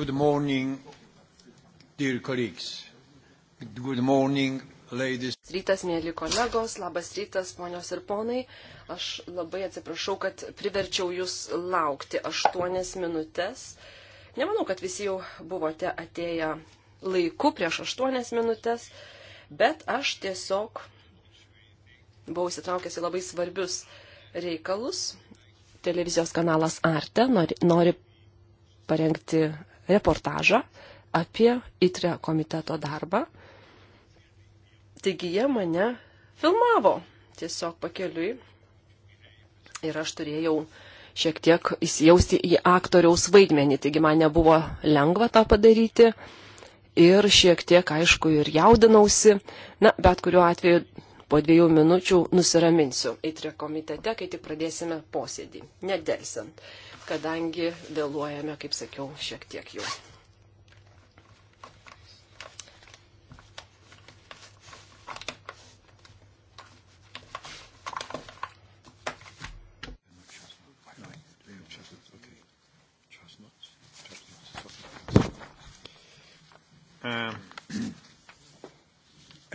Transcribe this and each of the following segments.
Good morning, dear colleagues. Good morning, ladies. Rytas, mėly kolegos, labas rytas, ponios ir ponai. Aš labai atsiprašau, kad priverčiau jūs laukti aštuonias minutės. Nemanau, kad visi jau buvote atėję laiku prieš aštuonias minutės, bet aš tiesiog buvau įsitraukęs į labai svarbius reikalus. Televizijos kanalas Arte nori, nori parengti reportažą apie ITRE komiteto darbą. Taigi jie mane filmavo tiesiog pakeliui ir aš turėjau šiek tiek įsijausti į aktoriaus vaidmenį, taigi man nebuvo lengva tą padaryti ir šiek tiek, aišku, ir jaudinausi. Na, bet kuriuo atveju po dviejų minučių nusiraminsiu įtrio e komitete, kai tik pradėsime posėdį, nedelsiant kadangi vėluojame, kaip sakiau, šiek tiek jau. Um,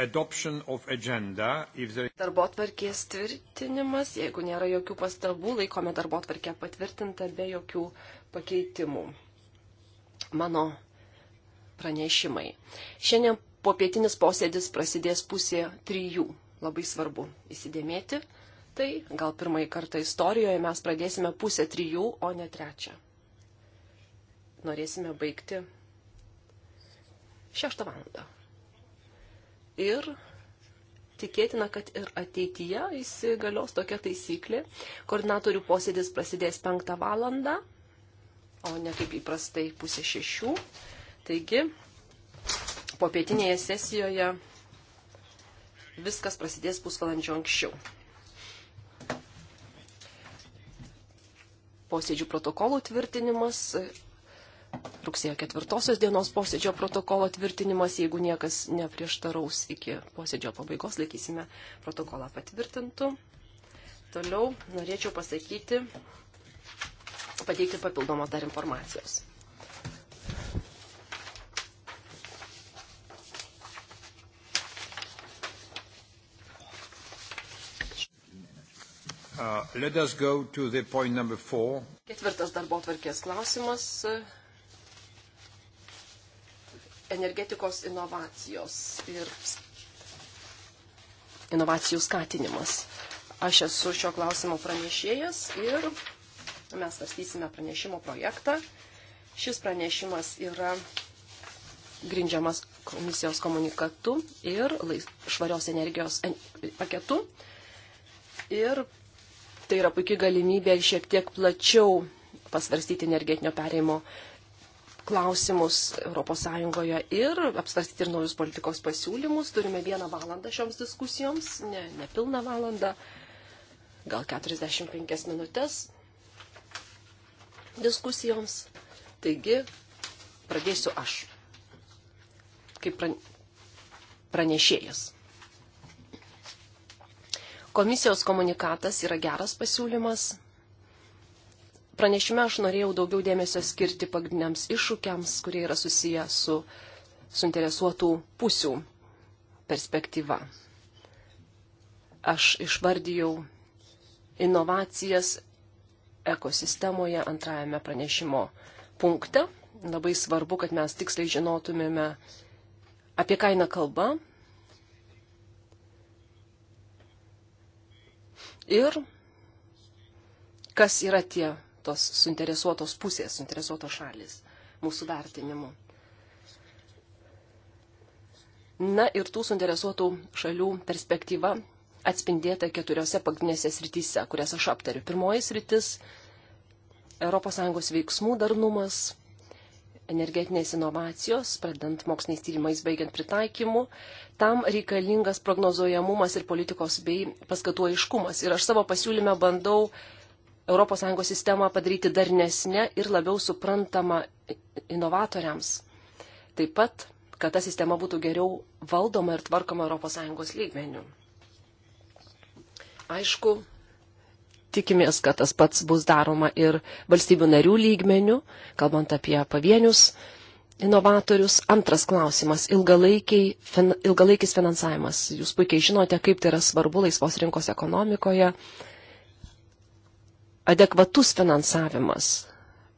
There... Darbo tvarkės tvirtinimas, jeigu nėra jokių pastabų, laikome darbo tvarkę patvirtintą be jokių pakeitimų. Mano pranešimai. Šiandien popietinis posėdis prasidės pusė trijų. Labai svarbu įsidėmėti. Tai gal pirmąjį kartą istorijoje mes pradėsime pusę trijų, o ne trečią. Norėsime baigti šeštą valandą ir tikėtina, kad ir ateityje įsigalios tokia taisyklė. Koordinatorių posėdis prasidės 5 valandą, o ne kaip įprastai pusė šešių. Taigi, po pietinėje sesijoje viskas prasidės pusvalandžio anksčiau. Posėdžių protokolų tvirtinimas rugsėjo 4 dienos posėdžio protokolo tvirtinimas, jeigu niekas neprieštaraus iki posėdžio pabaigos, laikysime protokolą patvirtintų. Toliau norėčiau pasakyti, pateikti papildomos dar informacijos. Uh, Ketvirtas darbo tvarkės klausimas energetikos inovacijos ir inovacijų skatinimas. Aš esu šio klausimo pranešėjas ir mes svarstysime pranešimo projektą. Šis pranešimas yra grindžiamas komisijos komunikatu ir švarios energijos paketu. Ir tai yra puikia galimybė šiek tiek plačiau pasvarstyti energetinio pereimo klausimus ES ir apsvarstyti ir naujus politikos pasiūlymus. Turime vieną valandą šioms diskusijoms, ne, ne pilną valandą, gal 45 minutės diskusijoms. Taigi, pradėsiu aš, kaip pranešėjas. Komisijos komunikatas yra geras pasiūlymas pranešime aš norėjau daugiau dėmesio skirti pagrindiniams iššūkiams, kurie yra susiję su suinteresuotų pusių perspektyva. Aš išvardijau inovacijas ekosistemoje antrajame pranešimo punkte. Labai svarbu, kad mes tiksliai žinotumėme, apie ką eina kalba. Ir kas yra tie tos suinteresuotos pusės, suinteresuotos šalis mūsų vertinimu. Na ir tų suinteresuotų šalių perspektyva atspindėta keturiose pagrindinėse srityse, kurias aš aptariu. Pirmoji sritis - ES veiksmų darnumas, energetinės inovacijos, pradant moksliniais tyrimais, baigiant pritaikymu. Tam reikalingas prognozuojamumas ir politikos bei paskatuoiškumas. Ir aš savo pasiūlyme bandau ES sistemą padaryti darnesnę ir labiau suprantamą inovatoriams. Taip pat, kad ta sistema būtų geriau valdoma ir tvarkoma ES lygmenių. Aišku, tikimės, kad tas pats bus daroma ir valstybių narių lygmenių, kalbant apie pavienius inovatorius. Antras klausimas - fin, ilgalaikis finansavimas. Jūs puikiai žinote, kaip tai yra svarbu laisvos rinkos ekonomikoje adekvatus finansavimas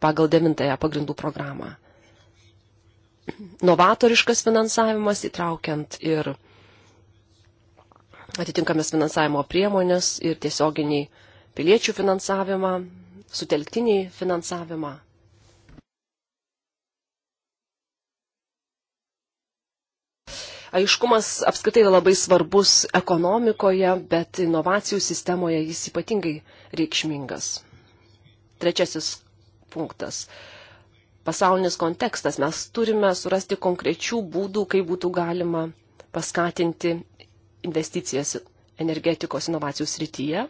pagal devintąją pagrindų programą. Novatoriškas finansavimas įtraukiant ir atitinkamas finansavimo priemonės ir tiesioginį piliečių finansavimą, sutelktinį finansavimą. Aiškumas apskritai yra labai svarbus ekonomikoje, bet inovacijų sistemoje jis ypatingai reikšmingas. Trečiasis punktas pasaulinis kontekstas. Mes turime surasti konkrečių būdų, kaip būtų galima paskatinti investicijas energetikos inovacijų srityje,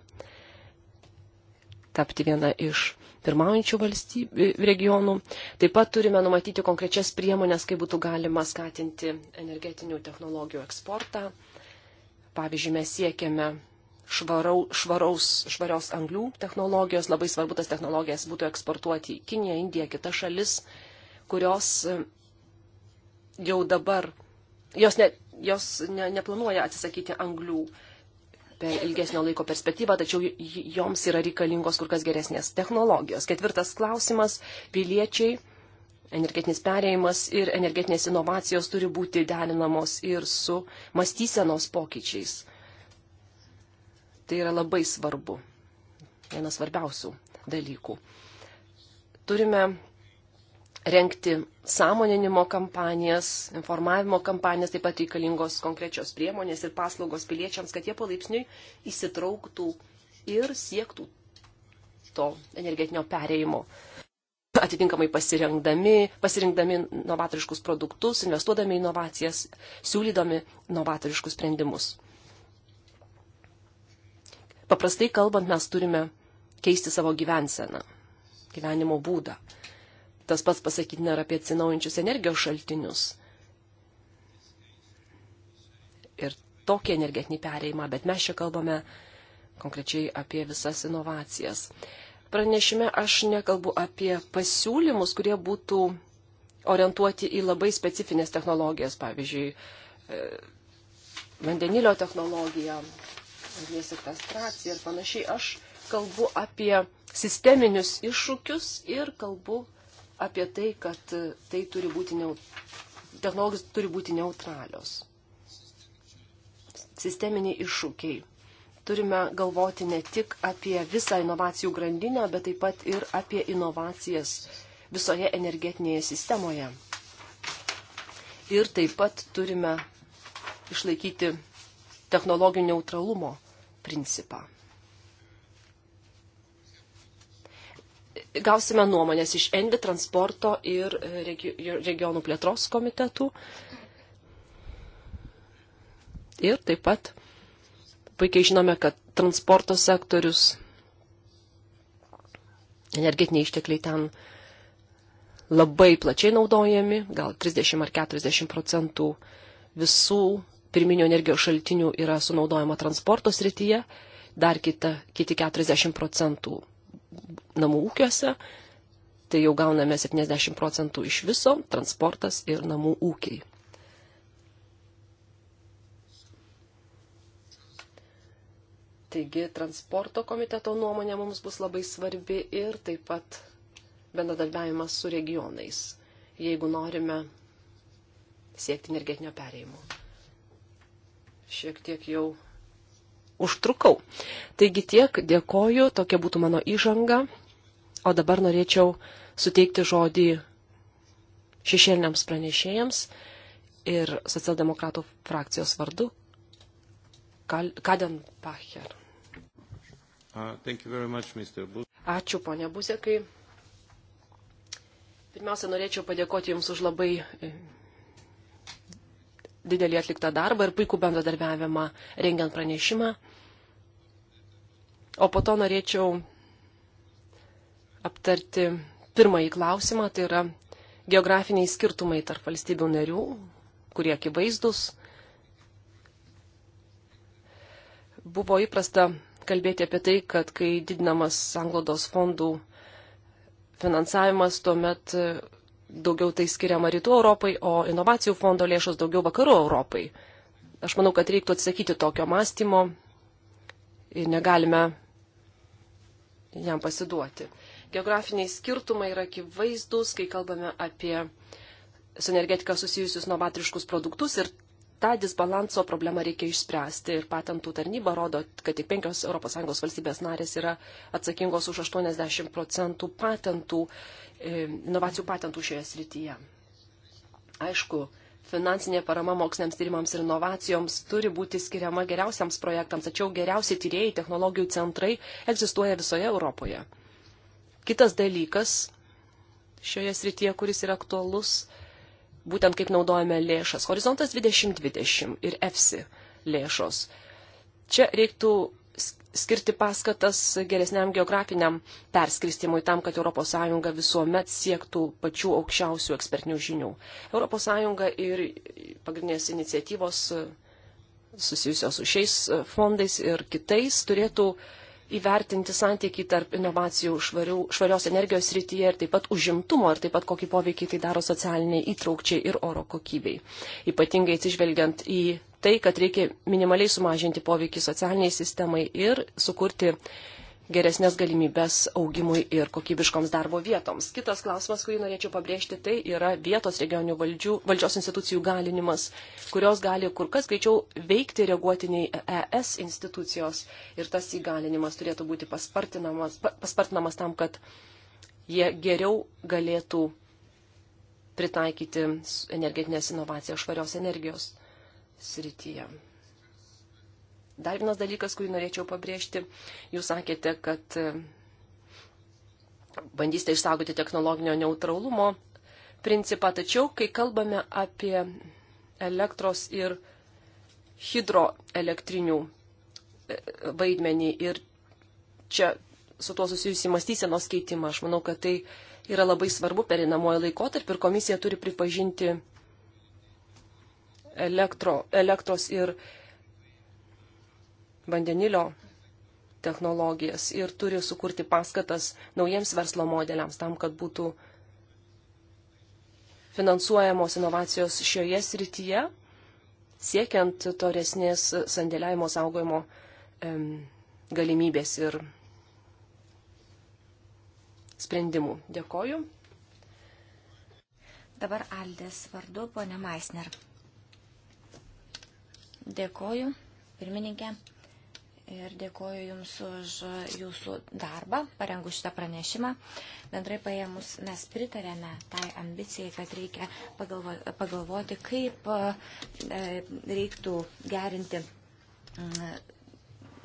tapti viena iš pirmaujančių valstybių, regionų. Taip pat turime numatyti konkrečias priemonės, kaip būtų galima skatinti energetinių technologijų eksportą. Pavyzdžiui, mes siekiame švarau, švaraus, švarios anglių technologijos. Labai svarbu tas technologijas būtų eksportuoti į Kiniją, Indiją, kitas šalis, kurios e, jau dabar, jos, ne, jos ne, neplanuoja atsisakyti anglių. Uh, per ilgesnio laiko perspektyvą, tačiau joms yra reikalingos kur kas geresnės technologijos. Ketvirtas klausimas - piliečiai, energetinis perėjimas ir energetinės inovacijos turi būti derinamos ir su mąstysenos pokyčiais. Tai yra labai svarbu, vienas svarbiausių dalykų. Turime renkti sąmoninimo kampanijas, informavimo kampanijas, taip pat reikalingos konkrečios priemonės ir paslaugos piliečiams, kad jie palaipsniui įsitrauktų ir siektų to energetinio perėjimo. Atitinkamai pasirinkdami, pasirinkdami novatoriškus produktus, investuodami į inovacijas, siūlydami novatoriškus sprendimus. Paprastai kalbant, mes turime keisti savo gyvenseną, gyvenimo būdą tas pats pasakyti nėra apie atsinaujančius energijos šaltinius. Ir tokį energetinį pereimą, bet mes čia kalbame konkrečiai apie visas inovacijas. Pranešime aš nekalbu apie pasiūlymus, kurie būtų orientuoti į labai specifines technologijas, pavyzdžiui, e, vandenilio technologiją, anglies sekvestraciją ir panašiai. Aš kalbu apie sisteminius iššūkius ir kalbu apie tai, kad tai turi būti neu... technologijos turi būti neutralios. Sisteminiai iššūkiai. Turime galvoti ne tik apie visą inovacijų grandinę, bet taip pat ir apie inovacijas visoje energetinėje sistemoje. Ir taip pat turime išlaikyti technologijų neutralumo principą. gausime nuomonės iš Envi transporto e, ir regionų plėtros komitetų. Ir taip pat puikiai žinome, kad transporto sektorius, energetiniai ištekliai ten labai plačiai naudojami, gal 30 ar 40 procentų visų pirminio energijos šaltinių yra sunaudojama transporto srityje, dar kita, kiti 40 procentų namų ūkiuose, tai jau gauname 70 procentų iš viso - transportas ir namų ūkiai. Taigi transporto komiteto nuomonė mums bus labai svarbi ir taip pat bendradarbiavimas su regionais, jeigu norime siekti energetinio perėjimo. Šiek tiek jau užtrukau. Taigi tiek, dėkoju, tokia būtų mano įžanga, o dabar norėčiau suteikti žodį šešėliniams pranešėjams ir socialdemokratų frakcijos vardu Kaden Pacher. Uh, Ačiū, ponia Buzekai. Pirmiausia, norėčiau padėkoti Jums už labai e, didelį atliktą darbą ir puikų bendradarbiavimą rengiant pranešimą. O po to norėčiau aptarti pirmąjį klausimą, tai yra geografiniai skirtumai tarp valstybių narių, kurie akivaizdus. Buvo įprasta kalbėti apie tai, kad kai didinamas anglodos fondų finansavimas, tuomet daugiau tai skiriama rytų Europai, o inovacijų fondo lėšos daugiau vakarų Europai. Aš manau, kad reiktų atsakyti tokio mąstymo ir negalime jam pasiduoti. Geografiniai skirtumai yra akivaizdus, kai kalbame apie su energetika susijusius novatriškus produktus ir tą disbalanso problemą reikia išspręsti. Ir patentų tarnyba rodo, kad tik penkios ES valstybės narės yra atsakingos už 80 procentų patentų, e, inovacijų patentų šioje srityje. Aišku, finansinė parama moksliniams tyrimams ir inovacijoms turi būti skiriama geriausiams projektams, tačiau geriausi tyrėjai, technologijų centrai egzistuoja visoje Europoje. Kitas dalykas šioje srityje, kuris yra aktualus, būtent kaip naudojame lėšas. Horizontas 2020 ir EFSI lėšos. Čia reiktų skirti paskatas geresniam geografiniam perskristimui tam, kad ES visuomet siektų pačių aukščiausių ekspertinių žinių. ES ir pagrindinės iniciatyvos susijusios su šiais fondais ir kitais turėtų įvertinti santykį tarp inovacijų švarių, švarios energijos srityje ir taip pat užimtumo ir taip pat kokį poveikį tai daro socialiniai įtraukčiai ir oro kokybei. Ypatingai atsižvelgiant į tai, kad reikia minimaliai sumažinti poveikį socialiniai sistemai ir sukurti geresnės galimybės augimui ir kokybiškoms darbo vietoms. Kitas klausimas, kurį norėčiau pabrėžti, tai yra vietos regioninių valdžių, valdžios institucijų galinimas, kurios gali kur kas greičiau veikti reaguoti nei ES institucijos ir tas įgalinimas turėtų būti paspartinamas, paspartinamas tam, kad jie geriau galėtų pritaikyti energetinės inovacijas švarios energijos srityje. Dar vienas dalykas, kurį norėčiau pabrėžti, jūs sakėte, kad e, bandysite išsaugoti technologinio neutralumo principą, tačiau kai kalbame apie elektros ir hidroelektrinių e, vaidmenį ir čia su tuo susijusi mąstysenos keitimą, aš manau, kad tai yra labai svarbu perinamojo laikotarpį ir komisija turi pripažinti elektro, elektros ir vandenilio technologijas ir turi sukurti paskatas naujiems verslo modeliams tam, kad būtų finansuojamos inovacijos šioje srityje, siekiant toresnės sandėliavimo saugojimo em, galimybės ir sprendimų. Dėkoju. Dabar Aldės vardu, ponė Maisner. Dėkoju, pirmininkė, ir dėkoju Jums už Jūsų darbą, parengu šitą pranešimą. Bendrai paėmus mes pritarėme tai ambicijai, kad reikia pagalvo, pagalvoti, kaip e, reiktų gerinti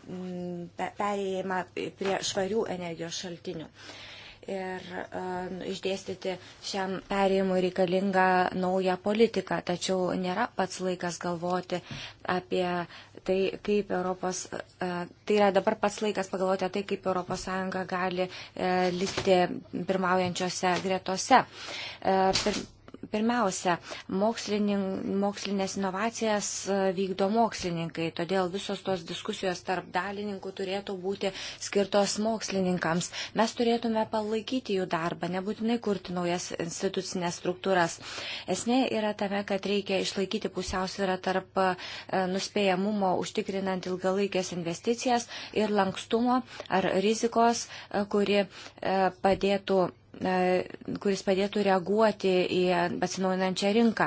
mm, perėjimą prie švarių energijos šaltinių ir uh, išdėstyti šiam perėjimui reikalingą naują politiką. Tačiau nėra pats laikas galvoti apie tai, kaip Europos, uh, tai yra dabar pats laikas pagalvoti apie tai, kaip ES gali uh, likti pirmaujančiose gretose. Uh, per, Pirmiausia, mokslinės inovacijas e, vykdo mokslininkai, todėl visos tos diskusijos tarp dalininkų turėtų būti skirtos mokslininkams. Mes turėtume palaikyti jų darbą, nebūtinai kurti naujas institucinės struktūras. Esmė yra tame, kad reikia išlaikyti pusiausvyrą tarp e, nuspėjamumo užtikrinant ilgalaikės investicijas ir lankstumo ar rizikos, e, kuri padėtų E, kuris padėtų reaguoti į atsinaujinančią rinką.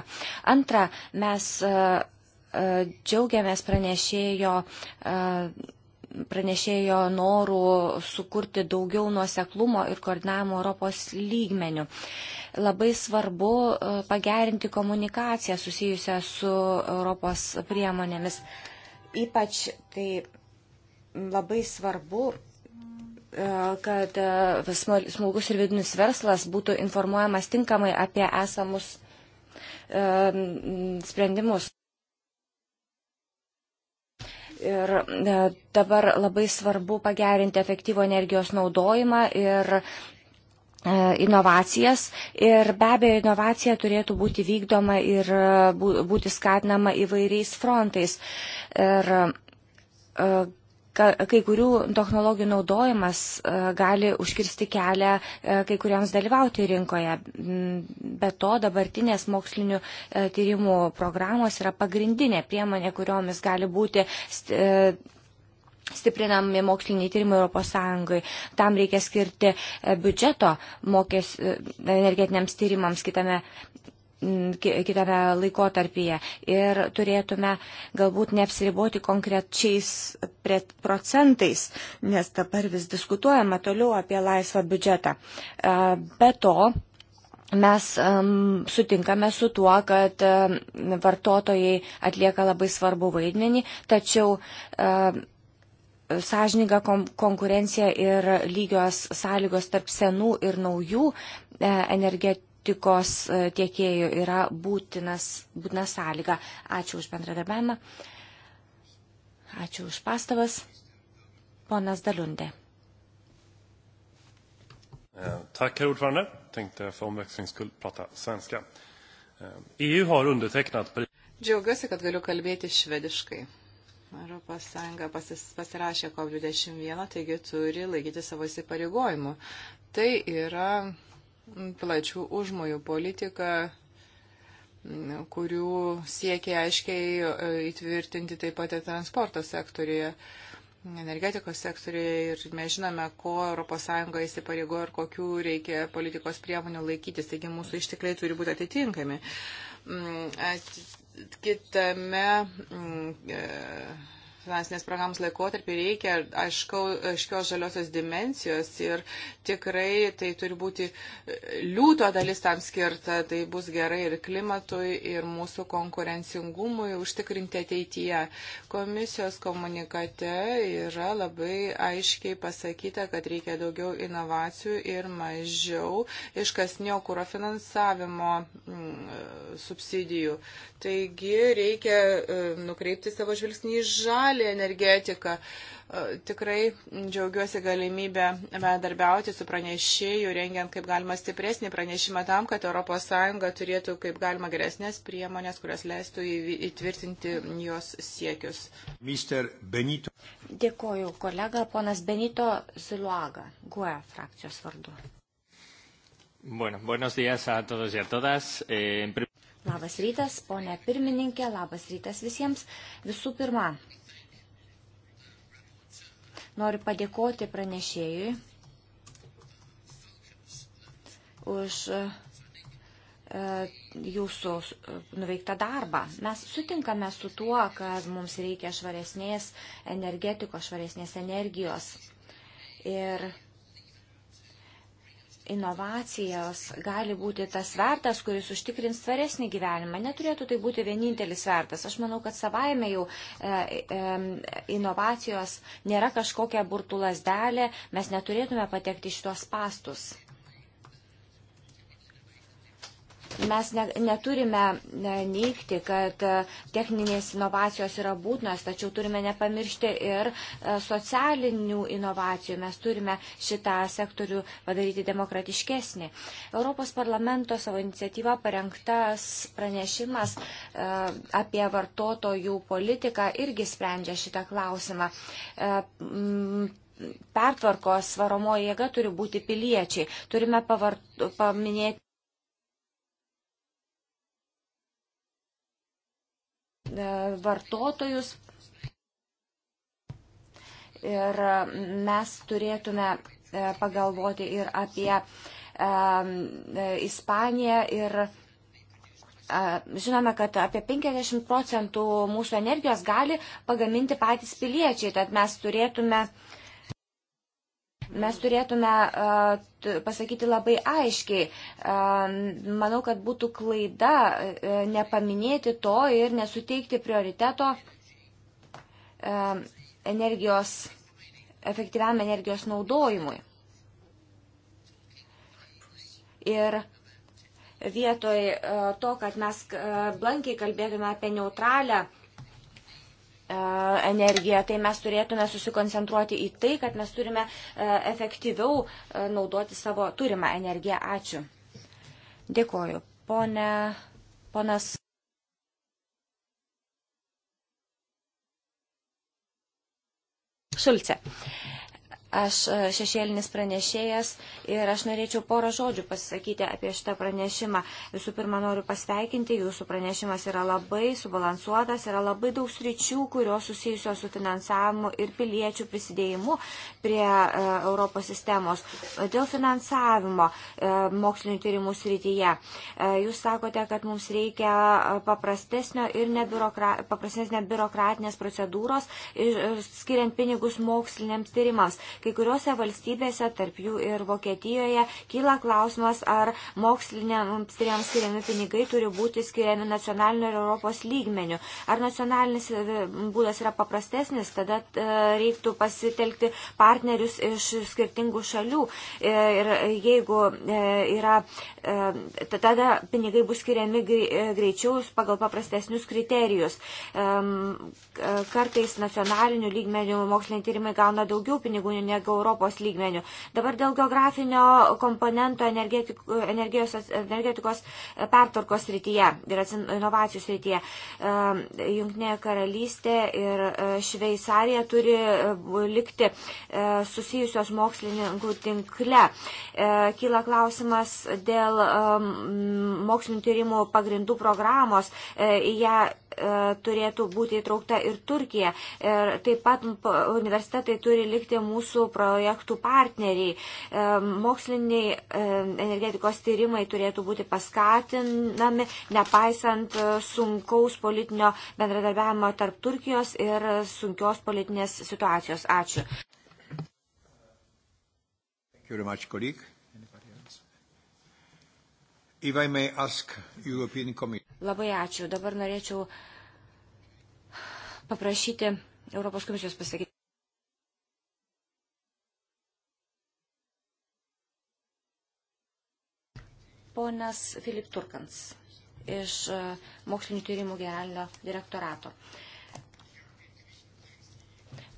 Antra, mes e, e, džiaugiamės pranešėjo pranešėjo norų sukurti daugiau nuoseklumo ir koordinavimo Europos lygmenių. Labai svarbu pagerinti komunikaciją susijusią su Europos priemonėmis. Ypač tai labai svarbu E, kad e, smulkus ir vidinis verslas būtų informuojamas tinkamai apie esamus e, sprendimus. Ir dabar labai svarbu pagerinti efektyvo energijos naudojimą ir inovacijas. Ir be abejo, inovacija turėtų būti vykdoma ir būti skatinama įvairiais frontais. Ir kai kurių technologijų naudojimas e, gali užkirsti kelią e, kai kuriems dalyvauti rinkoje. Mm, be to, dabartinės mokslinių e, tyrimų programos yra pagrindinė priemonė, kuriomis gali būti stiprinami moksliniai tyrimai Europos Sąjungai. Tam reikia skirti biudžeto mokės energetiniams tyrimams kitame kitame laikotarpyje ir turėtume galbūt neapsiriboti konkrečiais procentais, nes dabar vis diskutuojama toliau apie laisvą biudžetą. Be to, mes um, sutinkame su tuo, kad um, vartotojai atlieka labai svarbu vaidmenį, tačiau um, sąžininga kom, konkurencija ir lygios sąlygos tarp senų ir naujų e, energetikų politikos e, tiekėjų yra būtinas, būtina sąlyga. Ačiū už bendradarbiavimą. Ačiū už pastabas. Ponas Dalundė. E, tack, herr ordförande. Tänkte för omväxlings skull prata svenska. EU e har undertecknat... Džiaugiuosi, kad galiu kalbėti švediškai. Europos Sąjunga pasis, pasirašė COP21, taigi turi laikyti savo įsipareigojimų. Tai yra plačių užmojų politiką, kurių siekia aiškiai e, įtvirtinti taip pat ir transporto sektorijoje energetikos sektoriuje ir mes žinome, ko ES įsipareigoja ir kokių reikia politikos priemonių laikytis, taigi mūsų ištekliai turi būti atitinkami. Mm, at, kitame. Mm, e, finansinės programos laikotarpį reikia aiškau, aiškios žaliosios dimensijos ir tikrai tai turi būti liūto dalis tam skirta, tai bus gerai ir klimatui, ir mūsų konkurencingumui užtikrinti ateityje. Komisijos komunikate yra labai aiškiai pasakyta, kad reikia daugiau inovacijų ir mažiau iškasnio kūro finansavimo mm, subsidijų. Taigi reikia e, nukreipti savo žvilgsnį į žalį žalį energetiką. E, tikrai džiaugiuosi galimybę bendarbiauti su pranešėju, rengiant kaip galima stipresnį pranešimą tam, kad ES turėtų kaip galima geresnės priemonės, kurios leistų įtvirtinti jos siekius. Dėkoju, kolega, ponas Benito Ziluaga, GUE frakcijos vardu. Bueno, buenos días a todos y a todas. Eh, Labas rytas, ponė pirmininkė, labas rytas visiems. Visų pirma, Noriu padėkoti pranešėjui už e, jūsų e, nuveiktą darbą. Mes sutinkame su tuo, kad mums reikia švaresnės energetikos, švaresnės energijos. Ir inovacijos gali būti tas svertas, kuris užtikrins tvaresnį gyvenimą. Neturėtų tai būti vienintelis svertas. Aš manau, kad savaime jau e, e, inovacijos nėra kažkokia burtulasdelė, mes neturėtume patekti iš tuos pastus. Mes ne, neturime e, neikti, kad e, techninės inovacijos yra būtinos, tačiau turime nepamiršti ir e, socialinių inovacijų. Mes turime šitą sektorių padaryti demokratiškesnį. Europos parlamento savo iniciatyvą parengtas pranešimas apie vartotojų politiką irgi sprendžia šitą klausimą pertvarkos varomoji jėga turi būti piliečiai. Turime pavart, paminėti E, vartotojus. Ir mes turėtume e, pagalvoti ir apie e, Ispaniją ir žinome, kad apie 50 procentų mūsų energijos gali pagaminti patys piliečiai, tad mes turėtume uh, Mes turėtume pasakyti labai aiškiai. Manau, kad būtų klaida e, nepaminėti to ir nesuteikti prioriteto energijos, efektyviam energijos naudojimui. Ir vietoj to, kad mes blankiai kalbėtume apie neutralią E, energiją, tai mes turėtume susikoncentruoti į tai, kad mes turime e, efektyviau e, naudoti savo turimą energiją. Ačiū. Dėkoju. Pone, ponas. Šulce. Uh, Aš e, šešėlinis pranešėjas ir aš norėčiau porą žodžių pasisakyti apie šitą pranešimą. Visų pirma, noriu pasveikinti, jūsų pranešimas yra labai subalansuotas, yra labai daug sričių, kurios susijusios su finansavimu ir piliečių prisidėjimu prie uh, Europos sistemos. Dėl finansavimo uh, mokslinių tyrimų srityje. Uh, jūs sakote, kad mums reikia paprastesnio ir nebiurokra... paprastesnės biurokratinės procedūros, ir, ir skiriant pinigus moksliniams tyrimams Kai kuriuose valstybėse, tarp jų ir Vokietijoje, kyla klausimas, ar moksliniams tyriams skiriami pinigai turi būti skiriami nacionaliniu ir Europos lygmeniu. Ar nacionalinis e, būdas yra paprastesnis, tada e, reiktų pasitelkti partnerius iš skirtingų šalių. E, ir jeigu yra, tada pinigai bus skiriami greičiau pagal paprastesnius kriterijus. Kartais nacionaliniu lygmeniu moksliniai tyrimai gauna daugiau pinigų negu Europos lygmenių. Dabar dėl geografinio komponento energetikos e, pertvarkos srityje ir inovacijų srityje. E, Junktinė karalystė ir e, Šveicarija turi likti susijusios mokslininkų tinkle. Kyla klausimas dėl mokslinių tyrimų pagrindų programos. Į ją E, turėtų būti įtraukta ir Turkija. Ir taip pat universitetai turi likti mūsų projektų partneriai. E, moksliniai e, energetikos tyrimai turėtų būti paskatinami, nepaisant sunkaus politinio bendradarbiavimo tarp Turkijos ir sunkios politinės situacijos. Ačiū. Thank you very much, colleague. Labai ačiū. Dabar norėčiau paprašyti Europos komisijos pasakyti. Ponas Filip Turkans iš e, Mokslinių tyrimų generalinio direktorato. Uh,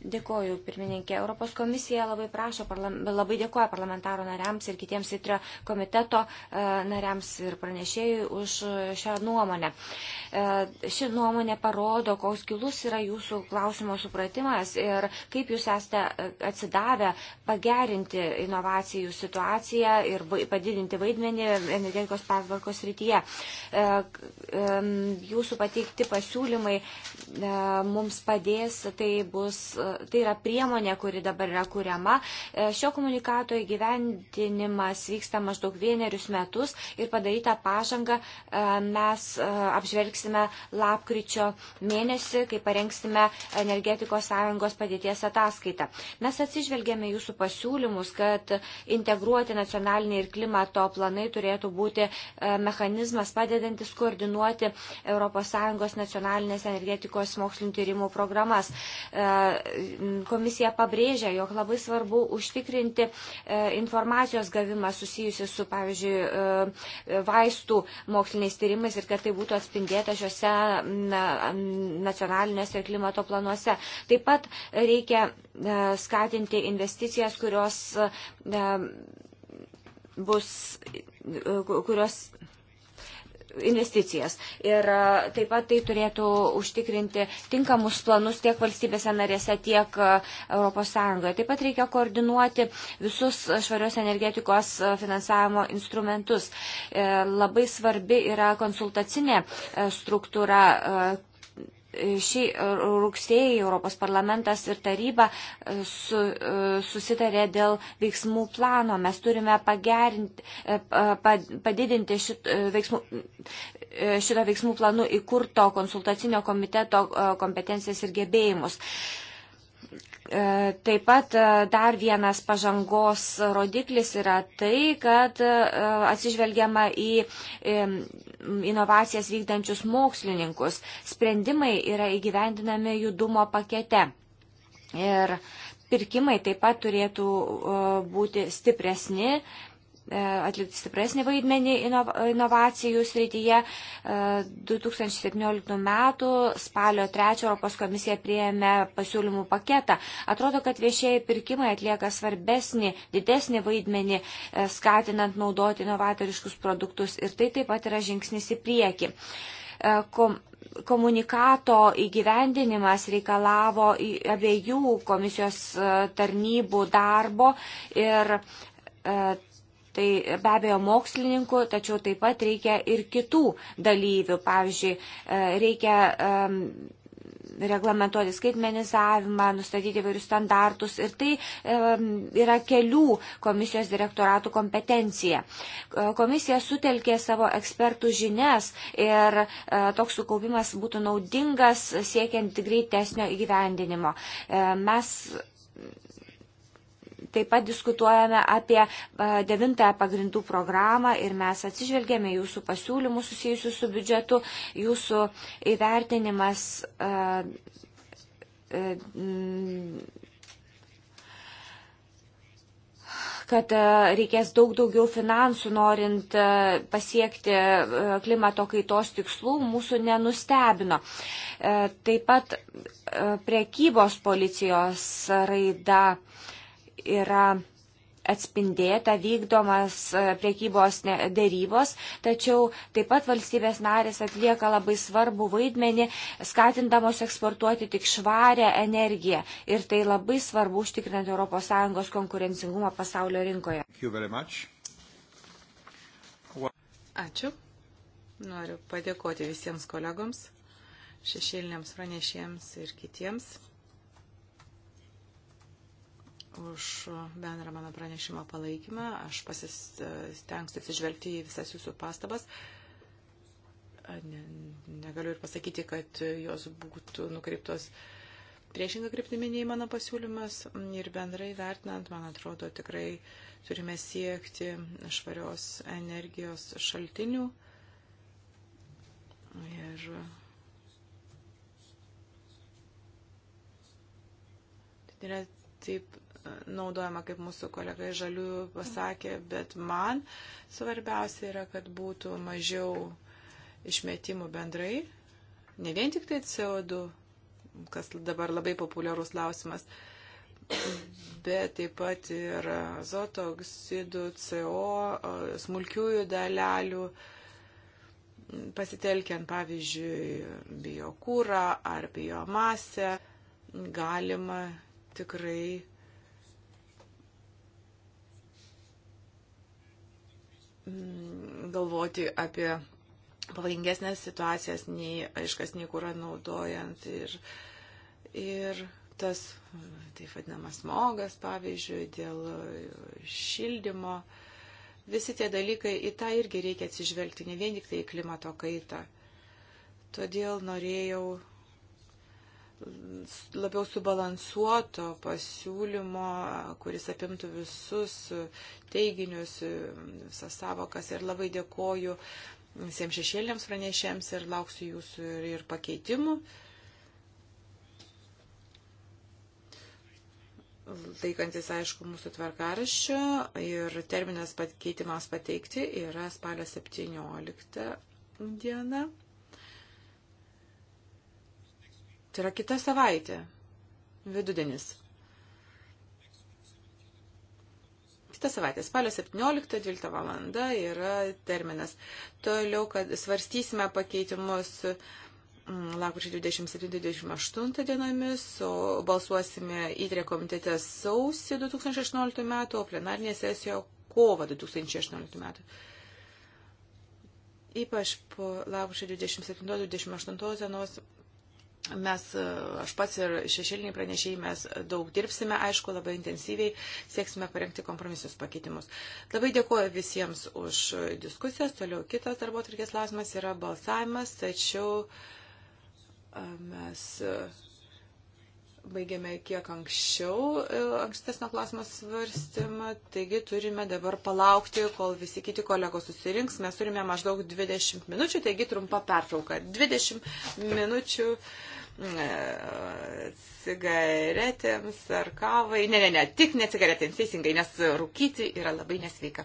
Dėkoju, pirmininkė. Europos komisija labai prašo, labai dėkoja parlamentaro nariams ir kitiems įtrio komiteto e, nariams ir pranešėjui už e, šią nuomonę. E, ši nuomonė parodo, koks gilus yra jūsų klausimo supratimas ir kaip jūs esate atsidavę pagerinti inovacijų situaciją ir padidinti vaidmenį energetikos pertvarkos rytyje. Jūsų pateikti pasiūlymai mums padės, tai bus tai yra priemonė, kuri dabar yra kuriama. E, šio komunikato įgyvendinimas vyksta maždaug vienerius metus ir padarytą pažangą e, mes e, apžvelgsime lapkričio mėnesį, kai parengsime energetikos sąjungos padėties ataskaitą. Mes atsižvelgėme jūsų pasiūlymus, kad integruoti nacionaliniai ir klimato planai turėtų būti mechanizmas padedantis koordinuoti ES nacionalinės energetikos mokslinio tyrimų programas komisija pabrėžia, jog labai svarbu užtikrinti e, informacijos gavimą susijusi su, pavyzdžiui, e, vaistų moksliniais tyrimais ir kad tai būtų atspindėta šiuose nacionalinėse ir klimato planuose. Taip pat reikia e, skatinti investicijas, kurios bus, kurios investicijas. Ir e, taip pat tai turėtų užtikrinti tinkamus planus tiek valstybėse narėse, tiek ES. Taip pat reikia koordinuoti visus švarios energetikos e, finansavimo instrumentus. E, labai svarbi yra konsultacinė struktūra šį rugsėjį Europos parlamentas ir taryba e, su, e, susitarė dėl veiksmų plano. Mes turime pagerinti, e, padidinti šit, veiksmų, šito veiksmų planu įkurto konsultacinio komiteto kompetencijas ir gebėjimus. E, taip pat e, dar vienas pažangos rodiklis yra tai, kad e, atsižvelgiama į inovacijas vykdančius mokslininkus. Sprendimai yra įgyvendinami judumo pakete. Ir pirkimai taip pat turėtų būti stipresni E, atlikti stipresnį vaidmenį inovacijų srityje. 2017 e, metų spalio 3 Europos komisija prieėmė pasiūlymų paketą. Atrodo, kad viešieji pirkimai atlieka svarbesnį, didesnį vaidmenį, e, skatinant naudoti inovatoriškus produktus ir tai taip pat yra žingsnis į priekį. Kom komunikato įgyvendinimas reikalavo abiejų komisijos tarnybų darbo ir Tai be abejo mokslininkų, tačiau taip pat reikia ir kitų dalyvių. Pavyzdžiui, e, reikia reglamentuoti skaitmenizavimą, nustatyti vairius standartus ir tai yra kelių komisijos direktoratų kompetencija. E, komisija sutelkė savo ekspertų žinias ir e, toks sukaupimas būtų naudingas siekiant greitesnio įgyvendinimo. Mes taip pat diskutuojame apie devintąją pagrindų programą ir mes atsižvelgėme jūsų pasiūlymus susijusius su biudžetu, jūsų įvertinimas. kad reikės daug daugiau finansų, norint pasiekti klimato kaitos tikslų, mūsų nenustebino. Taip pat priekybos policijos raida yra atspindėta vykdomas e, priekybos dėrybos, tačiau taip pat valstybės narės atlieka labai svarbu vaidmenį, skatindamos eksportuoti tik švarę energiją. Ir tai labai svarbu užtikrinant ES konkurencingumą pasaulio rinkoje. Ačiū. Noriu padėkoti visiems kolegoms, šešėliniams pranešėjams ir kitiems už bendrą mano pranešimo palaikymą. Aš pasistengsiu atsižvelgti į visas jūsų pastabas. Ne, negaliu ir pasakyti, kad jos būtų nukreiptos priešingą kryptimį nei mano pasiūlymas. Ir bendrai vertinant, man atrodo, tikrai turime siekti švarios energijos šaltinių. Ir tai yra taip naudojama, kaip mūsų kolega iš žaliųjų pasakė, bet man svarbiausia yra, kad būtų mažiau išmetimų bendrai, ne vien tik tai CO2, kas dabar labai populiarus klausimas, bet taip pat ir azoto oksidų, CO, smulkiųjų dalelių, pasitelkiant pavyzdžiui biokūrą ar biomasę, galima tikrai Mm, galvoti apie pavojingesnės situacijas nei aiškesnį kūrą naudojant ir, ir tas, taip vadinamas, smogas, pavyzdžiui, dėl šildymo. Visi tie dalykai, į tą irgi reikia atsižvelgti, ne vien tik tai į klimato kaitą. Todėl norėjau labiau subalansuoto pasiūlymo, kuris apimtų visus teiginius, visas savokas. Ir labai dėkoju visiems šešėliams pranešėms ir lauksiu jūsų ir, ir pakeitimų. Laikantis, aišku, mūsų tvarkaraščio ir terminas pakeitimams pateikti yra spalio 17 diena. Tai yra kita savaitė, vidudienis. Kita savaitė, spalio 17-12 valanda yra terminas. Toliau, kad svarstysime pakeitimus mm, lakrūčio 27-28 dienomis, o balsuosime įtrė komitete sausį 2016 metų, o plenarnėje sesijoje kovo 2016 metų. Ypač po lakrūčio 27-28 dienos mes, e, aš pats ir šešėliniai pranešėjai, mes daug dirbsime, aišku, labai intensyviai sieksime parengti kompromisus pakeitimus. Labai dėkuoju visiems už diskusijas. Toliau kitas darbo atvarkės klausimas yra balsavimas, tačiau e, mes e, baigėme kiek anksčiau ankstesnio klausimo svarstymą, taigi turime dabar palaukti, kol visi kiti kolegos susirinks. Mes turime maždaug 20 minučių, taigi trumpa pertrauka. 20 minučių. Uh, E, cigaretėms ar kavai. Ne, ne, ne, tik ne cigaretėms, teisingai, nes rūkyti yra labai nesveika.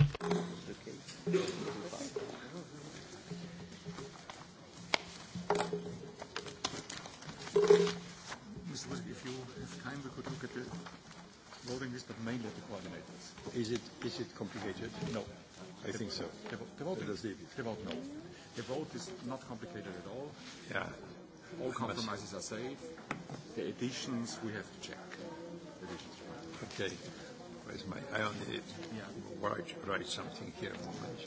Mr. Wood, if you have time, we could look at the voting list, but mainly at the coordinators. Is it, is it complicated? No. I the, think so. The, the voting, the vote, no. The vote is not complicated at all. Yeah. All compromises are safe. The additions we have to check. Additions. Okay. Where's my? I only yeah. write, write something here. A moment.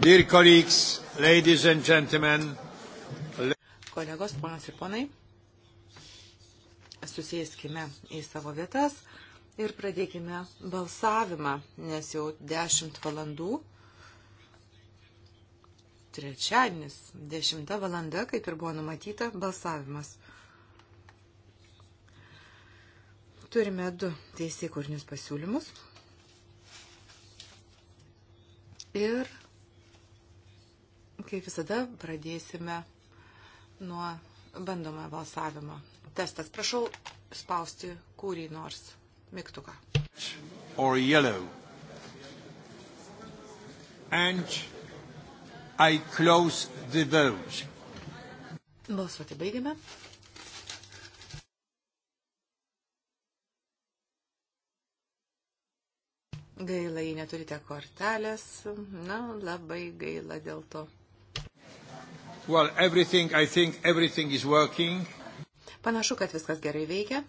Dear colleagues, Ladies and gentlemen. Kolegos, ponas ir ponai, susėskime į savo vietas ir pradėkime balsavimą, nes jau 10 valandų, trečiadienis, 10 valanda, kaip ir buvo numatyta, balsavimas. Turime du teisėkurnius pasiūlymus. kaip visada, pradėsime nuo bandomą balsavimą. Testas, prašau spausti kurį nors mygtuką. Or yellow. And I close the vote. Balsuoti baigiame. Gaila, jei neturite kortelės, na, labai gaila dėl to. Well, everything, I think everything is working. Panašu, kad viskas gerai veikia.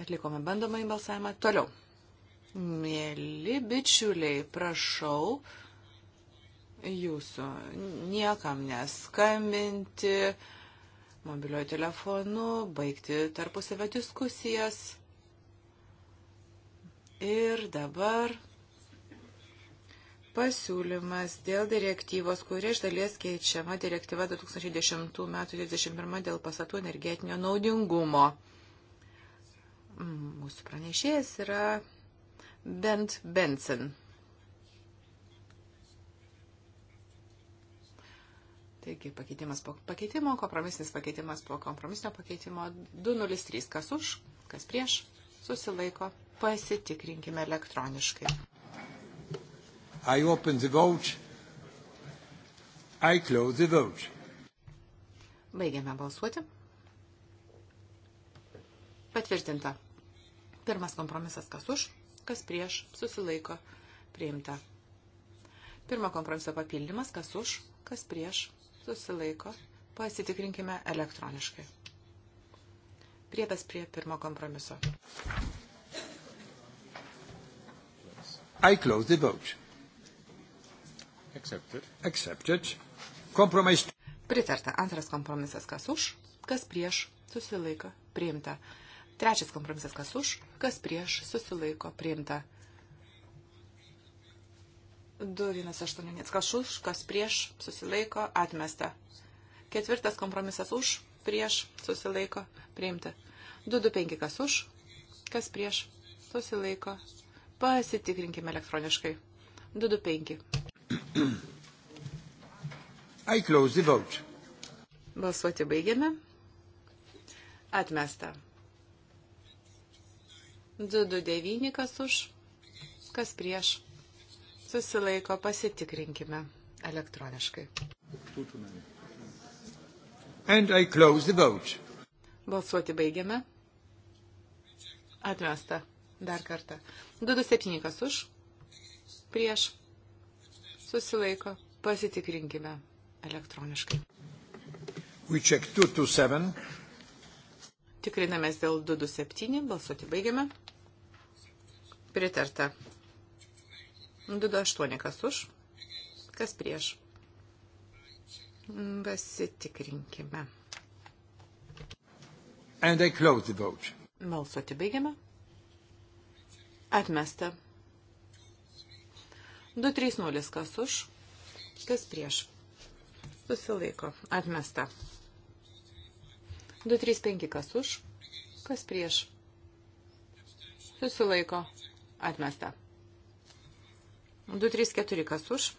Atlikome bandomąjį balsavimą. Toliau. Mėly bičiuliai, prašau jūsų niekam neskambinti mobiliuoju telefonu, baigti tarpusavę diskusijas. Ir dabar pasiūlymas dėl direktyvos, kuria iš dalies keičiama direktyva 2010 m. 31 dėl pastatų energetinio naudingumo. Mūsų pranešėjas yra Bent Benson. Taigi pakeitimas po pakeitimo, kompromisinis pakeitimas po kompromisinio pakeitimo 203, kas už, kas prieš, susilaiko, pasitikrinkime elektroniškai. I open the vote. I close the vote. Baigiame balsuoti. Patvirtinta. Pirmas kompromisas kas už, kas prieš, susilaiko, priimta. Pirmo kompromiso papildymas kas už, kas prieš, susilaiko, pasitikrinkime elektroniškai. Priedas prie pirmo kompromiso. I close the vote. Accepted. Accepted. Compromise. Pritarta. Antras kompromisas, kas už, kas prieš, susilaiko, priimta. Trečias kompromisas, kas už, kas prieš, susilaiko, priimta. 218, kas už, kas prieš, susilaiko, atmesta. Ketvirtas kompromisas už, prieš, susilaiko, priimta. 225, kas už, kas prieš, susilaiko. Pasitikrinkime elektroniškai. 225. I close the vote. Balsuoti baigiame. Atmesta. 229 kas už, kas prieš. Susilaiko, pasitikrinkime elektroniškai. And I close the vote. Balsuoti baigiame. Atmesta. Dar kartą. 227 kas už, prieš susilaiko, pasitikrinkime elektroniškai. Tikrinamės dėl 227, balsuoti baigiame. Pritarta. 28 kas už, kas prieš. Pasitikrinkime. Balsuoti baigiame. Atmesta. 230 kas už, kas prieš. Susilaiko. Atmesta. 235 kas už, kas prieš. Susilaiko. Atmesta. 234 kas už,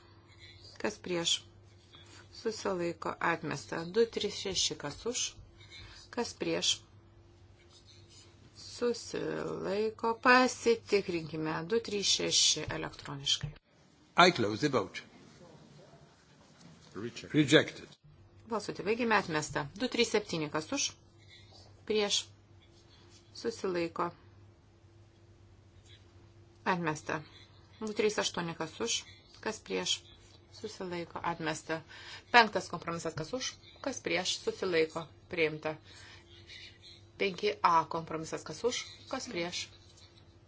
kas prieš. Susilaiko. Atmesta. 236 kas už, kas prieš susilaiko, pasitikrinkime 236 elektroniškai. I close the vote. Rejected. Rejected. Balsuoti baigėme atmestą. 237 kas už? Prieš. Susilaiko. Atmesta. 238 kas už? Kas prieš? Susilaiko. Atmesta. Penktas kompromisas kas už? Kas prieš? Susilaiko. Priimta. 5A kompromisas kas už? Kas prieš?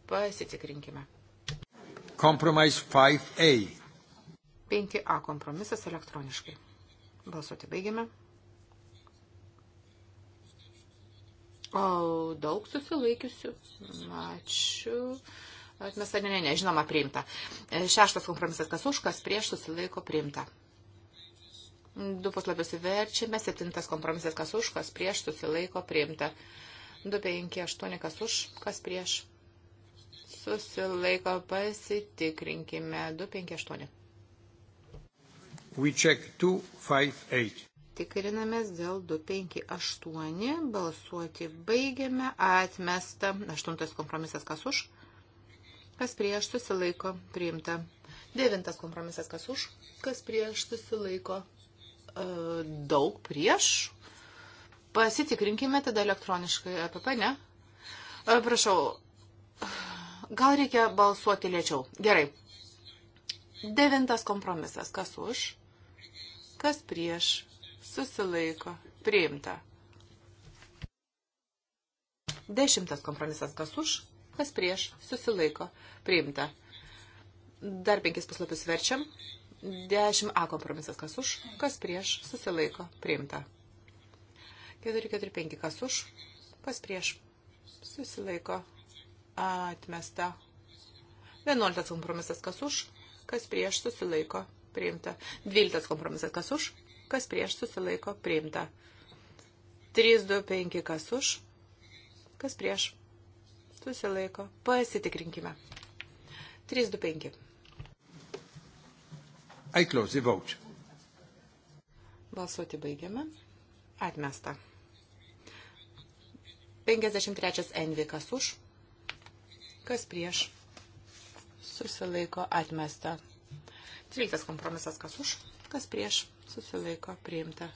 Pasitikrinkime. Compromise 5A. 5A kompromisas elektroniškai. Balsuoti baigiame. O daug susilaikiusių. Ačiū. Atmesta, ne, ne, ne, žinoma, priimta. E, šeštas kompromisas, kas už, kas prieš, susilaiko priimta. Du puslapius verčiame, septintas kompromisas, kas už, kas prieš, susilaiko priimta. 2, 5, 8, kas už, kas prieš, Susilaiko pasitikrinkime. 258. We check 258. Tikrinamės dėl 258. Balsuoti baigiame. Atmesta. Aštuntas kompromisas kas už? Kas prieš susilaiko? Priimta. Devintas kompromisas kas už? Kas prieš susilaiko? E, daug prieš. Pasitikrinkime tada elektroniškai EPP, ne? E, prašau, Gal reikia balsuoti lėčiau. Gerai. Devintas kompromisas. Kas už? Kas prieš? Susilaiko. Priimta. Dešimtas kompromisas. Kas už? Kas prieš? Susilaiko. Priimta. Dar penkis puslapius verčiam. 10A kompromisas. Kas už? Kas prieš? Susilaiko. Priimta. 445. Kas už? Kas prieš? Susilaiko atmesta. 11 kompromisas kas už, kas prieš susilaiko priimta. 12 kompromisas kas už, kas prieš susilaiko priimta. 3, 2, 5 kas už, kas prieš susilaiko. Pasitikrinkime. 3, 2, 5. I close the vote. Balsuoti baigiame. Atmesta. 53 Envikas už, Kas prieš? Susilaiko atmesta. 13 kompromisas kas už, kas prieš, susilaiko priimta.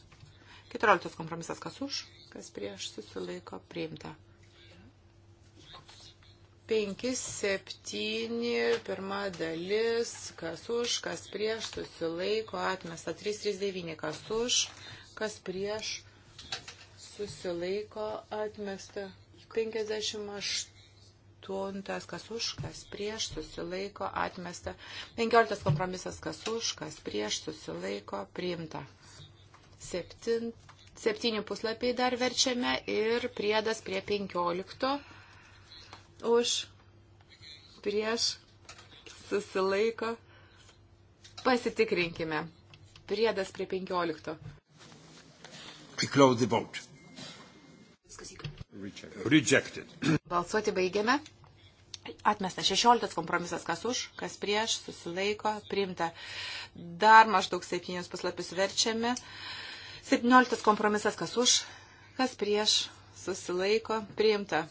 14 kompromisas kas už, kas prieš, susilaiko priimta. 5, 7, pirma dalis, kas už, kas prieš, susilaiko atmesta. 3, 3, 9, kas už, kas prieš, susilaiko atmesta. 58 aštuntas, kas už, kas prieš, susilaiko, atmesta. Penkioliktas kompromisas, kas už, kas prieš, susilaiko, priimta. Septin, septyni puslapiai dar verčiame ir priedas prie penkiolikto už, prieš, susilaiko. Pasitikrinkime. Priedas prie penkiolikto. We close the vote. Rejected. Balsuoti baigiame. Atmesta 16 kompromisas, kas už, kas prieš, susilaiko, priimta. Dar maždaug 7 puslapius verčiame. 17 kompromisas, kas už, kas prieš, susilaiko, priimta.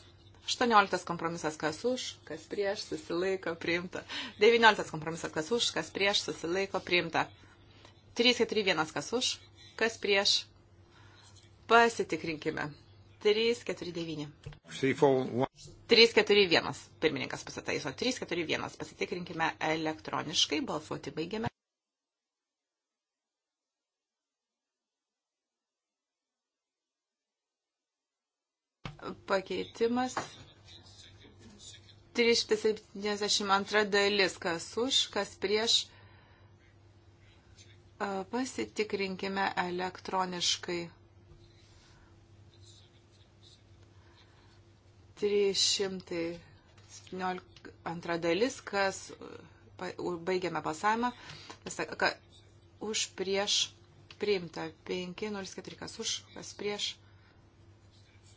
18 kompromisas kas už, kas prieš, susilaiko, priimta. 19 kompromisas kas už, kas prieš, susilaiko, priimta. 341 kas už, kas prieš. Pasitikrinkime. 349. 341. Pirmininkas pasitaiso. 341. Pasitikrinkime elektroniškai. Balsuoti baigiame. Pakeitimas. 372 dalis. Kas už, kas prieš. Pasitikrinkime elektroniškai. 317 dalis, kas baigiame pasavimą, už prieš priimta 504, kas už, kas prieš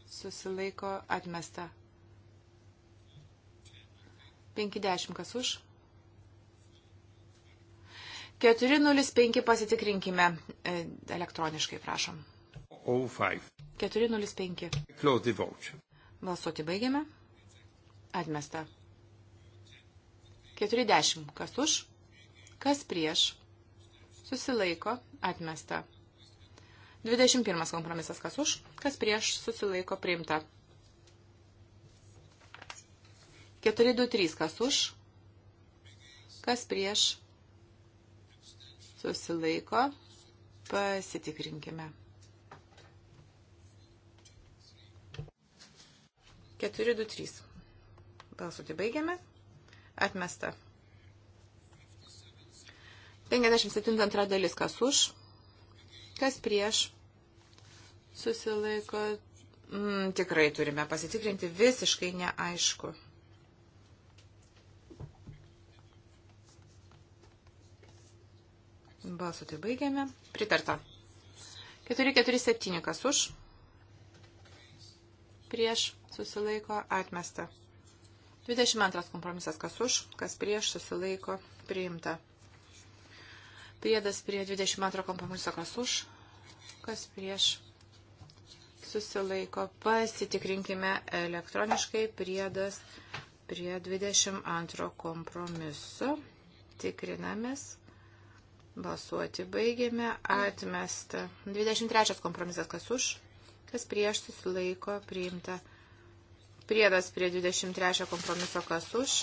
susilaiko atmesta. 50 kas už. 405 pasitikrinkime e, elektroniškai, prašom. 05. 405. Close the vote. Balsuoti baigiame. Atmesta. 40. Kas už? Kas prieš? Susilaiko. Atmesta. 21. Kompromisas. Kas už? Kas prieš? Susilaiko. Priimta. 423. Kas už? Kas prieš? Susilaiko. Pasitikrinkime. 423. Balsuoti baigiame. Atmesta. 57 antra dalis. Kas už? Kas prieš? Susilaiko. Mm, tikrai turime pasitikrinti. Visiškai neaišku. Balsuoti baigiame. Pritarta. 447 kas už, prieš susilaiko atmesta. 22 kompromisas kas už, kas prieš susilaiko priimta. Priedas prie 22 kompromiso kas už, kas prieš susilaiko. Pasitikrinkime elektroniškai priedas prie 22 kompromiso. Tikrinamės. Balsuoti baigėme. Atmesta. 23 kompromisas kas už kas prieš susilaiko priimta. Priedas prie 23 kompromiso kas už,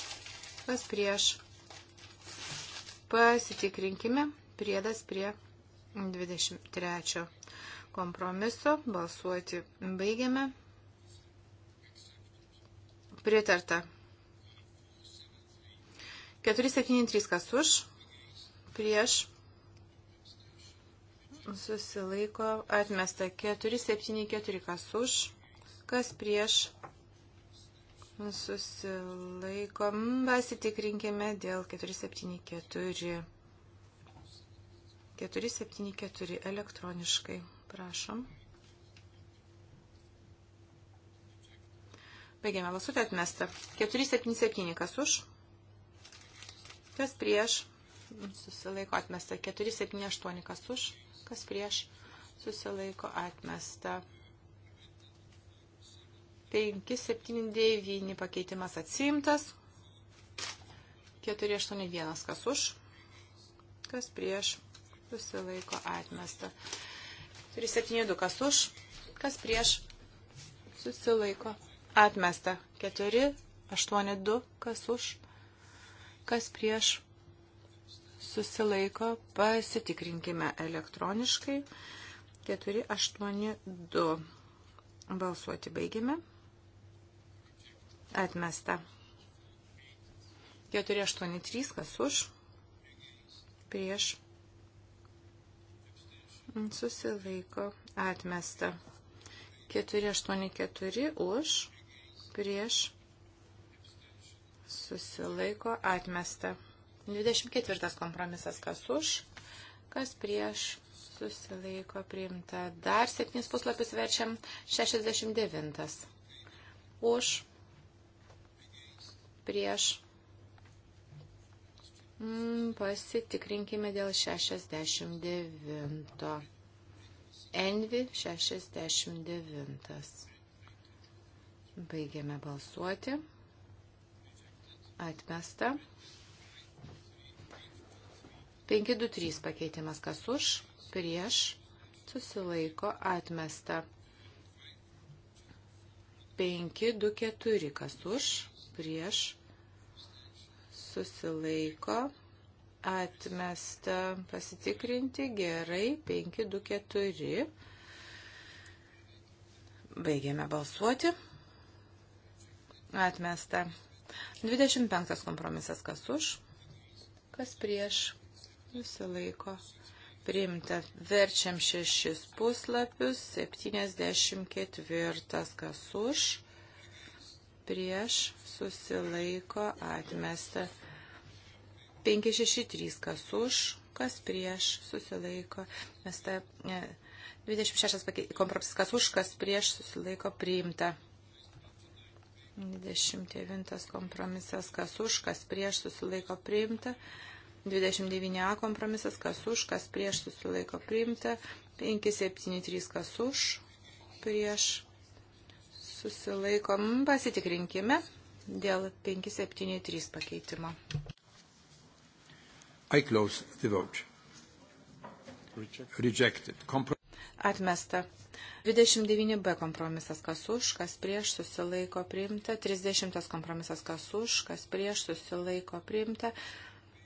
kas prieš. Pasitikrinkime priedas prie 23 kompromiso. Balsuoti baigiame. Pritarta. 473 kas už, prieš susilaiko atmesta 474, kas už, kas prieš susilaiko. Pasitikrinkime dėl 474. 474 elektroniškai. Prašom. Baigėme balsuoti atmestą. 477 kas už, kas prieš, susilaiko atmestą. 478 kas už kas prieš susilaiko atmesta. 579 pakeitimas atsimtas. 481 kas už, kas prieš susilaiko atmesta. 372 kas už, kas prieš susilaiko atmesta. 482 kas už, kas prieš susilaiko, pasitikrinkime elektroniškai. 482. Balsuoti baigiame. Atmesta. 483, kas už, prieš, susilaiko, atmesta. 484 už, prieš, susilaiko, atmesta. 24 kompromisas kas už, kas prieš susilaiko priimta. Dar 7 puslapius verčiam 69. Už, prieš. Mm, pasitikrinkime dėl 69. Envi 69. Baigiame balsuoti. Atmesta. 523 pakeitimas kas už, prieš, susilaiko atmesta. 524 kas už, prieš, susilaiko atmesta. Pasitikrinti gerai 524. Baigiame balsuoti. Atmesta. 25 kompromisas kas už, kas prieš susilaiko priimta. Verčiam šešis puslapius, 74 kas už, prieš susilaiko atmesta. 563 kas už, kas prieš susilaiko. Mes ta, 26 kompromisas kas už, kas prieš susilaiko priimta. 29 kompromisas kas už, kas prieš susilaiko priimta. 29a kompromisas, kas už, kas prieš susilaiko priimta, 573 kas už, prieš susilaiko, mm, pasitikrinkime dėl 573 pakeitimo. I close the vote. Rejected. Compr Atmesta. 29b kompromisas kas už, kas prieš susilaiko priimta. 30 kompromisas kas už, kas prieš susilaiko priimta.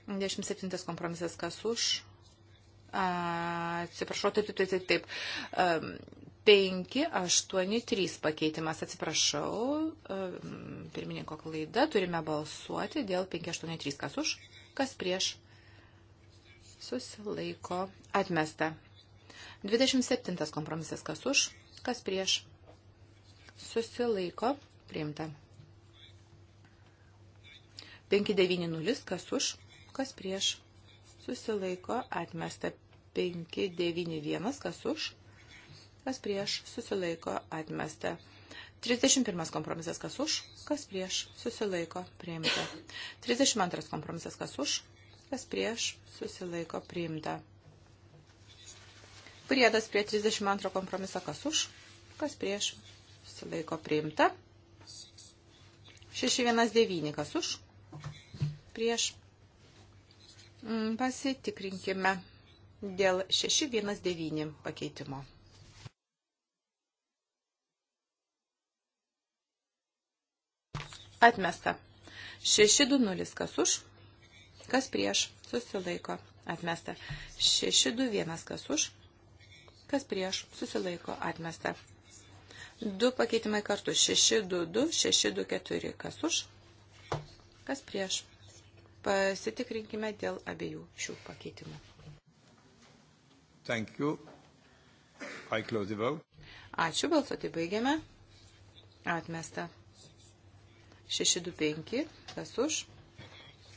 27 kompromisas kas už. Atsiprašau, taip, taip, taip, taip. 5, 8, 3 pakeitimas, atsiprašau, pirmininko klaida, turime balsuoti dėl 5, 8, 3, kas už, kas prieš, susilaiko, atmesta. 27 kompromisas, kas už, kas prieš, susilaiko, priimta. 590, kas už, kas prieš, susilaiko atmesta 591, kas už, kas prieš, susilaiko atmesta. 31 kompromisas, kas už, kas prieš, susilaiko priimta. 32 kompromisas, kas už, kas prieš, susilaiko priimta. Priedas prie 32 kompromiso, kas už, kas prieš, susilaiko priimta. 619, kas už, prieš, Mm, pasitikrinkime dėl 619 pakeitimo. Atmesta. 620 kas už, kas prieš, susilaiko. Atmesta. 621 kas už, kas prieš, susilaiko. Atmesta. Du pakeitimai kartu. 622, 624 kas už, kas prieš, Pasitikrinkime dėl abiejų šių pakeitimų. Thank you. I close the vote. Ačiū, balsuoti baigiame. Atmesta. 625, kas už,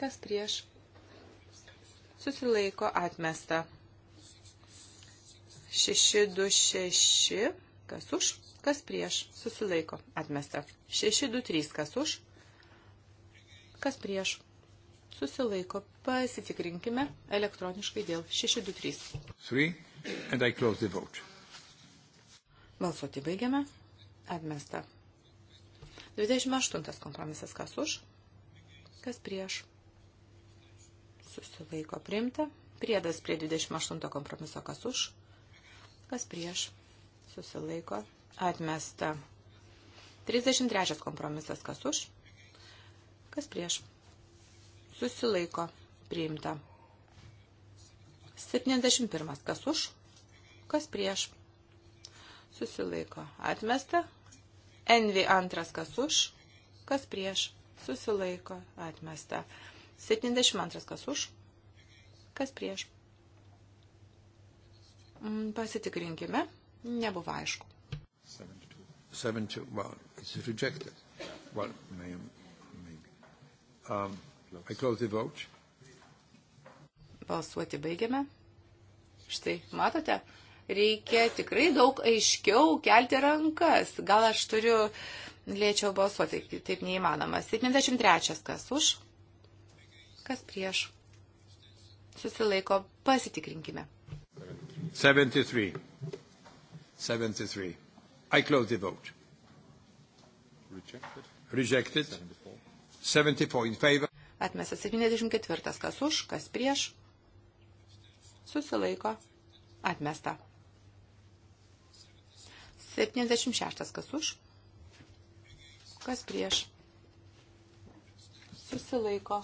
kas prieš. Susilaiko atmesta. 626, kas už, kas prieš. Susilaiko atmesta. 623, kas už, kas prieš susilaiko. Pasitikrinkime elektroniškai dėl 623. Three, and I close the vote. Balsuoti baigiame. Atmesta. 28 kompromisas kas už, kas prieš. Susilaiko priimta. Priedas prie 28 kompromiso kas už, kas prieš. Susilaiko atmesta. 33 kompromisas kas už, kas prieš susilaiko priimta. 71. Kas už, kas prieš, susilaiko atmesta. NV2. Kas už, kas prieš, susilaiko atmesta. 72. Kas už, kas prieš. Mm, pasitikrinkime, nebuvo aišku. 72. Well, it's rejected. Well, maybe. Um, I close the vote. Balsuoti baigiame. Štai, matote, reikia tikrai daug aiškiau kelti rankas. Gal aš turiu lėčiau balsuoti, taip neįmanoma. 73. Kas už? Kas prieš? Susilaiko, pasitikrinkime. 73. 73. I close the vote. Rejected. Rejected. 74. 74 in favor. Atmestas 74. Kas už, kas prieš. Susilaiko. Atmesta. 76. Kas už, kas prieš. Susilaiko.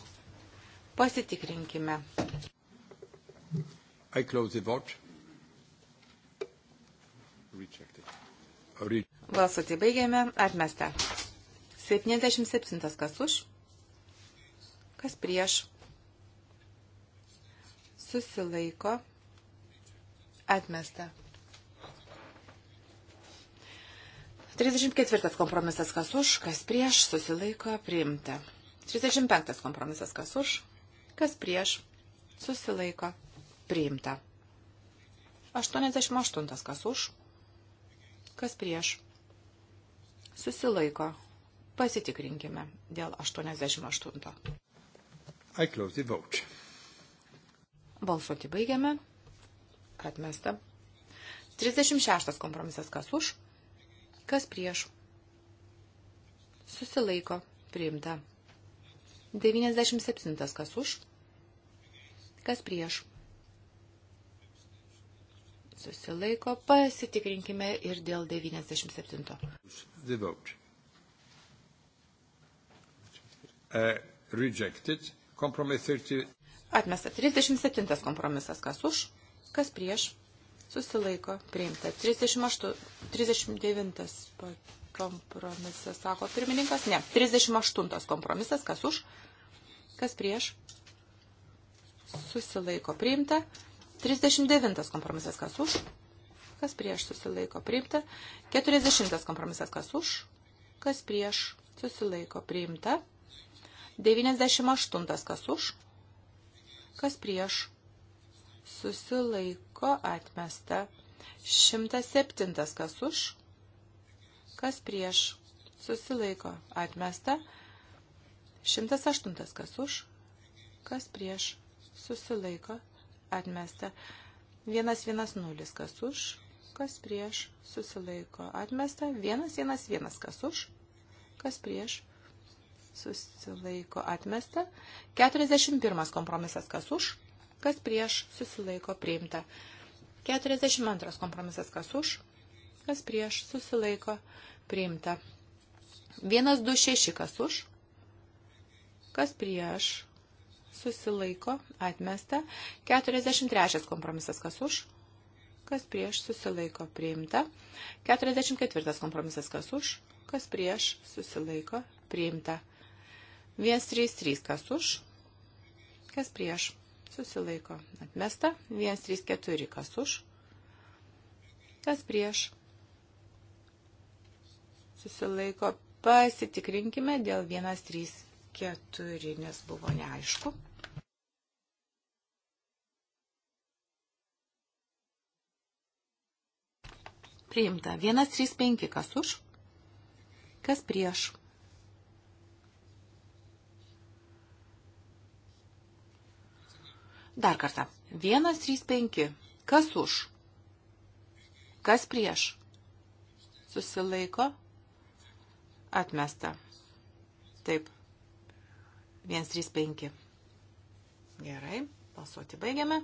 Pasitikrinkime. I close the vote. Rejected. Balsuoti baigėme, atmesta. 77 kas už, kas prieš, susilaiko, atmesta. 34 kompromisas kas už, kas prieš, susilaiko, priimta. 35 kompromisas kas už, kas prieš, susilaiko, priimta. 88 kas už, kas prieš, susilaiko. Pasitikrinkime dėl 88. I close the vote. Balsuoti baigiame. Atmesta. 36 kompromisas kas už, kas prieš. Susilaiko. Priimta. 97 kas už, kas prieš. Susilaiko. Pasitikrinkime ir dėl 97. The vote. Uh, rejected. Kompromis 30. Atmesta 37 kompromisas. Kas už, kas prieš. Susilaiko. Priimta. 38, 39 kompromisas, sako pirmininkas. Ne, 38 kompromisas. Kas už, kas prieš. Susilaiko. Priimta. 39 kompromisas. Kas už, kas prieš. Susilaiko. Priimta. 40 kompromisas. Kas už, kas prieš. Susilaiko. Priimta. 98. Kas už? Kas prieš? Susilaiko atmesta. 107. Kas už? Kas prieš? Susilaiko atmesta. 108. Kas už? Kas prieš? Susilaiko atmesta. 110. Kas už? Kas prieš? Susilaiko atmesta. 111. Kas už? Kas prieš? susilaiko atmesta. 41 kompromisas kas už, kas prieš susilaiko priimta. 42 kompromisas kas už, kas prieš susilaiko priimta. 126 kas už, kas prieš susilaiko atmesta. 43 kompromisas kas už, kas prieš susilaiko priimta. 44 kompromisas kas už, kas prieš susilaiko priimta. 133 kas už, kas prieš, susilaiko atmesta. 134 kas už, kas prieš, susilaiko. Pasitikrinkime dėl 134, nes buvo neaišku. Priimta. 135 kas už, kas prieš Dar kartą. 135. Kas už? Kas prieš? Susilaiko? Atmesta. Taip. 135. Gerai. Balsuoti baigiame.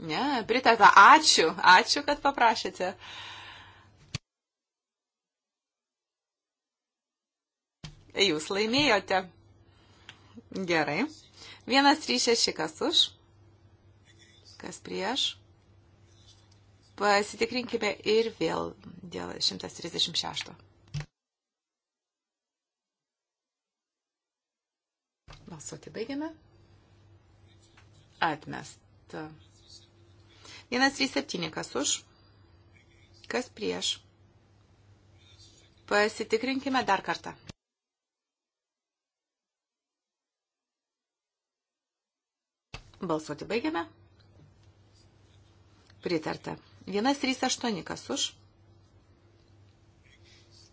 Ne, pritarta. Ačiū. Ačiū, kad paprašėte. Jūs laimėjote. Gerai. Vienas, trys, šeši, kas už? Kas prieš? Pasitikrinkime ir vėl dėl 136. Balsuoti baigiame. Atmesta. 137, kas už? Kas prieš? Pasitikrinkime dar kartą. Balsuoti baigiame. Pritarta. 138 kas už,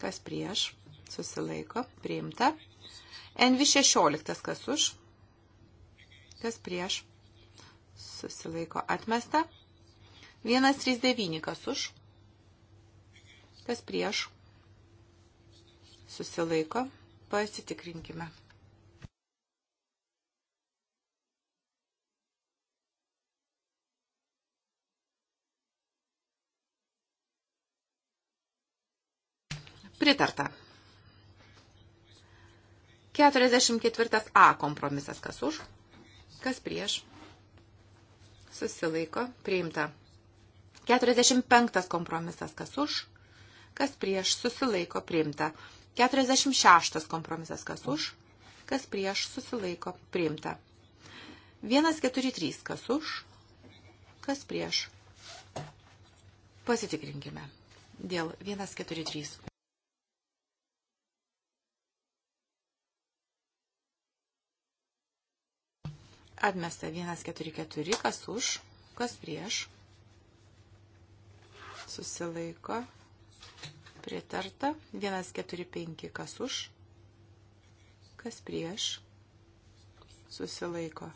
kas prieš, susilaiko, priimta. NV16 kas už, kas prieš, susilaiko, atmesta. 139 kas už, kas prieš, susilaiko, pasitikrinkime. Pritarta. 44 A kompromisas kas už, kas prieš. Susilaiko, priimta. 45 kompromisas kas už, kas prieš, susilaiko, priimta. 46 kompromisas kas už, kas prieš, susilaiko, priimta. 143 kas už, kas prieš. Pasitikrinkime dėl 143. Atmesta 144, kas už, kas prieš. Susilaiko. Pritarta 145, kas už, kas prieš. Susilaiko.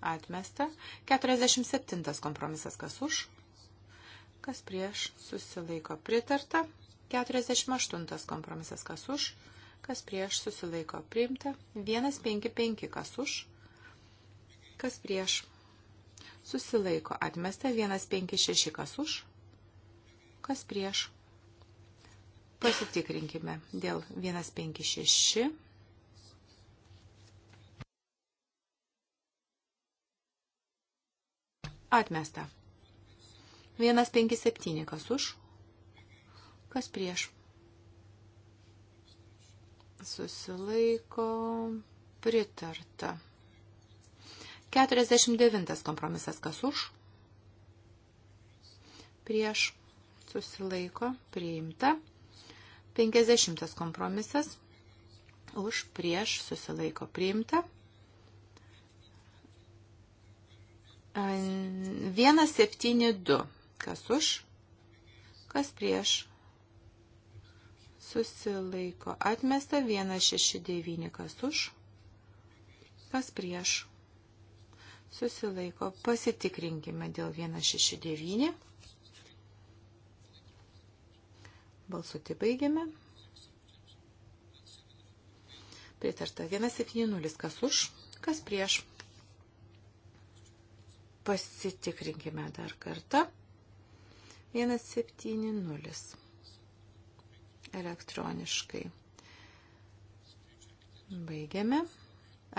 Atmesta 47 kompromisas, kas už, kas prieš. Susilaiko. Pritarta 48 kompromisas, kas už, kas prieš. Susilaiko. Priimta 155, kas už Kas prieš? Susilaiko. Atmesta 156. Kas už? Kas prieš? Pasitikrinkime dėl 156. Atmesta. 157. Kas už? Kas prieš? Susilaiko pritarta. 49 kompromisas kas už, prieš susilaiko priimta. 50 kompromisas už, prieš susilaiko priimta. 172 kas už, kas prieš susilaiko atmesta 169 kas už, kas prieš susilaiko. Pasitikrinkime dėl 169. Balsuoti baigiame. Pritarta 170, kas už, kas prieš. Pasitikrinkime dar kartą. 170 elektroniškai. Baigiame.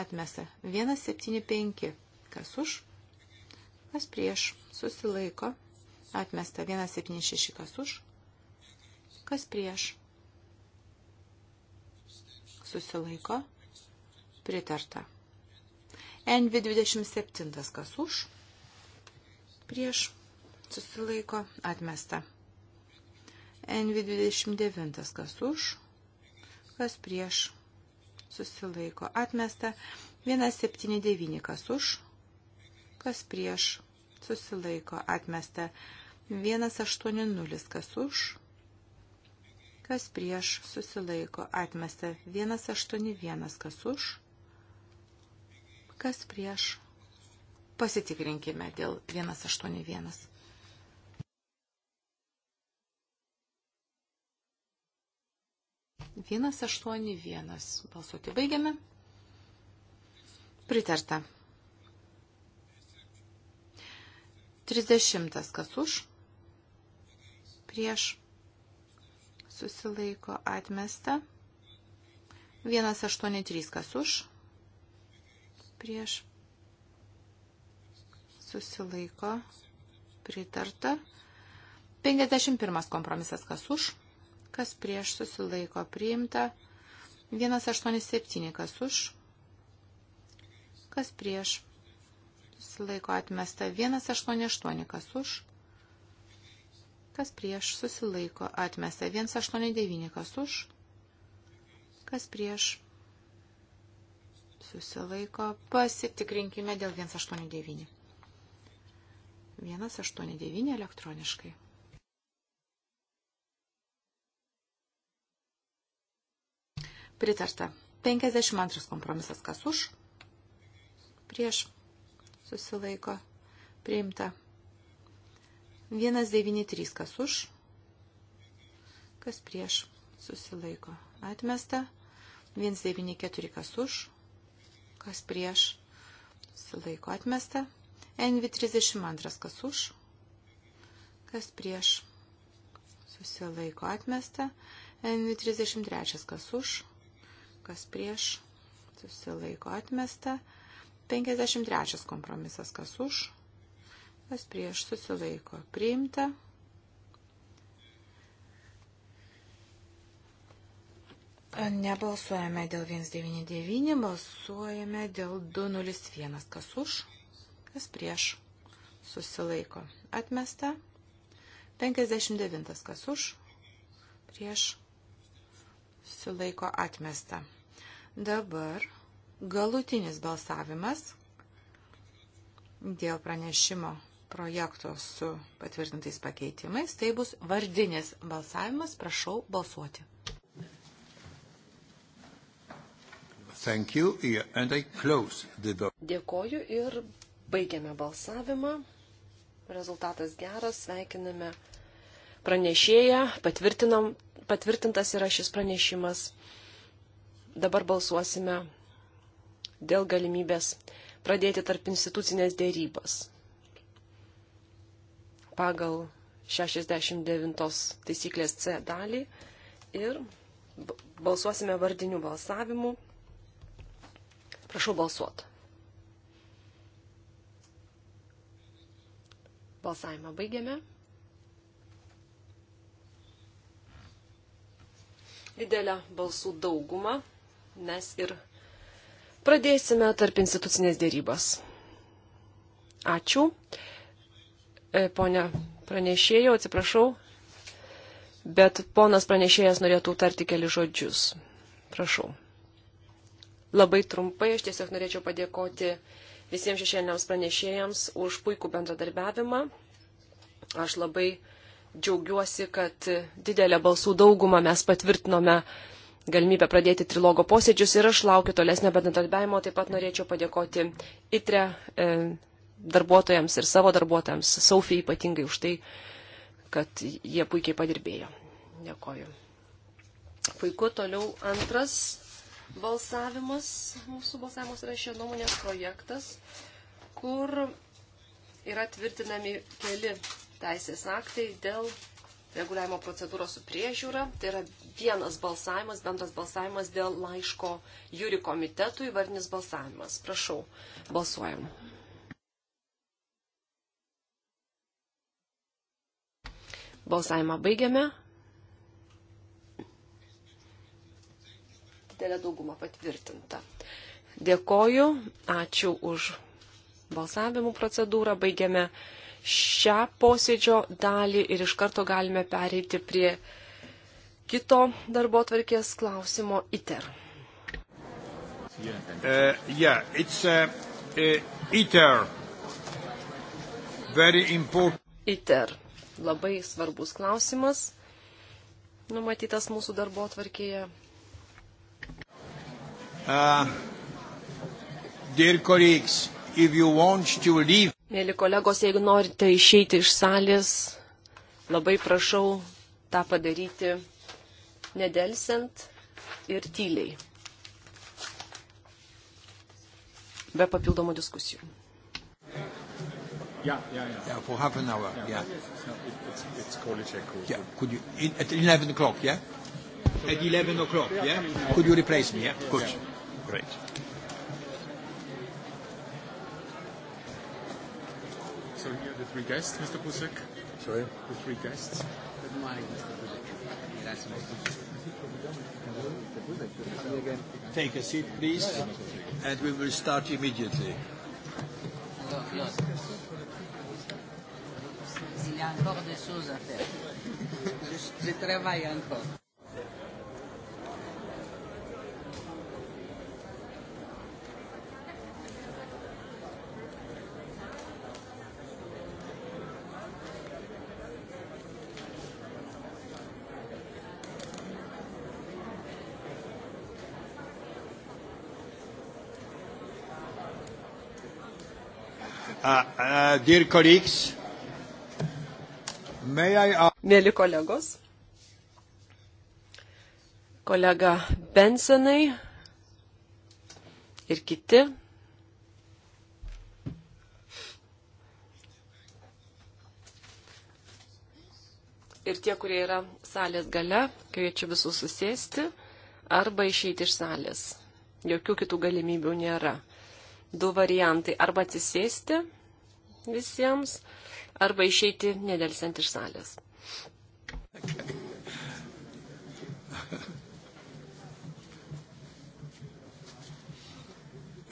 Atmesta 175. Kas už? Kas prieš? Susilaiko. Atmesta 176. Kas už? Kas prieš? Susilaiko. Pritarta. NV27. Kas už? Prieš. Susilaiko. Atmesta. NV29. Kas už? Kas prieš? Susilaiko. Atmesta. 179. Kas už? kas prieš, susilaiko atmesta. 180, kas už, kas prieš, susilaiko atmesta. 181, kas už, kas prieš. Pasitikrinkime dėl 181. Vienas aštuoni vienas. Balsuoti baigiame. Pritarta. 30. Kas už? Prieš. Susilaiko atmesta. 183. Kas už? Prieš. Susilaiko. Pritarta. 51. Kompromisas. Kas už? Kas prieš susilaiko priimta? 187. Kas už? Kas prieš? susilaiko atmesta 188, kas už, kas prieš susilaiko atmesta 189, kas už, kas prieš susilaiko, pasitikrinkime dėl 189. 189 elektroniškai. Pritarta. 52 kompromisas kas už, prieš susilaiko priimta. 193 kas už, kas prieš susilaiko atmesta. 194 kas už, kas prieš susilaiko atmesta. NV32 kas už, kas prieš susilaiko atmesta. NV33 kas už, kas prieš susilaiko atmesta. 53 kompromisas, kas už, kas prieš susilaiko priimta. Nebalsuojame dėl 199, balsuojame dėl 201, kas už, kas prieš susilaiko. Atmesta. 59, kas už, prieš susilaiko atmesta. Dabar galutinis balsavimas dėl pranešimo projekto su patvirtintais pakeitimais. Tai bus vardinis balsavimas. Prašau balsuoti. Dėkoju ir baigiame balsavimą. Rezultatas geras, sveikiname pranešėją, patvirtintas yra šis pranešimas. Dabar balsuosime dėl galimybės pradėti tarp institucinės dėrybas pagal 69 taisyklės C dalį ir balsuosime vardiniu balsavimu. Prašau balsuoti. Balsavimą baigiame. Didelę balsų daugumą mes ir Pradėsime tarp institucinės dėrybas. Ačiū. E, Pone pranešėjau, atsiprašau, bet ponas pranešėjas norėtų tarti keli žodžius. Prašau. Labai trumpai aš tiesiog norėčiau padėkoti visiems šešėliniams pranešėjams už puikų bendradarbiavimą. Aš labai džiaugiuosi, kad didelę balsų daugumą mes patvirtinome uh, galimybę pradėti trilogo posėdžius ir aš laukiu tolesnio bendradarbiavimo. Taip pat norėčiau padėkoti ITRE e, darbuotojams ir savo darbuotojams, Sofijai ypatingai už tai, kad jie puikiai padirbėjo. Dėkoju. Puiku, toliau antras balsavimas, mūsų balsavimas yra šio nuomonės projektas, kur yra tvirtinami keli teisės aktai dėl reguliavimo procedūros su priežiūra. Tai yra vienas balsavimas, bendras balsavimas dėl laiško jūri komitetų įvardinis balsavimas. Prašau, balsuojam. Balsavimą baigiame. Didelė dauguma patvirtinta. Dėkoju, ačiū už balsavimų procedūrą. Baigiame šią posėdžio dalį ir iš karto galime pereiti prie kito darbo tvarkės klausimo ITER. Uh, yeah, it's, uh, uh, ITER. Very important. ITER. Labai svarbus klausimas, numatytas mūsų darbo tvarkėje. Uh, dear colleagues, if you want to leave Mėly kolegos, jeigu norite išeiti iš salės, labai prašau tą padaryti nedelsiant ir tyliai, be papildomų diskusijų. Yeah, yeah, yeah. Yeah, for half an hour. Yeah. yeah. It's, not, it's, it's Kolicek. Yeah. Could you in, at 11 o'clock? Yeah. At 11 o'clock. Yeah. Could you replace me? Yeah. Good. Yeah. Great. So here are the three guests, Mr. Busek. Sorry? The three guests. Good morning, Mr. Busek. Nice to meet you. Mr. Busek, coming again. Take a seat, please, and we will start immediately. Il y a encore des choses à faire. Je, je travaille encore. Uh, uh, I... Mėly kolegos, kolega Bensonai ir kiti. Ir tie, kurie yra salės gale, kviečiu visus susėsti arba išeiti iš salės. Jokių kitų galimybių nėra du variantai. Arba atsisėsti visiems, arba išeiti nedelsiant iš salės.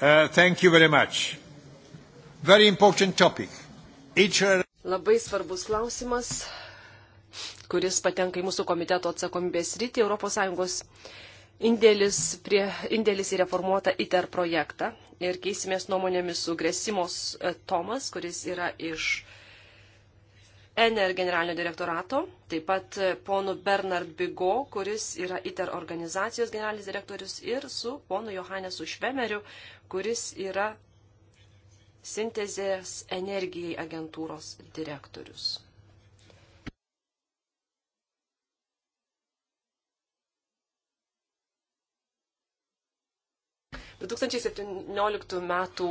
Uh, thank you very much. Very important topic. Each... Labai svarbus klausimas, kuris patenka į mūsų komiteto atsakomybės rytį. ES indėlis, prie, indėlis į reformuotą ITER projektą. Ir keisimės nuomonėmis su Gresimos e, Tomas, kuris yra iš ENER generalinio direktorato, taip pat e, ponu Bernard Bigo, kuris yra ITER organizacijos generalinis direktorius, ir su ponu Johannesu Švemeriu, kuris yra sintezės energijai agentūros direktorius. 2017 metų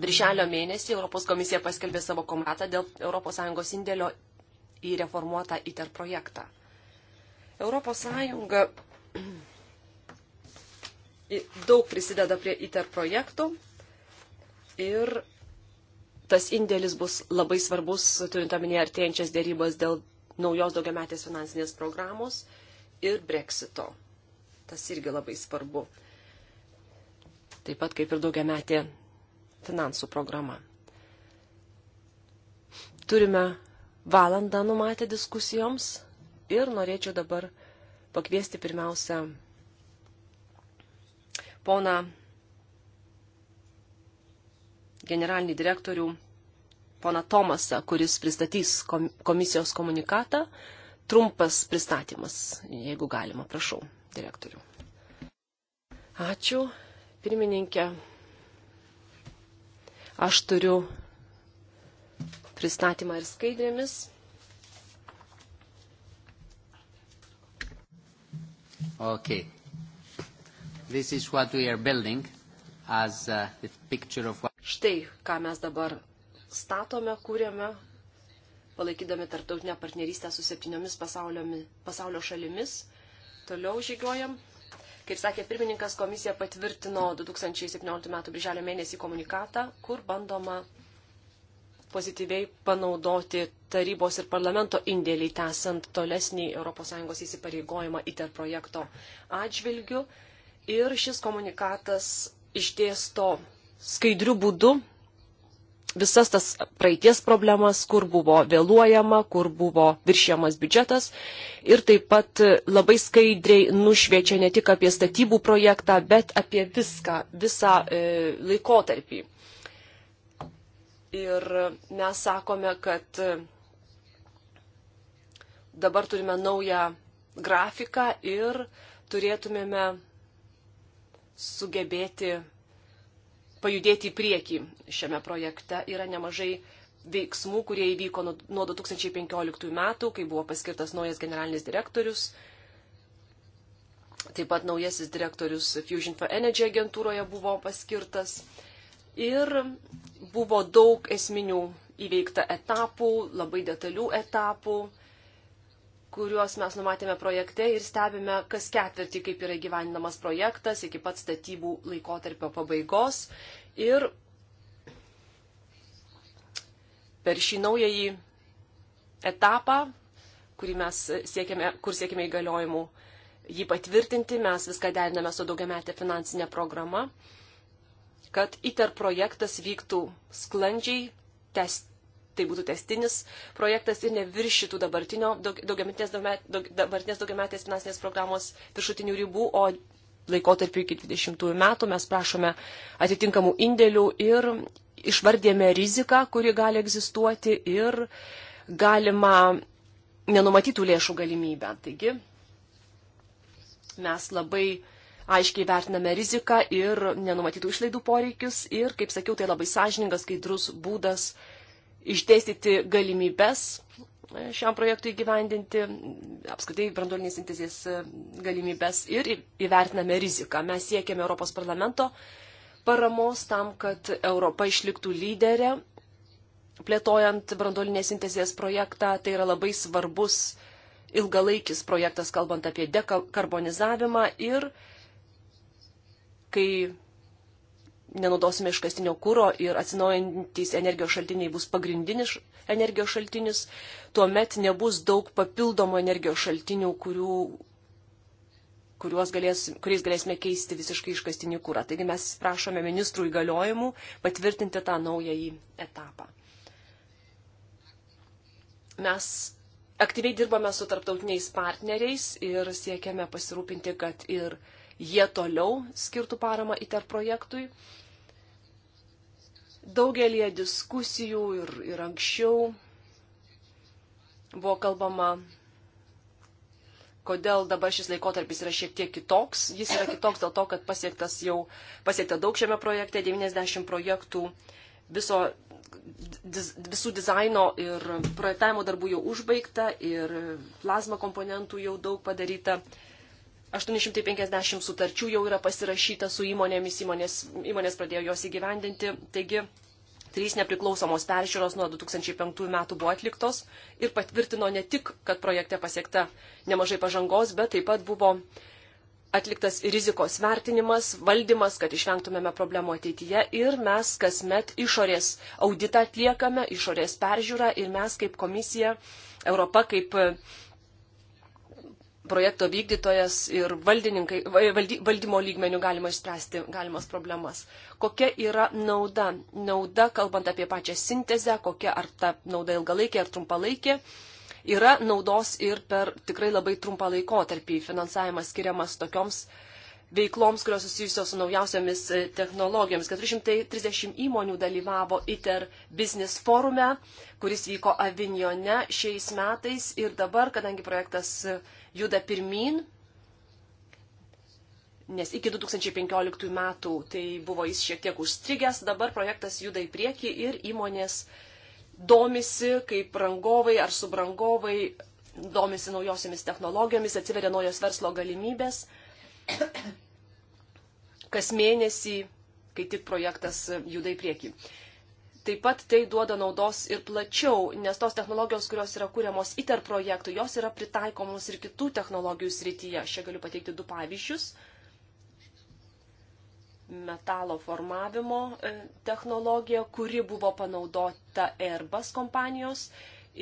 Birželio mėnesį Europos komisija paskelbė savo komatą dėl ES indėlio į reformuotą ITER projektą. ES daug prisideda prie ITER projektų ir tas indėlis bus labai svarbus, turint omenyje artėjančias dėrybas dėl naujos daugiametės finansinės programos ir breksito. Tas irgi labai svarbu taip pat kaip ir daugiametė finansų programa. Turime valandą numatę diskusijoms ir norėčiau dabar pakviesti pirmiausia poną generalinį direktorių, poną Tomasą, kuris pristatys komisijos komunikatą. Trumpas pristatymas, jeigu galima, prašau, direktorių. Ačiū, pirmininkė. Aš turiu pristatymą ir skaidrėmis. Okay. This is what we are building as uh, the picture of what... Štai, ką mes dabar statome, kūrėme, palaikydami tarptautinę partnerystę su septyniomis pasaulio šalimis. Toliau žygiuojam. Kaip sakė pirmininkas, komisija patvirtino 2017 m. birželio mėnesį komunikatą, kur bandoma pozityviai panaudoti tarybos ir parlamento indėlį, tęsant tolesnį ES įsipareigojimą ITER projekto atžvilgiu. Ir šis komunikatas išdėsto skaidrių būdų visas tas praeities problemas, kur buvo vėluojama, kur buvo viršėjamas biudžetas ir taip pat labai skaidriai nušviečia ne tik apie statybų projektą, bet apie viską, visą e, laikotarpį. Ir mes sakome, kad e, dabar turime naują grafiką ir turėtumėme sugebėti pajudėti į priekį šiame projekte. Yra nemažai veiksmų, kurie įvyko nuo 2015 metų, kai buvo paskirtas naujas generalinis direktorius. Taip pat naujasis direktorius Fusion for Energy agentūroje buvo paskirtas. Ir buvo daug esminių įveikta etapų, labai detalių etapų kuriuos mes numatėme projekte ir stebime kas ketvirtį, kaip yra gyvendinamas projektas iki pat statybų laikotarpio pabaigos. Ir per šį naująjį etapą, mes siekiame, kur siekiame įgaliojimų jį patvirtinti, mes viską deriname su daugiametė finansinė programa, kad ITER projektas vyktų sklandžiai, tęsti tai būtų testinis projektas ir neviršytų dabartinio daugiametės, dabartinės daugiametės finansinės programos viršutinių ribų, o laikotarpiu iki 20 metų mes prašome atitinkamų indėlių ir išvardėme riziką, kuri gali egzistuoti ir galima nenumatytų lėšų galimybę. Taigi mes labai aiškiai vertiname riziką ir nenumatytų išlaidų poreikius ir, kaip sakiau, tai labai sąžiningas, skaidrus būdas uh, išdėstyti galimybes e, šiam projektui gyvendinti, apskritai branduolinės sintezės e, galimybes ir įvertiname riziką. Mes siekiame Europos parlamento paramos tam, kad Europa išliktų lyderė, plėtojant branduolinės sintezės projektą. Tai yra labai svarbus ilgalaikis projektas, kalbant apie dekarbonizavimą ir kai nenaudosime iškastinio kūro ir atsinaujantys energijos šaltiniai bus pagrindinis energijos šaltinis, tuomet nebus daug papildomų energijos šaltinių, kurių, galės, kuriais galėsime keisti visiškai iškastinį kūrą. Taigi mes prašome ministrų įgaliojimų patvirtinti tą naująjį etapą. Mes aktyviai dirbame su tarptautiniais partneriais ir siekiame pasirūpinti, kad ir jie toliau skirtų paramą ITER projektui. Daugelie diskusijų ir, ir anksčiau buvo kalbama, kodėl dabar šis laikotarpis yra šiek tiek kitoks. Jis yra kitoks dėl to, kad pasiektas jau pasiekta daug šiame projekte, 90 projektų viso, dis, visų dizaino ir projektavimo darbų jau užbaigta ir plazma komponentų jau daug padaryta. 850 sutarčių jau yra pasirašyta su įmonėmis, įmonės, įmonės pradėjo jos įgyvendinti. Taigi, trys nepriklausomos peržiūros nuo 2005 metų buvo atliktos ir patvirtino ne tik, kad projekte pasiekta nemažai pažangos, bet taip pat buvo atliktas rizikos vertinimas, valdymas, kad išvengtumėme problemų ateityje ir mes kasmet išorės auditą atliekame, išorės peržiūrą ir mes kaip komisija, Europa kaip projekto vykdytojas ir valdininkai, valdy, valdymo lygmenių galima išspręsti galimas problemas. Kokia yra nauda? Nauda, kalbant apie pačią sintezę, kokia ar ta nauda ilgalaikė ar trumpalaikė, yra naudos ir per tikrai labai trumpą laikotarpį finansavimas skiriamas tokioms uh, veikloms, kurios susijusios su naujausiamis e, technologijomis. 430 įmonių dalyvavo ITER Business forume, kuris vyko Avignone šiais metais ir dabar, kadangi projektas e, juda pirmin, nes iki 2015 metų tai buvo jis šiek tiek užstrigęs, dabar projektas juda į priekį ir įmonės domisi, kaip rangovai ar subrangovai domisi naujosiamis technologijomis, atsiveria naujos verslo galimybės kas mėnesį, kai tik projektas juda į priekį. Taip pat tai duoda naudos ir plačiau, nes tos technologijos, kurios yra kūriamos ITER projektų, jos yra pritaikomos ir kitų technologijų srityje. Aš čia galiu pateikti du pavyzdžius metalo formavimo e, technologija, kuri buvo panaudota Airbus kompanijos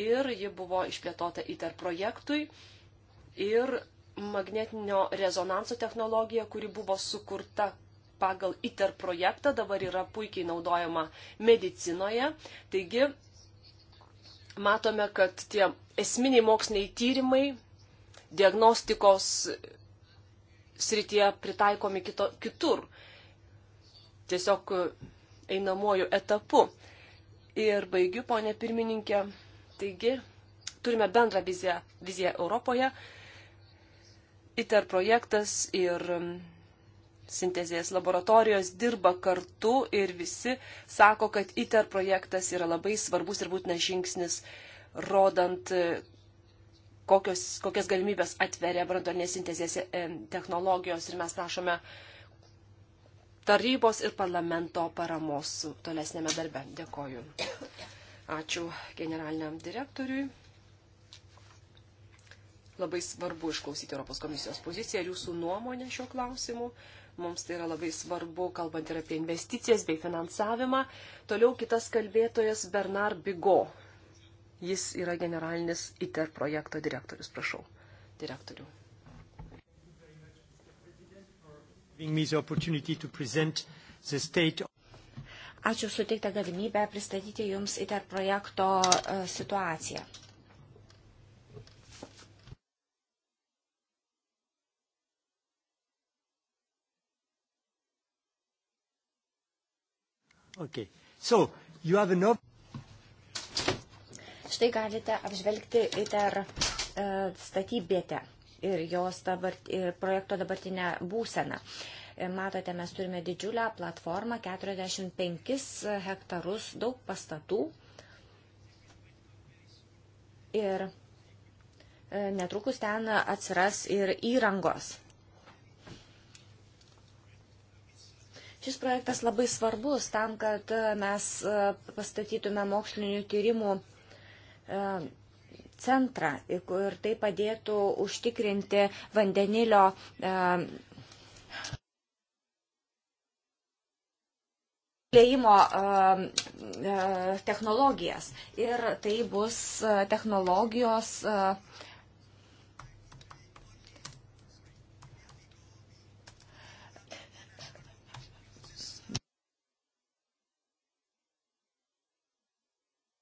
ir ji buvo išplėtota ITER projektui. Ir magnetinio rezonanso technologija, kuri buvo sukurta pagal ITER projektą, dabar yra puikiai naudojama medicinoje. Taigi, matome, kad tie esminiai moksliniai tyrimai diagnostikos srityje pritaikomi kito, kitur, tiesiog einamuoju etapu. Ir baigiu, ponė pirmininkė, taigi turime bendrą viziją, viziją Europoje, ITER projektas ir um, sintezės laboratorijos dirba kartu ir visi sako, kad ITER projektas yra labai svarbus ir būtinas žingsnis, rodant, e, kokios, kokias galimybės atveria brandolinės sintezės e, technologijos ir mes prašome tarybos ir parlamento paramos tolesnėme darbe. Dėkoju. Ačiū generaliniam direktoriui labai svarbu išklausyti Europos komisijos poziciją ir jūsų nuomonę šiuo klausimu. Mums tai yra labai svarbu, kalbant ir apie investicijas bei finansavimą. Toliau kitas kalbėtojas Bernard Bigo. Jis yra generalinis ITER projekto direktorius, prašau. Direktorių. Ačiū suteiktą galimybę pristatyti Jums ITER projekto e, situaciją. Okay. So, you have enough... Štai galite apžvelgti ITER uh, statybvietę ir jos dabart, ir projekto dabartinę būseną. E, matote, mes turime didžiulę platformą, 45 hektarus, daug pastatų. Ir e, netrukus ten atsiras ir įrangos Šis projektas labai svarbus tam, kad e, mes e, pastatytume mokslinių tyrimų e, centrą ir tai padėtų užtikrinti vandenilio plėjimo technologijas. Ir tai bus technologijos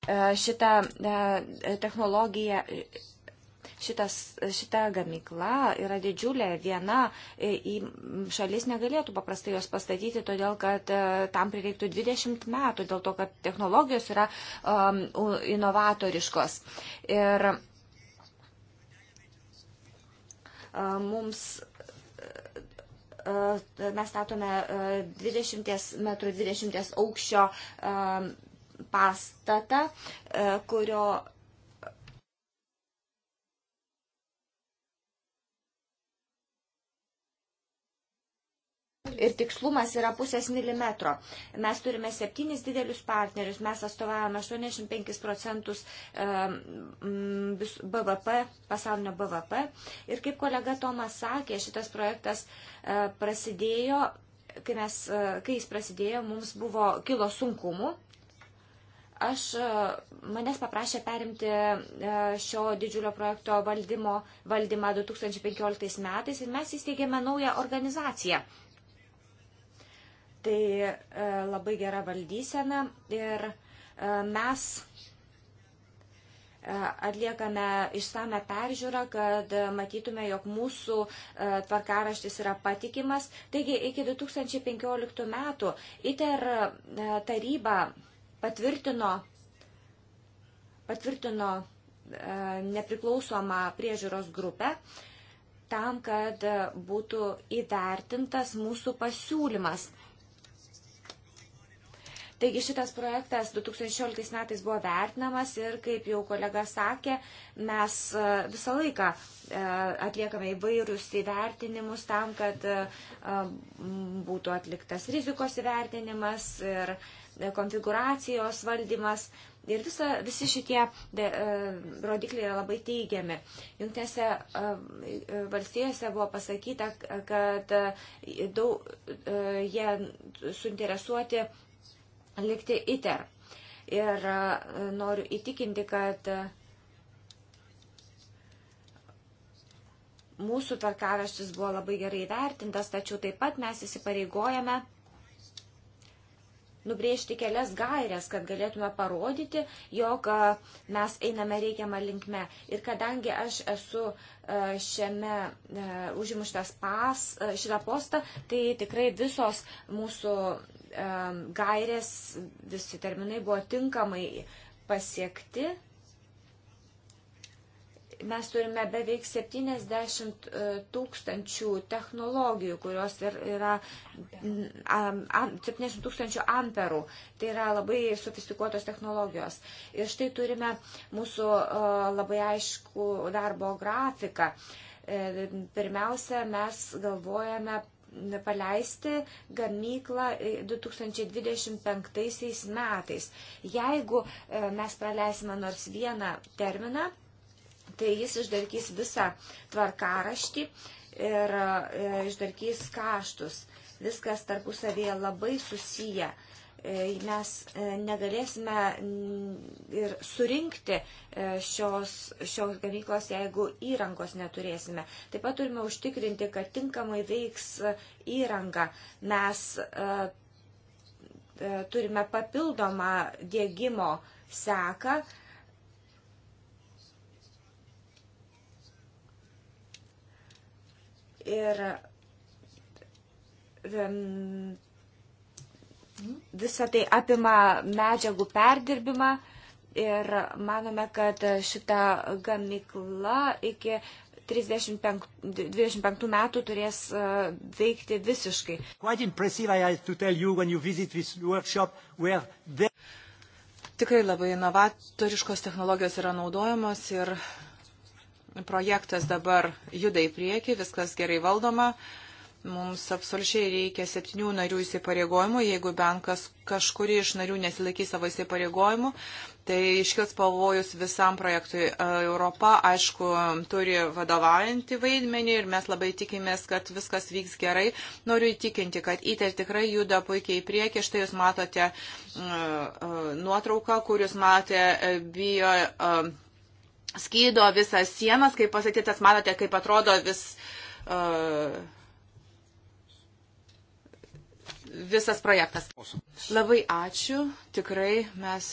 E, šitą e, technologiją, šitas, šita gamykla yra didžiulė viena, e, į šalis negalėtų paprastai jos pastatyti, todėl kad tam prireiktų 20 metų, dėl to, kad technologijos yra um, inovatoriškos. Ir um, mums mes statome 20 metrų 20 aukščio um, pastatą, e, kurio ir tikslumas yra pusės milimetro. Mes turime septynis didelius partnerius, mes atstovavome 85 procentus e, BVP, pasaulinio BVP. Ir kaip kolega Tomas sakė, šitas projektas e, prasidėjo, kai, mes, kai jis prasidėjo, mums buvo kilo sunkumų aš e, manęs paprašė perimti e, šio didžiulio projekto valdymo, valdymą 2015 metais ir mes įsteigėme naują organizaciją. Tai e, labai gera valdysena ir mes atliekame išsame peržiūrą, kad matytume, jog mūsų tvarkaraštis yra patikimas. Taigi iki 2015 metų ITER taryba patvirtino, patvirtino e, nepriklausomą priežiūros grupę tam, kad būtų įvertintas mūsų pasiūlymas. Taigi šitas projektas 2016 metais buvo vertinamas ir, kaip jau kolega sakė, mes e, visą laiką e, atliekame įvairius įvertinimus tam, kad būtų atliktas rizikos įvertinimas ir įvertinimas konfiguracijos valdymas ir visa, visi šitie de, e, rodikliai yra labai teigiami. Junktinėse e, valstijose buvo pasakyta, kad e, daug, e, jie suinteresuoti likti ITER. Ir e, noriu įtikinti, kad e, mūsų tvarkaraštis buvo labai gerai vertintas, tačiau taip pat mes įsipareigojame nubrėžti kelias gairias, kad galėtume parodyti, jog mes einame reikiamą linkme. Ir kadangi aš esu šiame užimu šitas pas, šitą postą, tai tikrai visos mūsų gairės, visi terminai buvo tinkamai pasiekti mes turime beveik 70 e, tūkstančių technologijų, kurios ir yra 70 tūkstančių amperų. Tai yra labai sofistikuotos technologijos. Ir štai turime mūsų e, labai aišku darbo grafiką. E, pirmiausia, mes galvojame paleisti gamyklą 2025 metais. Jeigu mes praleisime nors vieną terminą, tai jis išdarkys visą tvarkaraštį ir e, išdarkys kaštus. Viskas tarpusavėje labai susiję. E, mes e, negalėsime ir surinkti šios, šios gamyklos, jeigu įrangos neturėsime. Taip pat turime užtikrinti, kad tinkamai veiks įranga. Mes turime papildomą dėgymo seką Ir visą tai apima medžiagų perdirbimą ir manome, kad šita gamykla iki 35, 25 metų turės uh, veikti visiškai. Tikrai labai inovatoriškos technologijos yra naudojamos ir projektas dabar juda į priekį, viskas gerai valdoma. Mums absoliučiai reikia septynių narių įsipareigojimų. Jeigu bankas kažkuri iš narių nesilaikys savo įsipareigojimų, tai iškils pavojus visam projektui. E, Europa, aišku, turi vadovaujantį vaidmenį ir mes labai tikimės, kad viskas vyks gerai. Noriu įtikinti, kad ITER tikrai juda puikiai į priekį. Štai jūs matote e, e, nuotrauką, kur jūs matote bio skydo visas sienas, kaip pasakytas, matote, kaip atrodo vis, uh, visas projektas. Labai ačiū, tikrai mes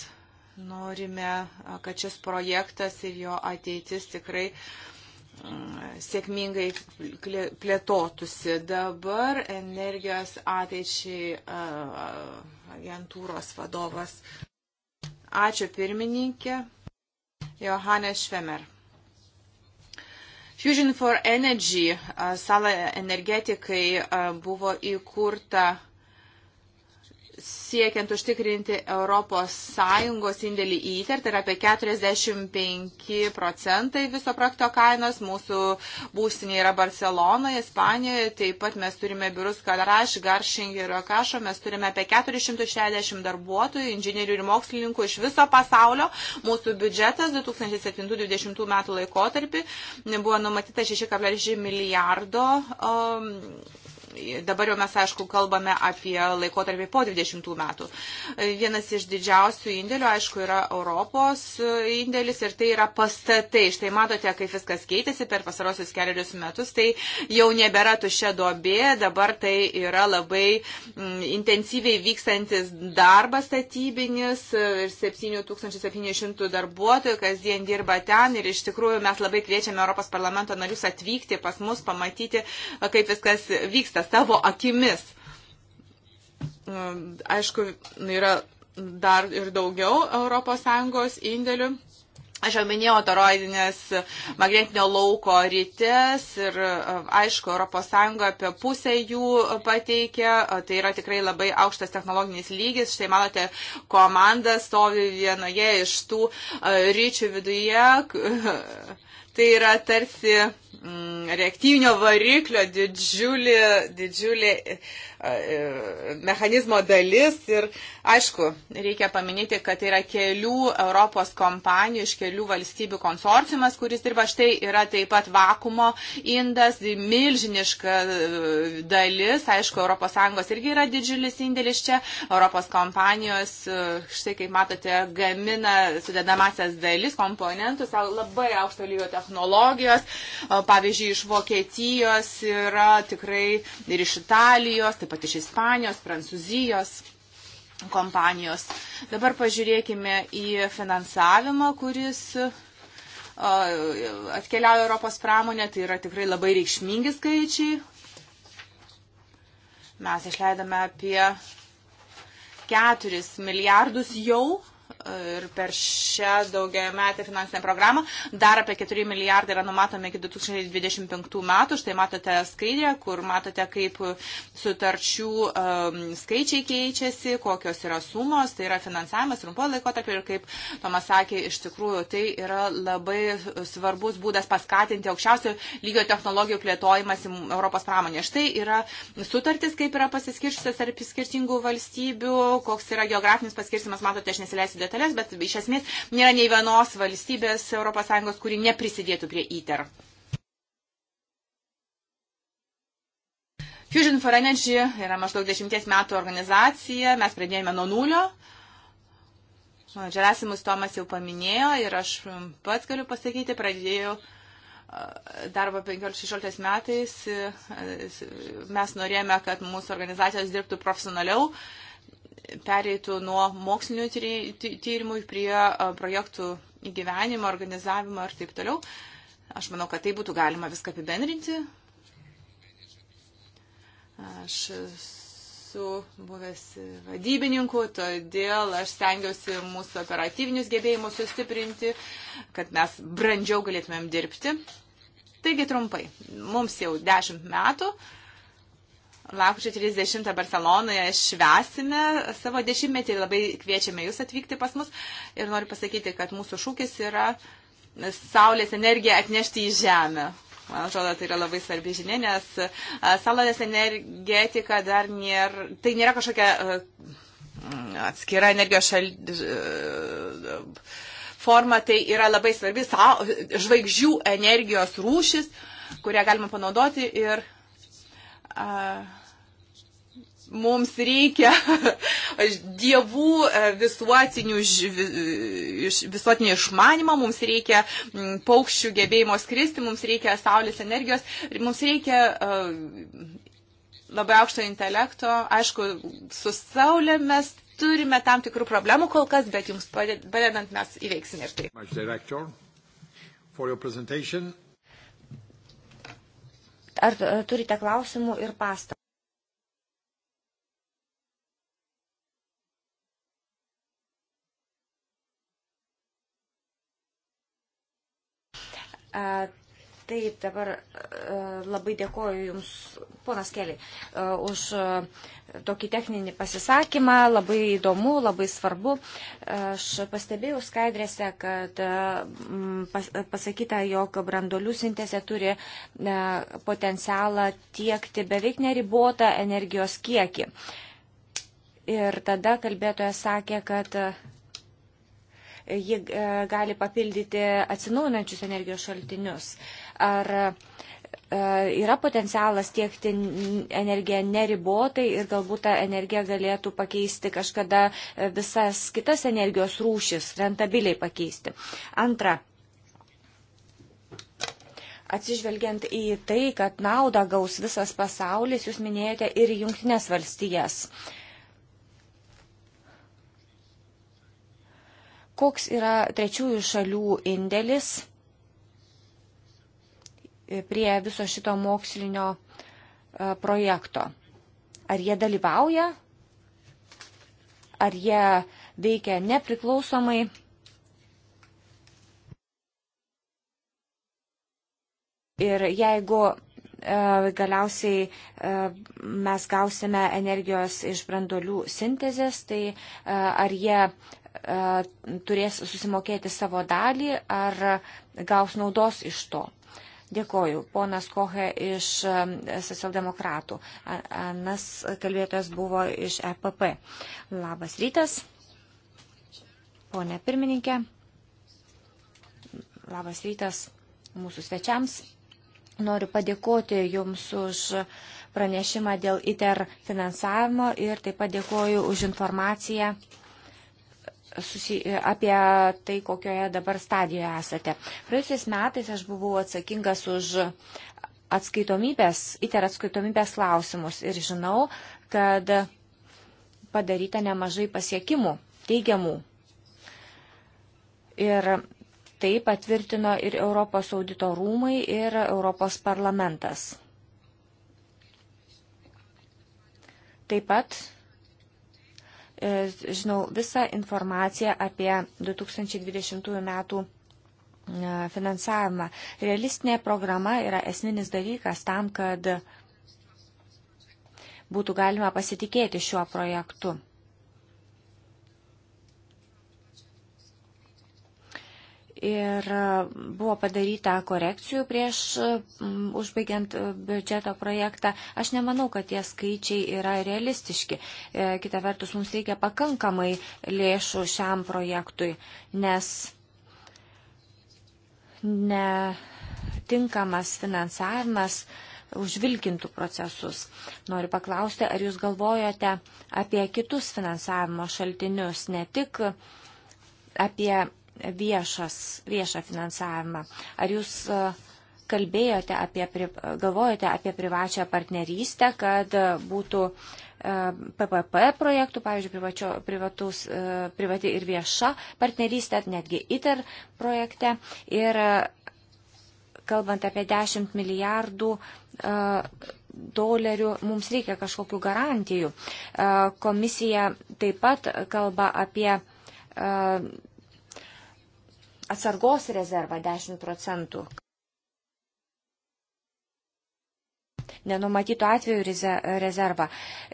norime, e, kad šis projektas ir jo ateitis tikrai e, sėkmingai plėtotųsi. Dabar energijos ateičiai agentūros vadovas. Ačiū pirmininkė. Johannes Schwemmer. Fusion for Energy, salą energetikai, buvo įkurta siekiant užtikrinti ES indėlį į ITER, tai yra apie 45 procentai viso projekto kainos, mūsų būstinė yra Barcelonoje, Ispanijoje, taip pat mes turime biurus Kadaraš, Garšing ir Okašo, mes turime apie 460 darbuotojų, inžinierių ir mokslininkų iš viso pasaulio, mūsų biudžetas 2007-2020 metų laikotarpį buvo numatyta 6,6 milijardo. Um, Dabar jau mes, aišku, kalbame apie laikotarpį po 20 metų. Vienas iš didžiausių indėlių, aišku, yra Europos indėlis ir tai yra pastatai. Štai matote, kaip viskas keitėsi per pasarosius keliarius metus. Tai jau nebėra tušia dobė, dabar tai yra labai mm, intensyviai vykstantis darbas statybinis ir 7700 darbuotojų kasdien dirba ten ir iš tikrųjų mes labai kviečiame Europos parlamento narius atvykti pas mus, pamatyti, kaip viskas vyksta procesą savo akimis. Um, aišku, yra dar ir daugiau ES indėlių. Aš jau minėjau toroidinės magnetinio lauko rytis ir um, aišku, ES apie pusę jų pateikia, tai yra tikrai labai aukštas technologinis lygis. Štai manote, komanda stovi vienoje iš tų uh, ryčių viduje. Tai yra tarsi Mm, reaktyvinio variklio didžiulį, didžiulį E, mechanizmo dalis ir aišku, reikia paminėti, kad yra kelių Europos kompanijų iš kelių valstybių konsorciumas, kuris dirba štai yra taip pat vakumo indas, milžiniška e, dalis, aišku, ES irgi yra didžiulis indėlis čia, Europos kompanijos, e, štai kaip matote, gamina sudedamasias dalis, komponentus, labai aukšto lygio technologijos, pavyzdžiui, iš Vokietijos yra tikrai ir iš Italijos, taip taip pat iš Ispanijos, Prancūzijos kompanijos. Dabar pažiūrėkime į finansavimą, kuris e, atkeliauja Europos pramonė, tai yra tikrai labai reikšmingi skaičiai. Mes išleidome apie 4 milijardus jau ir per šią daugia metę finansinę programą. Dar apie 4 milijardai yra numatomi iki 2025 metų. Štai matote skaidrę, kur matote, kaip sutarčių um, skaičiai keičiasi, kokios yra sumos, tai yra finansavimas trumpo laikotarpio ir kaip Tomas sakė, iš tikrųjų tai yra labai svarbus būdas paskatinti aukščiausio lygio technologijų plėtojimas Europos pramonė. Štai yra sutartis, kaip yra pasiskiršusios tarp skirtingų valstybių, koks yra geografinis paskirstimas, matote, aš nesileisiu detalės, bet iš esmės nėra nei vienos valstybės ES, kuri neprisidėtų prie ITER. Fusion for Energy yra maždaug dešimties metų organizacija, mes pradėjome nuo nulio. Žerasimus Tomas jau paminėjo ir aš pats galiu pasakyti, pradėjau darbą 15-16 metais. Mes norėjome, kad mūsų organizacijos dirbtų profesionaliau pereitų nuo mokslinių tyrimų prie projektų įgyvenimo, organizavimo ir taip toliau. Aš manau, kad tai būtų galima viską apibendrinti. Aš esu buvęs vadybininku, todėl aš stengiuosi mūsų operatyvinius gebėjimus sustiprinti, kad mes brandžiau galėtumėm dirbti. Taigi trumpai, mums jau dešimt metų, uh, Lapkričio 30 Barcelonoje švesime savo dešimtmetį ir labai kviečiame jūs atvykti pas mus. Ir noriu pasakyti, kad mūsų šūkis yra Saulės energiją atnešti į Žemę. Man atrodo, tai yra labai svarbi žinia, nes e, saulės energetika dar nėra, tai nėra kažkokia e, atskira energijos šal... E, forma, tai yra labai svarbi žvaigždžių energijos rūšis, kurią galima panaudoti ir. Uh, mums reikia dievų e, visuotinių, e, visuotinio išmanimo, mums reikia paukščių gebėjimo skristi, mums reikia saulės energijos, mums reikia e, labai aukšto intelekto. Aišku, su saulė mes turime tam tikrų problemų kol kas, bet jums padedant mes įveiksime ir tai. Ar turite klausimų ir pastabų? Taip, dabar labai dėkoju Jums, ponas Keliai, už tokį techninį pasisakymą, labai įdomu, labai svarbu. Aš pastebėjau skaidrėse, kad pasakyta, jog brandolių sintezė turi potencialą tiekti beveik neribotą energijos kiekį. Ir tada kalbėtojas sakė, kad ji e, gali papildyti atsinaujinančius energijos šaltinius. Ar e, yra potencialas tiekti energiją neribotai ir galbūt ta energija galėtų pakeisti kažkada e, visas kitas energijos rūšis, rentabiliai pakeisti. Antra, atsižvelgiant į tai, kad naudą gaus visas pasaulis, jūs minėjote ir jungtinės valstijas. Uh, koks yra trečiųjų šalių indėlis prie viso šito mokslinio e, projekto. Ar jie dalyvauja, ar jie veikia nepriklausomai. Ir jeigu e, galiausiai e, mes gausime energijos iš brandolių sintezės, tai ar jie E, turės susimokėti savo dalį ar gaus naudos iš to. Dėkoju. Ponas Kohe iš e, socialdemokratų. Anas kalbėtojas buvo iš EPP. Labas rytas. Pone pirmininkė. Labas rytas mūsų svečiams. Noriu padėkoti Jums už pranešimą dėl ITER finansavimo ir taip pat dėkoju už informaciją susi, apie tai, kokioje dabar stadijoje esate. Praėjusiais metais aš buvau atsakingas už atskaitomybės, iter atskaitomybės klausimus ir žinau, kad padaryta nemažai pasiekimų, teigiamų. Ir tai patvirtino ir Europos audito rūmai, ir Europos parlamentas. Taip pat E, žinau visą informaciją apie 2020 metų e, finansavimą. Realistinė programa yra esminis dalykas tam, kad būtų galima pasitikėti šiuo projektu. ir e, buvo padaryta korekcijų prieš e, užbaigiant e, biudžeto projektą. Aš nemanau, kad tie skaičiai yra realistiški. Kita vertus, mums reikia pakankamai lėšų šiam projektui, nes netinkamas finansavimas užvilkintų procesus. Noriu paklausti, ar jūs galvojate apie kitus finansavimo šaltinius, ne tik apie viešas, viešą finansavimą. Ar jūs e, kalbėjote apie, galvojote apie privačią partnerystę, kad būtų PPP e, projektų, pavyzdžiui, privačio, privatus, e, privati ir vieša partnerystė, netgi ITER projekte. Ir kalbant apie 10 milijardų dolerių, mums reikia kažkokių garantijų. Komisija taip pat kalba apie atsargos rezervą 10 procentų. Nenumatytų atvejų rezervą.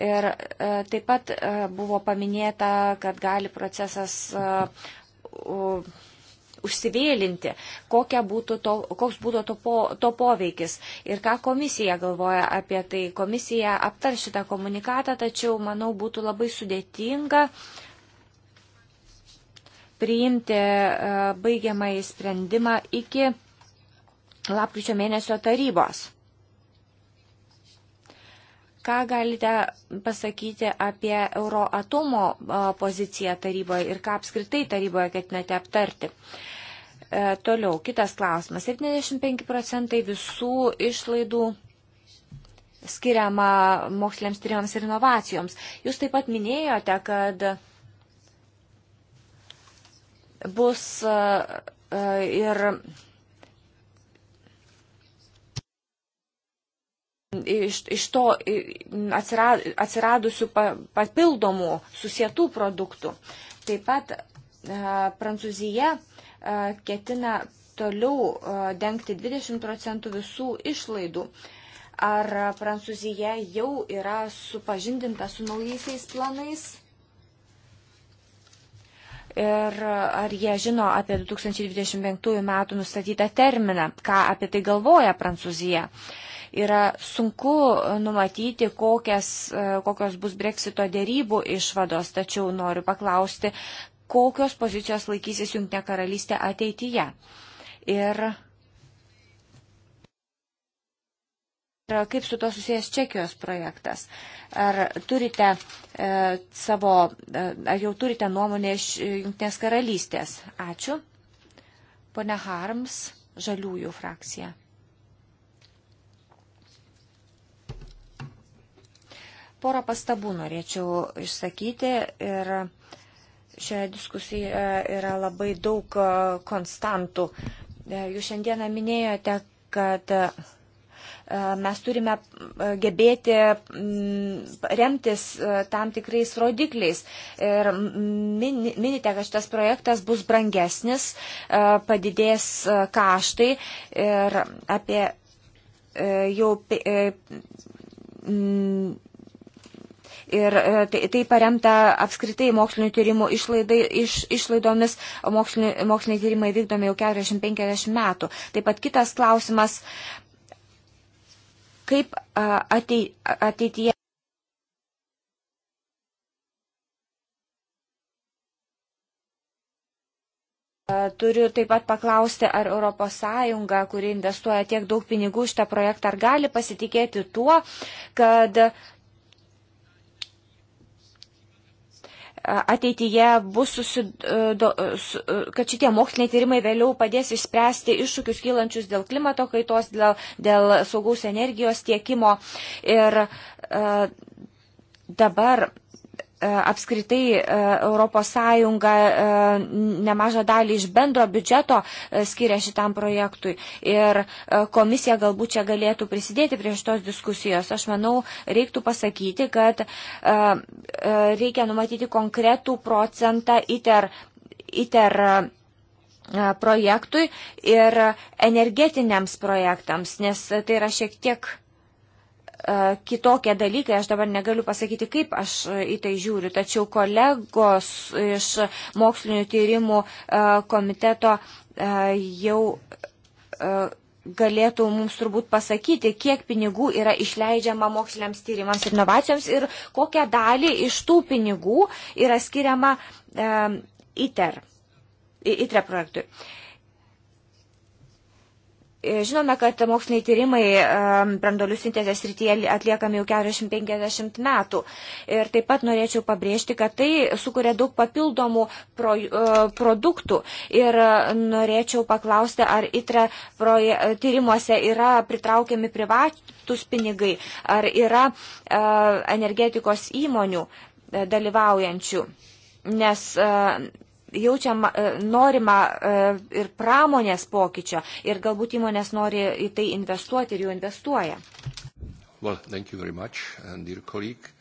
Ir e, taip pat e, buvo paminėta, kad gali procesas e, užsivėlinti, būtų to, koks būtų to, po, to poveikis ir ką komisija galvoja apie tai. Komisija aptar šitą komunikatą, tačiau, manau, būtų labai sudėtinga uh, priimti e, baigiamą įsprendimą iki lapkričio mėnesio tarybos. Ką galite pasakyti apie Euroatomo e, poziciją taryboje ir ką apskritai taryboje ketinate aptarti? E, toliau, kitas klausimas. 75 procentai visų išlaidų skiriama moksliniams tyrimams ir inovacijoms. Jūs taip pat minėjote, kad bus e, e, ir iš, iš to atsiradusių papildomų susietų produktų. Taip pat e, Prancūzija ketina toliau dengti 20 procentų visų išlaidų. Ar Prancūzija jau yra supažindinta su naujaisiais planais? ir ar jie žino apie 2025 metų nustatytą terminą, ką apie tai galvoja Prancūzija. Yra sunku numatyti, kokias, e, kokios bus breksito dėrybų išvados, tačiau noriu paklausti, kokios pozicijos laikysis Junktinė karalystė ateityje. Ir E, kaip su to susijęs Čekijos projektas? Ar turite e, savo, e, ar jau turite nuomonę iš Junktinės karalystės? Ačiū. Pone Harms, Žaliųjų frakcija. Porą pastabų norėčiau išsakyti ir šioje diskusijoje yra labai daug konstantų. E, jūs šiandieną minėjote, kad E, mes turime e, gebėti mm, remtis e, tam tikrais rodikliais. Ir minite, kad šitas projektas bus brangesnis, padidės kaštai ir apie jau mm, ir tai, tai paremta apskritai mokslinio tyrimų išlaidai, iš, išlaidomis, moksliniai tyrimai vykdomi jau 40-50 metų. Taip pat kitas klausimas kaip ateityje. Turiu taip pat paklausti, ar ES, kuri investuoja tiek daug pinigų šitą projektą, ar gali pasitikėti tuo, kad ateityje bus susido, kad šitie moksliniai tyrimai vėliau padės išspręsti iššūkius kylančius dėl klimato kaitos, dėl, dėl saugaus energijos tiekimo. Ir e, dabar E, apskritai ES e, nemažą dalį iš bendro biudžeto e, skiria šitam projektui ir komisija galbūt čia galėtų prisidėti prie šitos diskusijos. Aš manau, reiktų pasakyti, kad reikia numatyti konkretų procentą ITER. ITER projektui ir energetiniams projektams, nes tai yra šiek tiek E, kitokie dalykai, aš dabar negaliu pasakyti, kaip aš e, į tai žiūriu, tačiau kolegos iš mokslinio tyrimų e, komiteto jau galėtų mums turbūt pasakyti, kiek pinigų yra išleidžiama moksliniams tyrimams ir inovacijoms ir kokią dalį iš tų pinigų yra skiriama ITER, ITRE projektui. Uh, Žinome, kad moksliniai tyrimai brandolių sintezės rytyje atliekami jau 40-50 metų. Ir taip pat norėčiau pabrėžti, kad tai sukuria daug papildomų pro, e, produktų. Ir norėčiau paklausti, ar ITRE proje, tyrimuose yra pritraukiami privatus pinigai, ar yra e, energetikos įmonių e, dalyvaujančių. Nes jaučiama, e, norima e, ir pramonės pokyčio ir galbūt įmonės nori į tai investuoti ir jų investuoja. Well, thank you very much. And dear colleague,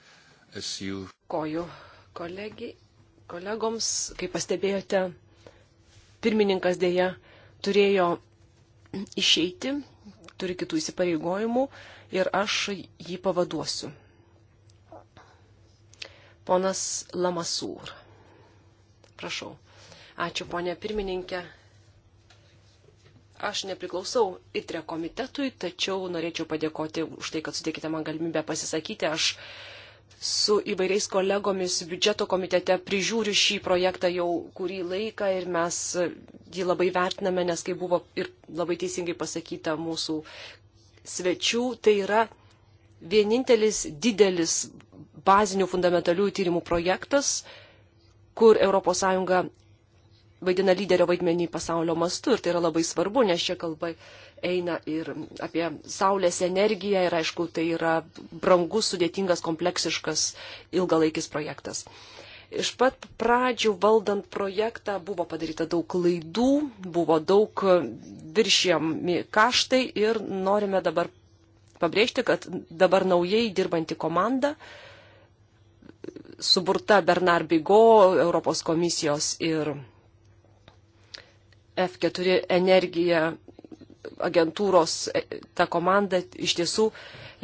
as you... Koju kolegi, kolegoms, kaip pastebėjote, pirmininkas dėja turėjo išeiti, turi kitų įsipareigojimų ir aš jį pavaduosiu. Ponas Lamasūr. Prašau. Ačiū, ponė pirmininkė. Aš nepriklausau ITRE komitetui, tačiau norėčiau padėkoti už tai, kad suteikite man galimybę pasisakyti. Aš su įvairiais kolegomis biudžeto komitete prižiūriu šį projektą jau kurį laiką ir mes jį labai vertiname, nes kai buvo ir labai teisingai pasakyta mūsų svečių, tai yra vienintelis didelis bazinių fundamentalių tyrimų projektas, kur ES vaidina lyderio vaidmenį pasaulio mastu ir tai yra labai svarbu, nes čia kalba eina ir apie saulės energiją ir aišku, tai yra brangus, sudėtingas, kompleksiškas, ilgalaikis projektas. Iš pat pradžių valdant projektą buvo padaryta daug klaidų, buvo daug viršėmi kaštai ir norime dabar pabrėžti, kad dabar naujai dirbanti komanda uh, suburta Bernard Bigo, Europos komisijos ir F4 energija agentūros e, ta komanda iš tiesų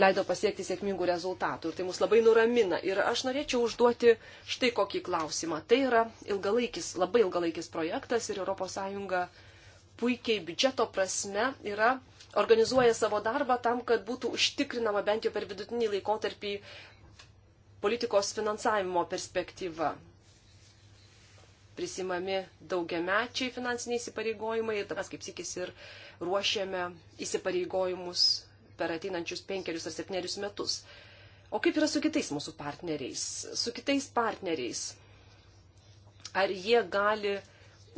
leido pasiekti sėkmingų rezultatų ir tai mus labai nuramina. Ir aš norėčiau užduoti štai kokį klausimą. Tai yra ilgalaikis, labai ilgalaikis projektas ir ES puikiai biudžeto prasme yra organizuoja savo darbą tam, kad būtų užtikrinama bent jau per vidutinį laikotarpį politikos finansavimo perspektyva. Prisimami daugiamečiai finansiniai įsipareigojimai ir mes kaip sikis ir ruošiame įsipareigojimus per ateinančius penkerius ar septynerius metus. O kaip yra su kitais mūsų partneriais? Su kitais partneriais. Ar jie gali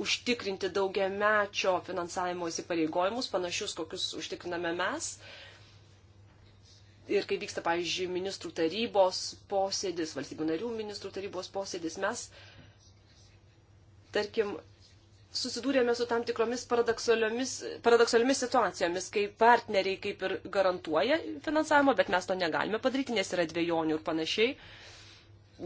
užtikrinti daugiamečio finansavimo įsipareigojimus, panašius, kokius užtikriname mes? Uh, ir kai vyksta, pavyzdžiui, ministrų tarybos posėdis, valstybių narių ministrų tarybos posėdis, mes, tarkim, susidūrėme su tam tikromis paradoksaliomis, paradoksaliomis situacijomis, kai partneriai kaip ir garantuoja finansavimą, bet mes to negalime padaryti, nes yra dviejonių ir panašiai.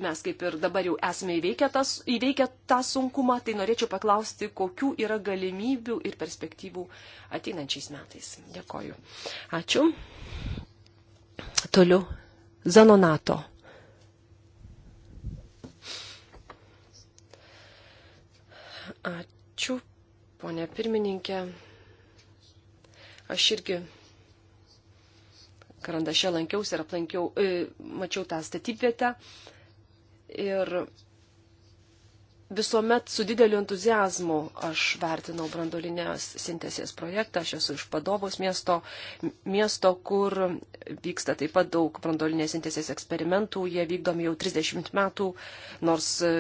Mes kaip ir dabar jau esame įveikę, tas, įveikę tą sunkumą, tai norėčiau paklausti, kokių yra galimybių ir perspektyvų ateinančiais metais. Dėkoju. Ačiū. Toliau. Zanonato. Ačiū, ponė pirmininkė. Aš irgi Karandaše lankiausi ir aplankiau, e, mačiau tą statybvietę. Ir visuomet su dideliu entuzijazmu aš vertinau brandolinės sintesės projektą. Aš esu iš Padovos miesto, miesto, kur vyksta taip pat daug brandolinės sintesės eksperimentų. Jie vykdomi jau 30 metų, nors e,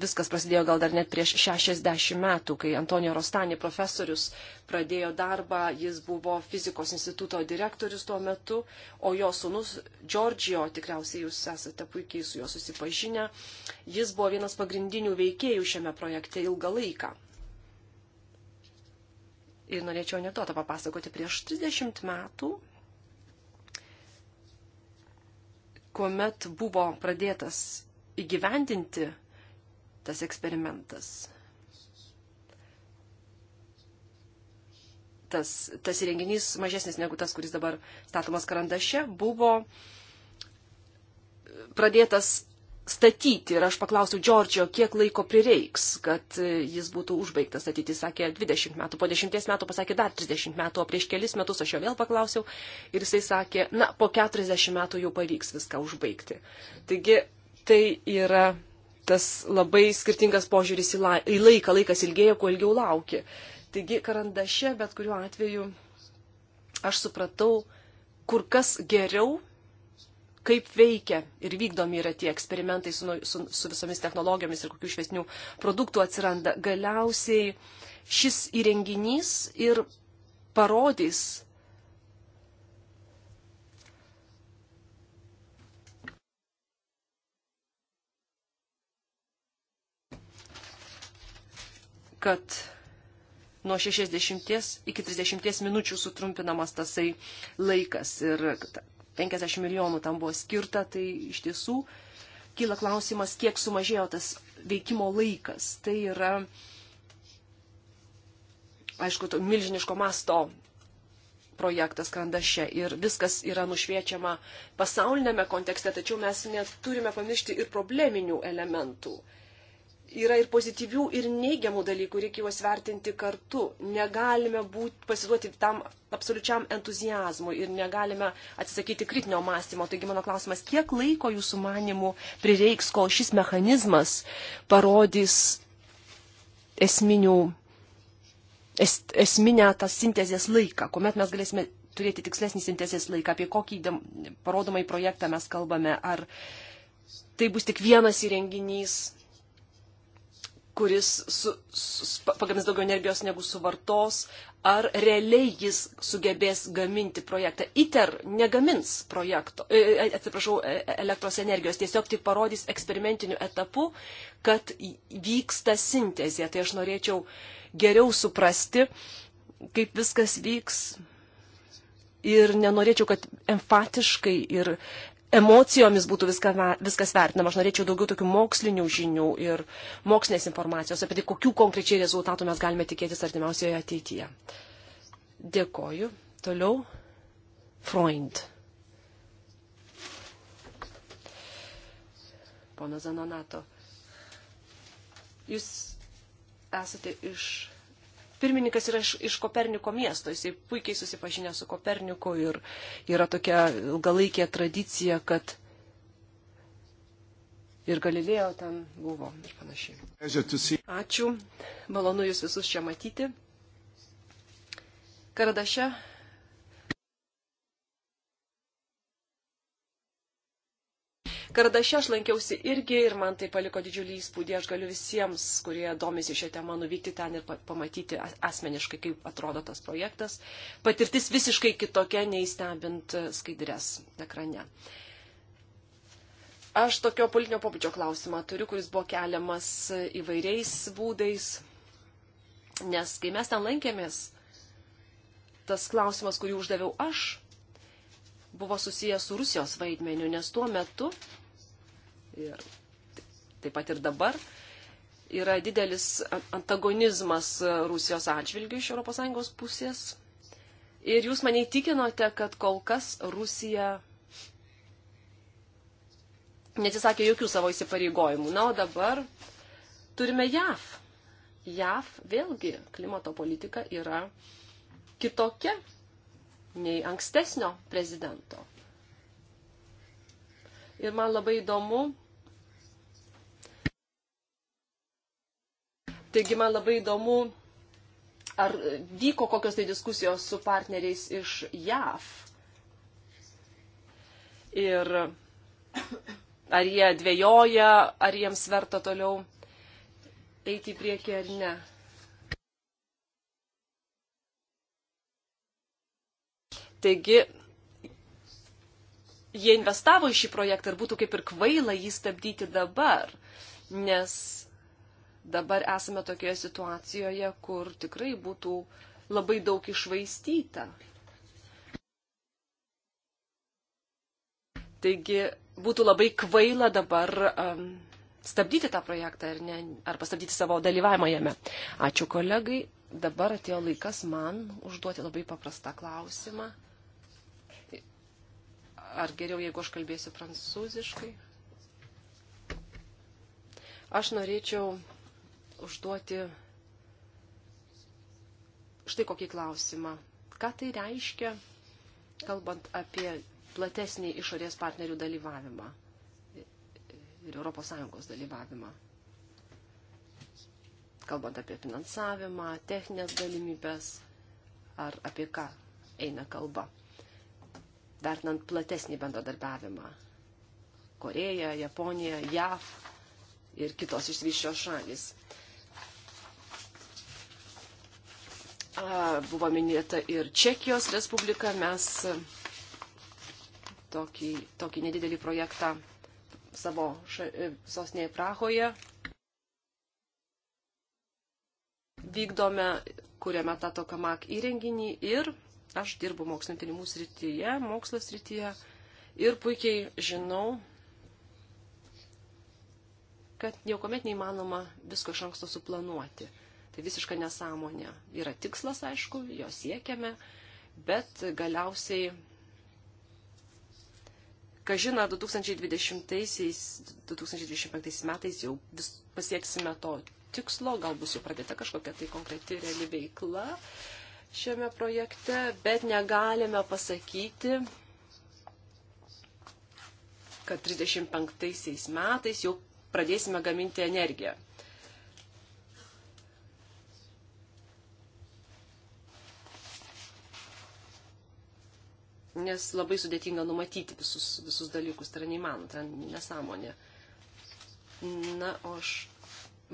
viskas prasidėjo gal dar net prieš 60 metų, kai Antonio Rostani profesorius pradėjo darbą. Jis buvo fizikos instituto direktorius tuo metu, o jo sunus Giorgio, tikriausiai jūs esate puikiai su juo susipažinę, jis buvo vienas pagrindinių veikėjų veikėjų šiame projekte ilgą laiką. Ir norėčiau anegdotą papasakoti. Prieš 30 metų, kuomet buvo pradėtas įgyvendinti tas eksperimentas, tas, tas įrenginys mažesnis negu tas, kuris dabar statomas karandaše, buvo pradėtas statyti. Ir aš paklausiau Džordžio, kiek laiko prireiks, kad e, jis būtų užbaigtas statyti. Jis sakė 20 metų, po 10 metų pasakė dar 30 metų, o prieš kelis metus aš jo vėl paklausiau ir jisai sakė, na, po 40 metų jau pavyks viską užbaigti. Taigi tai yra tas labai skirtingas požiūris į, la, į laiką, laikas ilgėja, kuo ilgiau lauki. Taigi karandaše, bet kuriuo atveju, aš supratau, kur kas geriau kaip veikia ir vykdomi yra tie eksperimentai su, su, su visomis technologijomis ir kokių šviesnių produktų atsiranda. Galiausiai šis įrenginys ir parodys kad nuo 60 iki 30 minučių sutrumpinamas tasai laikas ir 50 milijonų tam buvo skirta, tai iš tiesų kyla klausimas, kiek sumažėjo tas veikimo laikas. Tai yra, aišku, to milžiniško masto projektas Kandaše ir viskas yra nušviečiama pasaulinėme kontekste, tačiau mes neturime pamiršti ir probleminių elementų. Uh, yra ir pozityvių, ir neigiamų dalykų, reikia juos vertinti kartu. Negalime būt, pasiduoti tam absoliučiam entuzijazmui ir negalime atsisakyti kritinio mąstymo. Taigi mano klausimas, kiek laiko jūsų manimų prireiks, kol šis mechanizmas parodys esminių, es, esminę tą sintezės laiką, kuomet mes galėsime turėti tikslesnį sintezės laiką, apie kokį parodomąjį projektą mes kalbame, ar tai bus tik vienas įrenginys, kuris su, su, pagamins daugiau energijos negu suvartos, ar realiai jis sugebės gaminti projektą. ITER negamins projekto, e, e, atsiprašau, e, elektros energijos, tiesiog tik parodys eksperimentiniu etapu, kad vyksta sintezė. Tai aš norėčiau geriau suprasti, kaip viskas vyks. Ir nenorėčiau, kad enfatiškai ir emocijomis būtų viską, viskas vertinama. Aš norėčiau daugiau tokių mokslinių žinių ir mokslinės informacijos apie tai, kokių konkrečiai rezultatų mes galime tikėtis artimiausioje ateityje. Dėkoju. Toliau. Freund. Pono Zanonato. Jūs esate iš pirmininkas yra iš, iš Koperniko miesto, jisai puikiai susipažinę su Koperniku ir yra tokia ilgalaikė tradicija, kad ir Galilėjo ten buvo ir panašiai. Ačiū, malonu Jūs visus čia matyti. Karadaše Kardaše aš lankiausi irgi ir man tai paliko didžiulį įspūdį. Aš galiu visiems, kurie domisi šią temą, nuvykti ten ir pamatyti asmeniškai, kaip atrodo tas projektas. Patirtis visiškai kitokia, neįstebint e, skaidrės ekrane. Aš tokio politinio pobūdžio klausimą turiu, kuris buvo keliamas e, įvairiais būdais, nes kai mes ten lankėmės, tas klausimas, kurį uždaviau aš, buvo susijęs su Rusijos vaidmeniu, nes tuo metu ir taip pat ir dabar yra didelis antagonizmas Rusijos atžvilgių iš ES pusės. Ir jūs mane įtikinote, kad kol kas Rusija neatsisakė jokių savo įsipareigojimų. Na, o dabar turime JAV. JAV vėlgi klimato politika yra kitokia nei ankstesnio prezidento. Ir man labai įdomu. Taigi man labai įdomu, ar vyko kokios tai diskusijos su partneriais iš JAV. Ir ar jie dvėjoja, ar jiems verta toliau eiti į priekį ar ne. Taigi, jie investavo į šį projektą ir būtų kaip ir kvaila jį stabdyti dabar, nes dabar esame tokioje situacijoje, kur tikrai būtų labai daug išvaistyta. Taigi būtų labai kvaila dabar um, stabdyti tą projektą ir ne, ar pastabdyti savo dalyvavimą jame. Ačiū kolegai. Dabar atėjo laikas man užduoti labai paprastą klausimą. Ar geriau, jeigu aš kalbėsiu prancūziškai? Aš norėčiau užduoti štai kokį klausimą. Ką tai reiškia, kalbant apie platesnį išorės partnerių dalyvavimą ir ES dalyvavimą? Kalbant apie finansavimą, techninės galimybės ar apie ką eina kalba? vertinant platesnį bendradarbiavimą. Koreja, Japonija, JAV ir kitos išsivyščios šalis. Buvo minėta ir Čekijos Respublika. Mes e, tokį, tokį nedidelį projektą savo e, sosnėje Prahoje vykdome, kuriame tą tokamak įrenginį ir Aš dirbu mokslinio tyrimų srityje, mokslo srityje ir puikiai žinau, kad niekuomet neįmanoma visko iš anksto suplanuoti. Tai visiška nesąmonė. Yra tikslas, aišku, jo siekiame, bet galiausiai, kažina, 2020-2025 metais jau vis pasieksime to tikslo, gal bus jau pradėta kažkokia tai konkreti reali veikla, šiame projekte, bet negalime pasakyti, kad 35 metais jau pradėsime gaminti energiją. Nes labai sudėtinga numatyti visus, visus dalykus, tai yra neįmanoma, tai yra nesąmonė. Na, o aš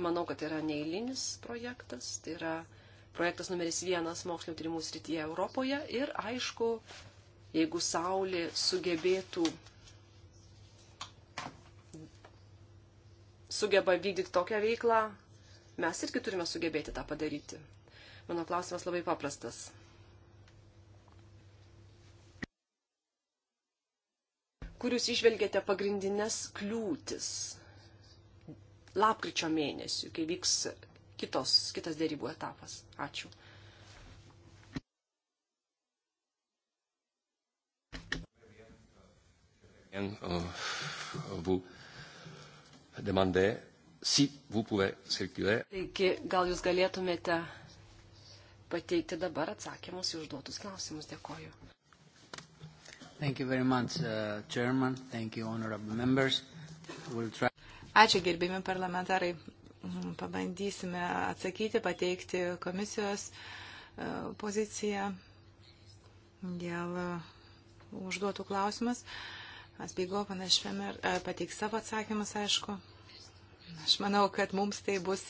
manau, kad tai yra neįlinis projektas, tai yra uh, projektas numeris vienas mokslinio tyrimų srityje Europoje ir aišku, jeigu Saulė sugebėtų sugeba vykdyti tokią veiklą, mes irgi turime sugebėti tą padaryti. Mano klausimas labai paprastas. Kur jūs išvelgėte pagrindinės kliūtis lapkričio mėnesių, kai vyks kitos, kitas dėrybų etapas. Ačiū. Euh, Taigi, gal jūs galėtumėte pateikti dabar atsakymus į užduotus klausimus. Dėkoju. Thank you very much, uh, Chairman. Thank you, honorable members. We'll try... Ačiū gerbimi parlamentarai. Mm, pabandysime atsakyti, pateikti komisijos e, poziciją dėl e, užduotų klausimas. Asbeigo panašiame e, pateiks savo atsakymus, aišku. Aš manau, kad mums tai bus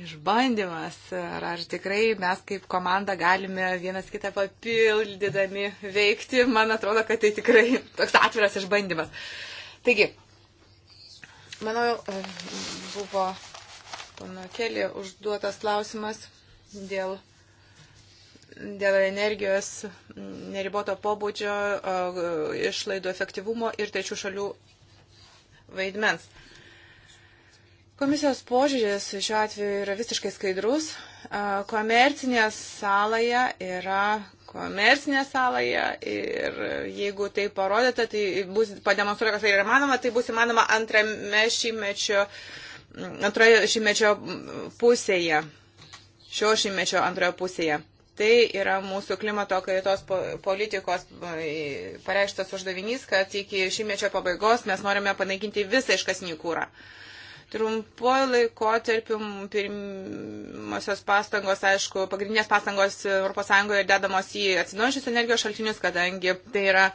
išbandymas, ar, ar tikrai mes kaip komanda galime vienas kitą papildydami veikti. Man atrodo, kad tai tikrai toks atviras išbandymas. Taigi, manau, buvo Pana Kelė užduotas klausimas dėl, dėl energijos neriboto pobūdžio, išlaidų efektyvumo ir trečių šalių vaidmens. Komisijos požiūris šiuo atveju yra visiškai skaidrus. Komercinė salaja yra komercinė salaja ir jeigu tai parodyta, tai bus pademonstruota, kad tai yra manoma, tai bus įmanoma antrame šimtmečio uh, antroje šimtmečio pusėje, šio šimtmečio antroje pusėje. Tai yra mūsų klimato kaitos politikos e, pareikštas uždavinys, kad iki šimtmečio pabaigos mes norime panaikinti visą iškasnį kūrą. Trumpuoju laikotarpiu pirmosios pastangos, aišku, pagrindinės pastangos ES dedamos į atsinaujančius energijos šaltinius, kadangi tai yra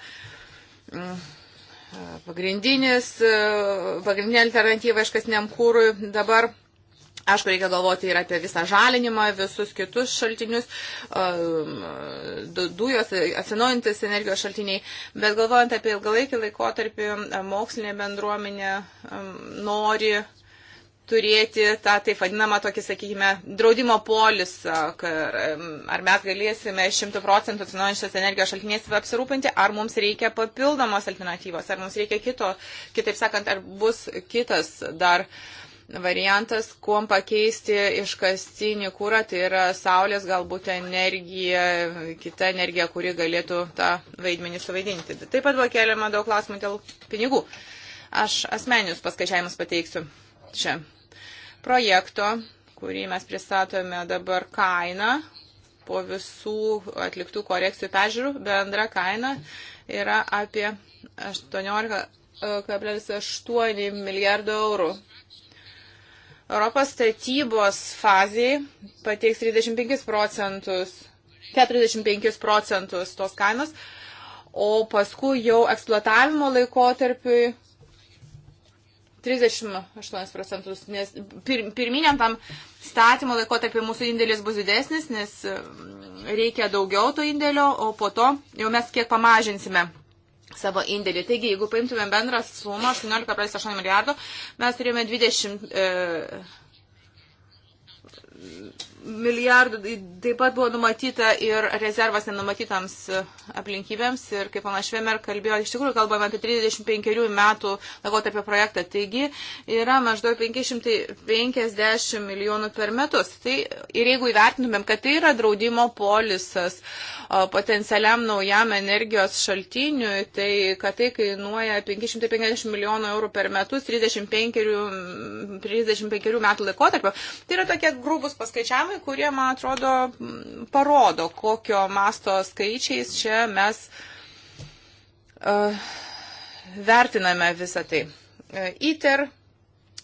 pagrindinis, e, pagrindinė alternatyva iškasiniam kūrui dabar. Aišku, reikia galvoti ir apie visą žalinimą, visus kitus šaltinius, e, dujos, atsinaujantis energijos šaltiniai, bet galvojant apie ilgalaikį laikotarpį, e, mokslinė bendruomenė nori turėti tą taip vadinamą tokį, sakykime, draudimo polisą, ar mes galėsime 100 procentų atsinaujančios energijos šaltinės apsirūpinti, ar mums reikia papildomos alternatyvos, ar mums reikia kito, kitaip sakant, ar bus kitas dar variantas, kuom pakeisti iškastinį kūrą, tai yra saulės galbūt energija, kita energija, kuri galėtų tą vaidmenį suvaidinti. Taip pat buvo keliama daug klausimų dėl pinigų. Aš asmeninius paskaičiavimus pateiksiu čia projekto, kurį mes pristatome dabar kainą po visų atliktų korekcijų peržiūrų, bendra kaina yra apie 18,8 milijardo eurų. Europos statybos fazėje pateiks 35 procentus, 45 procentus tos kainos, o paskui jau eksploatavimo laikotarpiui 38 procentus, nes pir, pirminiam tam statymo laikotarpiu mūsų indėlis bus didesnis, nes mm, reikia daugiau to indėlio, o po to jau mes kiek pamažinsime savo indėlį. Taigi, jeigu paimtumėm bendrą sumą 18,8 milijardo, mes turėjome 20. E, milijardų taip pat buvo numatyta ir rezervas nenumatytams e, aplinkybėms ir kaip pana Švemer kalbėjo, iš tikrųjų kalbame apie 35 metų laikotarpio projektą, taigi yra maždaug 550 milijonų per metus. Tai, ir jeigu įvertinumėm, kad tai yra draudimo polisas potencialiam naujam energijos šaltiniui, tai kad tai kainuoja 550 milijonų eurų per metus 35, 35 metų laikotarpio, tai yra tokie grūbus paskaičiavimai skaičiavimai, kurie, man atrodo, parodo, kokio masto skaičiais čia mes uh, vertiname visą tai. E, ITER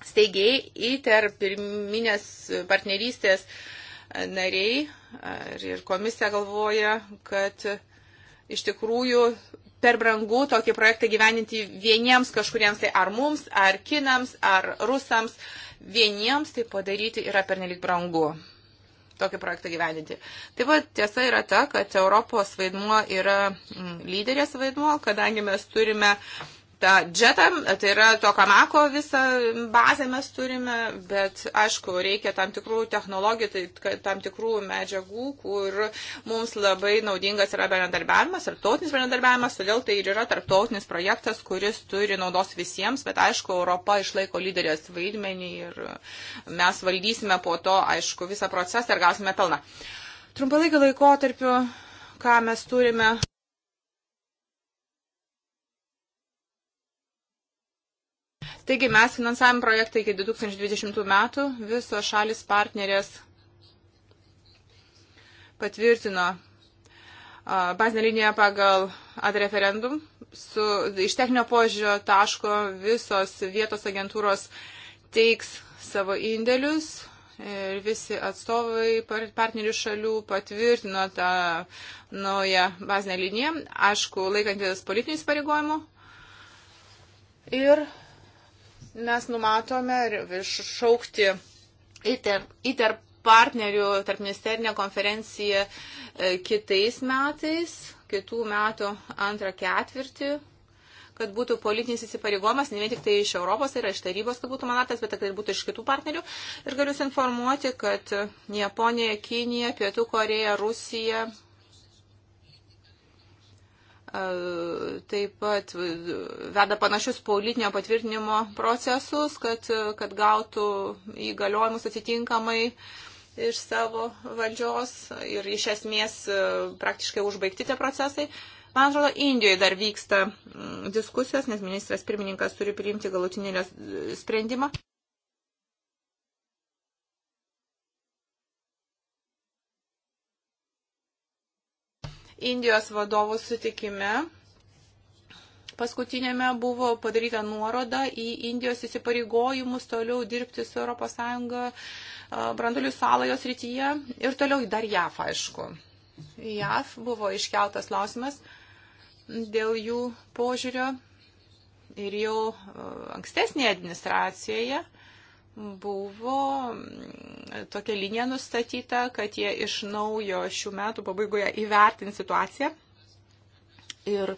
steigiai, ITER pirminės partnerystės e, nariai ir komisija galvoja, kad iš tikrųjų per brangu tokį projektą gyveninti vieniems kažkuriems, tai ar mums, ar kinams, ar rusams, vieniems tai padaryti yra pernelik brangu tokį projektą gyvendinti. Taip pat tiesa yra ta, kad Europos vaidmuo yra mm, lyderės vaidmuo, kadangi mes turime uh, tą džetą, tai yra to kamako visą bazę mes turime, bet aišku, reikia tam tikrų technologijų, tai tam tikrų medžiagų, kur mums labai naudingas yra bendradarbiavimas, tarptautinis bendradarbiavimas, todėl tai ir yra tarptautinis projektas, kuris turi naudos visiems, bet aišku, Europa išlaiko lyderės vaidmenį ir mes valdysime po to, aišku, visą procesą ir gausime pelną. Trumpalaikį laikotarpį, ką mes turime. Taigi mes finansavim projektą iki 2020 metų, visos šalis partnerės patvirtino bazinę liniją pagal ad referendum. Su, iš techninio požiūrio taško visos vietos agentūros teiks savo indėlius ir visi atstovai partnerių šalių patvirtino tą naują bazinę liniją, aišku, laikantis politinių įsipareigojimų. Ir mes numatome šaukti įter, įter partnerių tarp ministerinę konferenciją e, kitais metais, kitų metų antrą ketvirtį kad būtų politinis įsipareigojimas, ne vien tik tai iš Europos, tai yra iš tarybos, kad būtų manatas, bet kad ir būtų iš kitų partnerių. Ir galiu informuoti, kad Japonija, Kinija, Pietų Koreja, Rusija, E, taip pat veda panašius politinio patvirtinimo procesus, kad, kad gautų įgaliojimus atitinkamai iš savo valdžios ir iš esmės e, praktiškai užbaigti tie procesai. Man atrodo, Indijoje dar vyksta diskusijos, nes ministras pirmininkas turi priimti galutinį sprendimą. Indijos vadovų sutikime paskutinėme buvo padaryta nuoroda į Indijos įsipareigojimus toliau dirbti su ES brandulių salajos rytyje ir toliau dar JAF, aišku. JAF buvo iškeltas klausimas dėl jų požiūrio ir jau ankstesnėje administracijoje buvo mm, tokia linija nustatyta, kad jie iš naujo šių metų pabaigoje įvertin situaciją. Ir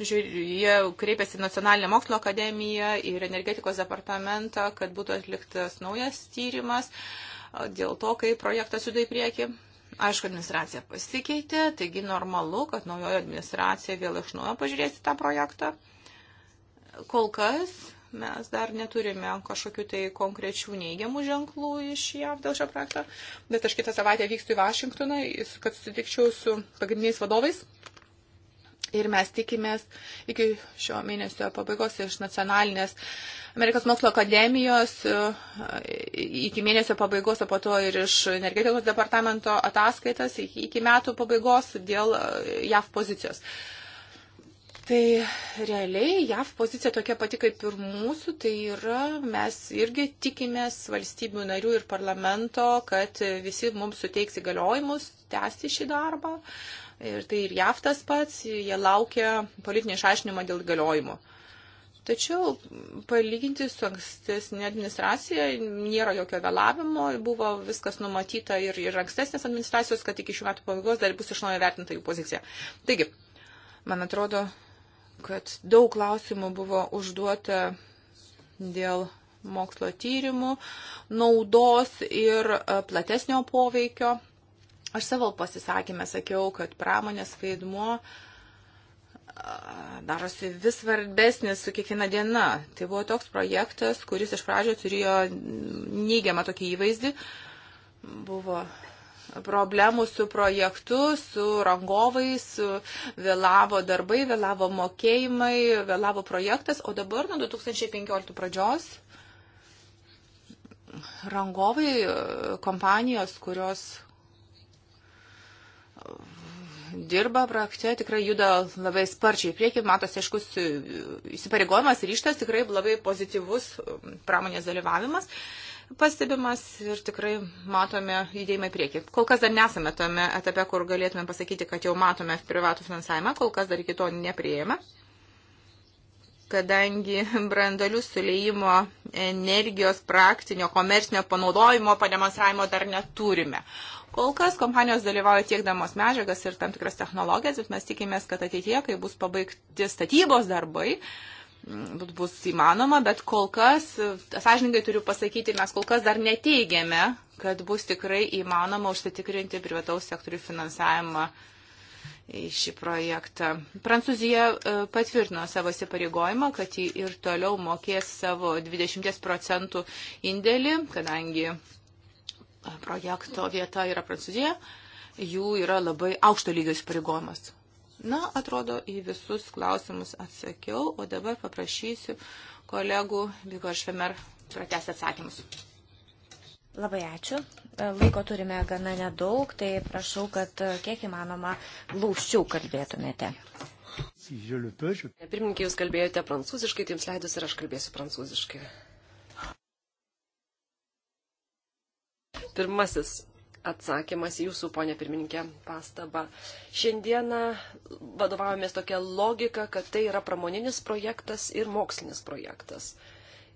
jie kreipėsi į Nacionalinę mokslo akademiją ir energetikos departamentą, kad būtų atliktas naujas tyrimas dėl to, kaip projektas juda į priekį. Aišku, administracija pasikeitė, taigi normalu, kad naujoji administracija vėl iš naujo pažiūrės į tą projektą. Kol kas mes dar neturime kažkokių tai konkrečių neigiamų ženklų iš JAV dėl šio projekto, bet aš kitą savaitę vykstu į Vašingtoną, kad sutikčiau su pagrindiniais vadovais. Ir mes tikimės iki šio mėnesio pabaigos iš nacionalinės Amerikos mokslo akademijos e, iki mėnesio pabaigos, o po to ir iš energetikos departamento ataskaitas iki, iki metų pabaigos dėl e, JAV pozicijos. Uh, Tai realiai JAV pozicija tokia pati kaip ir mūsų, tai yra mes irgi tikimės valstybių narių ir parlamento, kad visi mums suteiks įgaliojimus tęsti šį darbą. Ir tai ir JAV tas pats, jie laukia politinio išaiškinimo dėl įgaliojimų. Tačiau palyginti su ankstesnė administracija nėra jokio vėlavimo, buvo viskas numatyta ir, ir ankstesnės administracijos, kad iki šių metų pabaigos dar bus iš naujo vertinta jų pozicija. Taigi, man atrodo, kad daug klausimų buvo užduota dėl mokslo tyrimų, naudos ir e, platesnio poveikio. Aš savo pasisakymę sakiau, kad pramonės vaidmuo e, darosi vis svarbesnis su kiekviena diena. Tai buvo toks projektas, kuris iš pradžio turėjo neigiamą tokį įvaizdį. Buvo problemų su projektu, su rangovais, vėlavo darbai, vėlavo mokėjimai, vėlavo projektas, o dabar nuo 2015 pradžios rangovai kompanijos, kurios dirba projekte, tikrai juda labai sparčiai į priekį, matosi, aiškus įsipareigojimas ryštas, tikrai labai pozityvus pramonės dalyvavimas pastebimas ir tikrai matome judėjimą į priekį. Kol kas dar nesame tame etape, kur galėtume pasakyti, kad jau matome privatų finansavimą, kol kas dar iki to neprieėmė, kadangi brandalių sulėjimo energijos praktinio komercinio panaudojimo pademonstravimo dar neturime. Kol kas kompanijos dalyvauja tiekdamos medžiagas ir tam tikras technologijas, bet mes tikimės, kad ateityje, kai bus pabaigti statybos darbai, uh, bus įmanoma, bet kol kas, sąžininkai turiu pasakyti, mes kol kas dar neteigiame, kad bus tikrai įmanoma užsitikrinti privataus sektorių finansavimą į šį projektą. Prancūzija e, patvirtino savo įsipareigojimą, kad ji ir toliau mokės savo 20 procentų indėlį, kadangi e, projekto vieta yra Prancūzija, jų yra labai aukšto lygio įsipareigojimas. Na, atrodo, į visus klausimus atsakiau, o dabar paprašysiu kolegų Vigor Švemer pratęsti atsakymus. Labai ačiū. Laiko turime gana nedaug, tai prašau, kad kiek įmanoma glaučiau kalbėtumėte. Pirmininkė, jūs kalbėjote prancūziškai, tai jums leidus ir aš kalbėsiu prancūziškai. Pirmasis atsakymas į jūsų, ponė pirmininkė, pastabą. Šiandieną vadovavomės tokia logika, kad tai yra pramoninis projektas ir mokslinis projektas.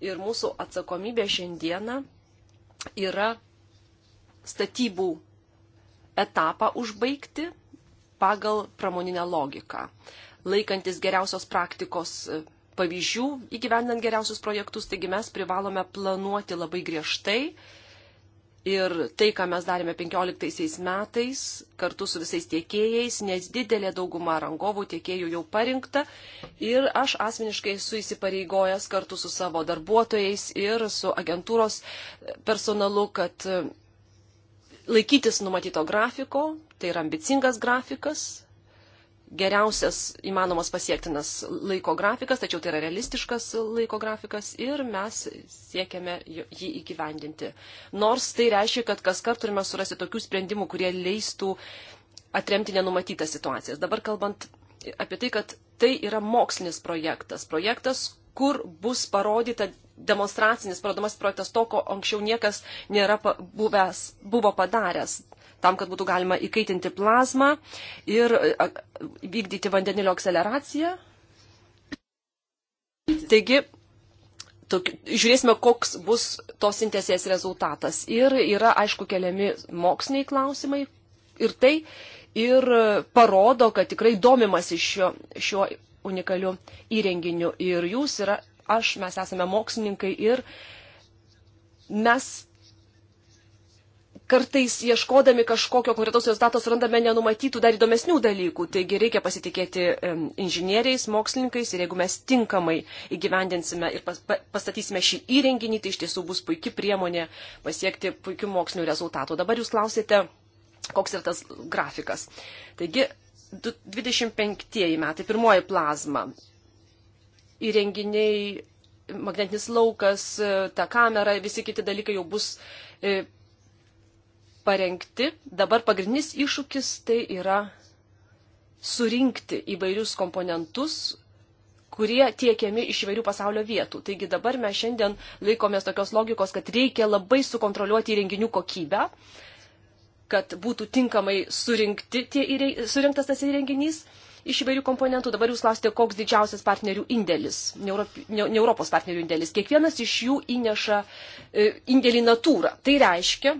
Ir mūsų atsakomybė šiandieną yra statybų etapą užbaigti pagal pramoninę logiką, laikantis geriausios praktikos e, pavyzdžių, įgyvendant geriausius projektus, taigi mes privalome planuoti labai griežtai Ir tai, ką mes darėme 15 metais kartu su visais tiekėjais, nes didelė dauguma rangovų tiekėjų jau parinkta. Ir aš asmeniškai esu įsipareigojęs kartu su savo darbuotojais ir su agentūros personalu, kad laikytis numatyto grafiko, tai yra ambicingas grafikas, geriausias įmanomas pasiektinas laiko grafikas, tačiau tai yra realistiškas laiko grafikas ir mes siekiame jį įgyvendinti. Nors tai reiškia, kad kas kart turime surasti tokių sprendimų, kurie leistų atremti nenumatytas situacijas. Dabar kalbant apie tai, kad tai yra mokslinis projektas, projektas, kur bus parodyta demonstracinis parodomas projektas to, ko anksčiau niekas nėra buvęs, buvo padaręs tam, kad būtų galima įkaitinti plazmą ir vykdyti vandenilio akceleraciją. Taigi, tok, žiūrėsime, koks bus tos sintesės rezultatas. Ir yra, aišku, keliami moksliniai klausimai ir tai ir parodo, kad tikrai domimasi šiuo, šiuo unikaliu įrenginiu. Ir jūs ir aš, mes esame mokslininkai ir mes kartais ieškodami kažkokio konkretaus rezultato surandame nenumatytų dar įdomesnių dalykų. Taigi reikia pasitikėti inžinieriais, mokslininkais ir jeigu mes tinkamai įgyvendinsime ir pastatysime šį įrenginį, tai iš tiesų bus puikia priemonė pasiekti puikių mokslinių rezultatų. Dabar jūs klausėte, koks yra tas grafikas. Taigi 25 metai, pirmoji plazma. Įrenginiai magnetinis laukas, ta kamera, visi kiti dalykai jau bus e, parengti. Dabar pagrindinis iššūkis tai yra surinkti įvairius komponentus, kurie tiekiami iš įvairių pasaulio vietų. Taigi dabar mes šiandien laikomės tokios logikos, kad reikia labai sukontroliuoti įrenginių kokybę, kad būtų tinkamai surinkti tie, surinktas tas įrenginys iš įvairių komponentų. Dabar jūs klausite, koks didžiausias partnerių indėlis, ne Europos partnerių indėlis. Kiekvienas iš jų įneša e, indėlį natūrą. Tai reiškia,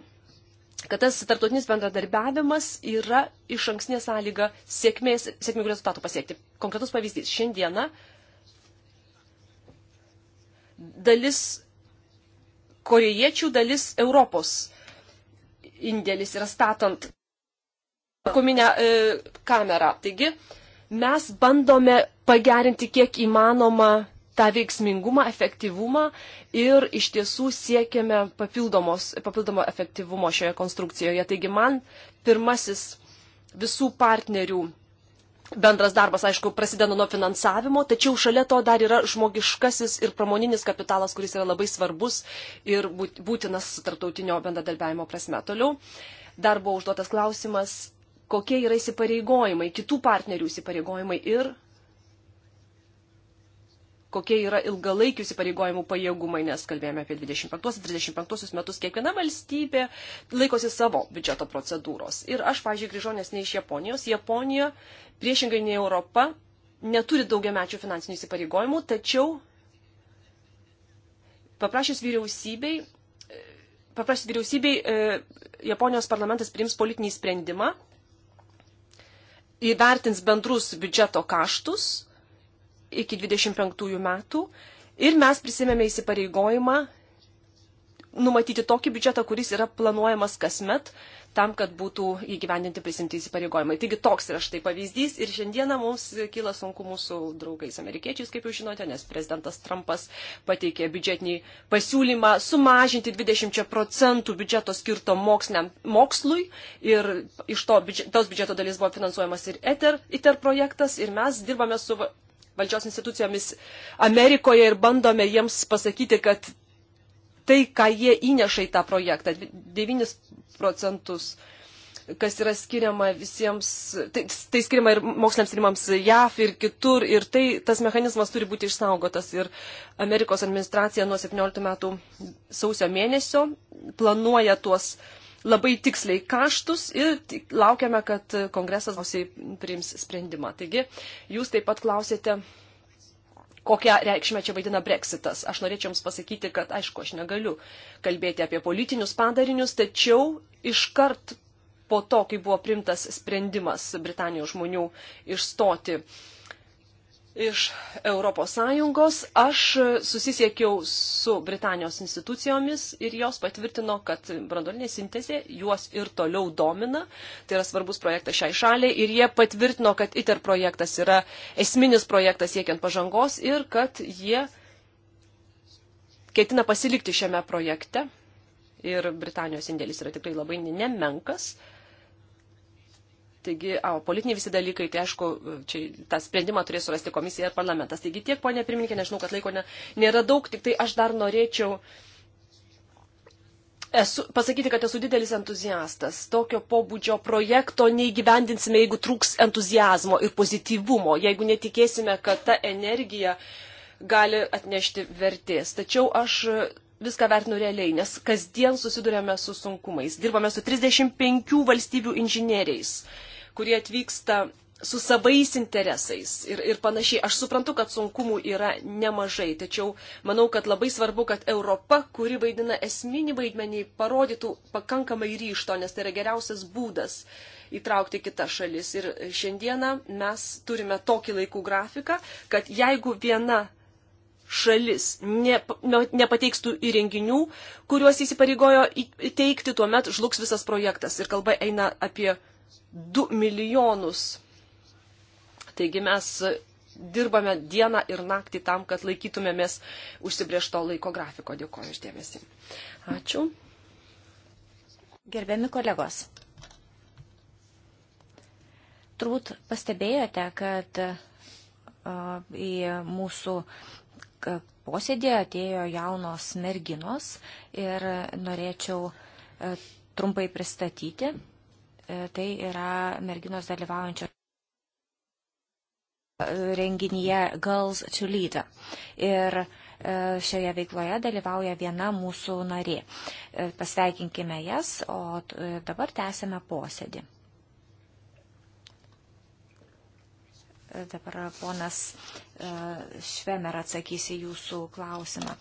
kad tas tarptautinis bendradarbiavimas yra iš anksnė sąlyga sėkmės, sėkmingų rezultatų pasiekti. Konkretus pavyzdys. Šiandieną dalis korejiečių, dalis Europos indėlis yra statant kominę e, kamerą. Taigi mes bandome pagerinti kiek įmanoma tą veiksmingumą, efektyvumą ir iš tiesų siekiame papildomo efektyvumo šioje konstrukcijoje. Taigi man pirmasis visų partnerių bendras darbas, aišku, prasideda nuo finansavimo, tačiau šalia to dar yra žmogiškasis ir pramoninis kapitalas, kuris yra labai svarbus ir būtinas tarptautinio bendradarbiavimo prasme. Toliau dar buvo užduotas klausimas, kokie yra įsipareigojimai, kitų partnerių įsipareigojimai ir kokie yra ilgalaikių įsipareigojimų pajėgumai, nes kalbėjome apie 25-35 metus, kiekviena valstybė laikosi savo biudžeto procedūros. Ir aš, pažiūrėjau, grįžau nesnei iš Japonijos. Japonija, priešingai nei Europa, neturi daugiamečių finansinių įsipareigojimų, tačiau paprašęs vyriausybei, paprašęs vyriausybei, e, Japonijos parlamentas priims politinį sprendimą, įvertins bendrus biudžeto kaštus iki 25 metų ir mes prisėmėme įsipareigojimą numatyti tokį biudžetą, kuris yra planuojamas kasmet, tam, kad būtų įgyvendinti prisimti įsipareigojimai. Taigi toks yra štai pavyzdys ir šiandieną mums kyla sunku mūsų draugais amerikiečiais, kaip jau žinote, nes prezidentas Trumpas pateikė biudžetinį pasiūlymą sumažinti 20 procentų biudžeto skirto moksliniam mokslui ir iš to, tos biudžeto dalis buvo finansuojamas ir ETER, ITER projektas ir mes dirbame su valdžios institucijomis Amerikoje ir bandome jiems pasakyti, kad tai, ką jie įneša į tą projektą, 9 procentus, kas yra skiriama visiems, tai, tai skiriama ir moksliniams tyrimams JAF ir kitur, ir tai tas mechanizmas turi būti išsaugotas. Ir Amerikos administracija nuo 17 metų sausio mėnesio planuoja tuos uh, labai tiksliai kaštus ir laukiame, kad kongresas gausiai priims sprendimą. Taigi, jūs taip pat klausėte, kokią reikšmę čia vaidina breksitas. Aš norėčiau Jums pasakyti, kad aišku, aš negaliu kalbėti apie politinius padarinius, tačiau iškart po to, kai buvo primtas sprendimas Britanijos žmonių išstoti, uh, iš ES, aš susisiekiau su Britanijos institucijomis ir jos patvirtino, kad brandolinė sintezė juos ir toliau domina. Tai yra svarbus projektas šiai šaliai ir jie patvirtino, kad ITER projektas yra esminis projektas siekiant pažangos ir kad jie ketina pasilikti šiame projekte. Ir Britanijos indėlis yra tikrai labai nemenkas. Ne Taigi, o politiniai visi dalykai, tai aišku, čia tą sprendimą turės surasti komisija ir parlamentas. Taigi tiek, ponė pirmininkė, nežinau, kad laiko ne, nėra daug, tik tai aš dar norėčiau esu, pasakyti, kad esu didelis entuziastas. Tokio pobūdžio projekto neįgyvendinsime, jeigu trūks entuzijazmo ir pozityvumo, jeigu netikėsime, kad ta energija gali atnešti vertės. Tačiau aš viską vertinu realiai, nes kasdien susidurėme su sunkumais. Dirbame su 35 valstybių inžinieriais kurie atvyksta su savais interesais ir, ir panašiai. Aš suprantu, kad sunkumų yra nemažai, tačiau manau, kad labai svarbu, kad Europa, kuri vaidina esminį vaidmenį, parodytų pakankamai ryšto, nes tai yra geriausias būdas įtraukti kitas šalis. Ir šiandieną mes turime tokį laikų grafiką, kad jeigu viena šalis ne, nepateikstų įrenginių, kuriuos įsipareigojo teikti, tuomet žlugs visas projektas. Ir kalba eina apie 2 milijonus. Taigi mes dirbame dieną ir naktį tam, kad laikytumėmės užsibriešto laiko grafiko. Dėkuoju išdėmesi. Ačiū. Gerbiami kolegos, turbūt pastebėjote, kad į mūsų posėdį atėjo jaunos merginos ir norėčiau e, trumpai pristatyti E, tai yra merginos dalyvaujančios renginyje Girls to Lead. Ir e, šioje veikloje dalyvauja viena mūsų narė. E, pasveikinkime jas, o dabar tęsime posėdį. Dabar ponas Švemer atsakys į jūsų klausimą.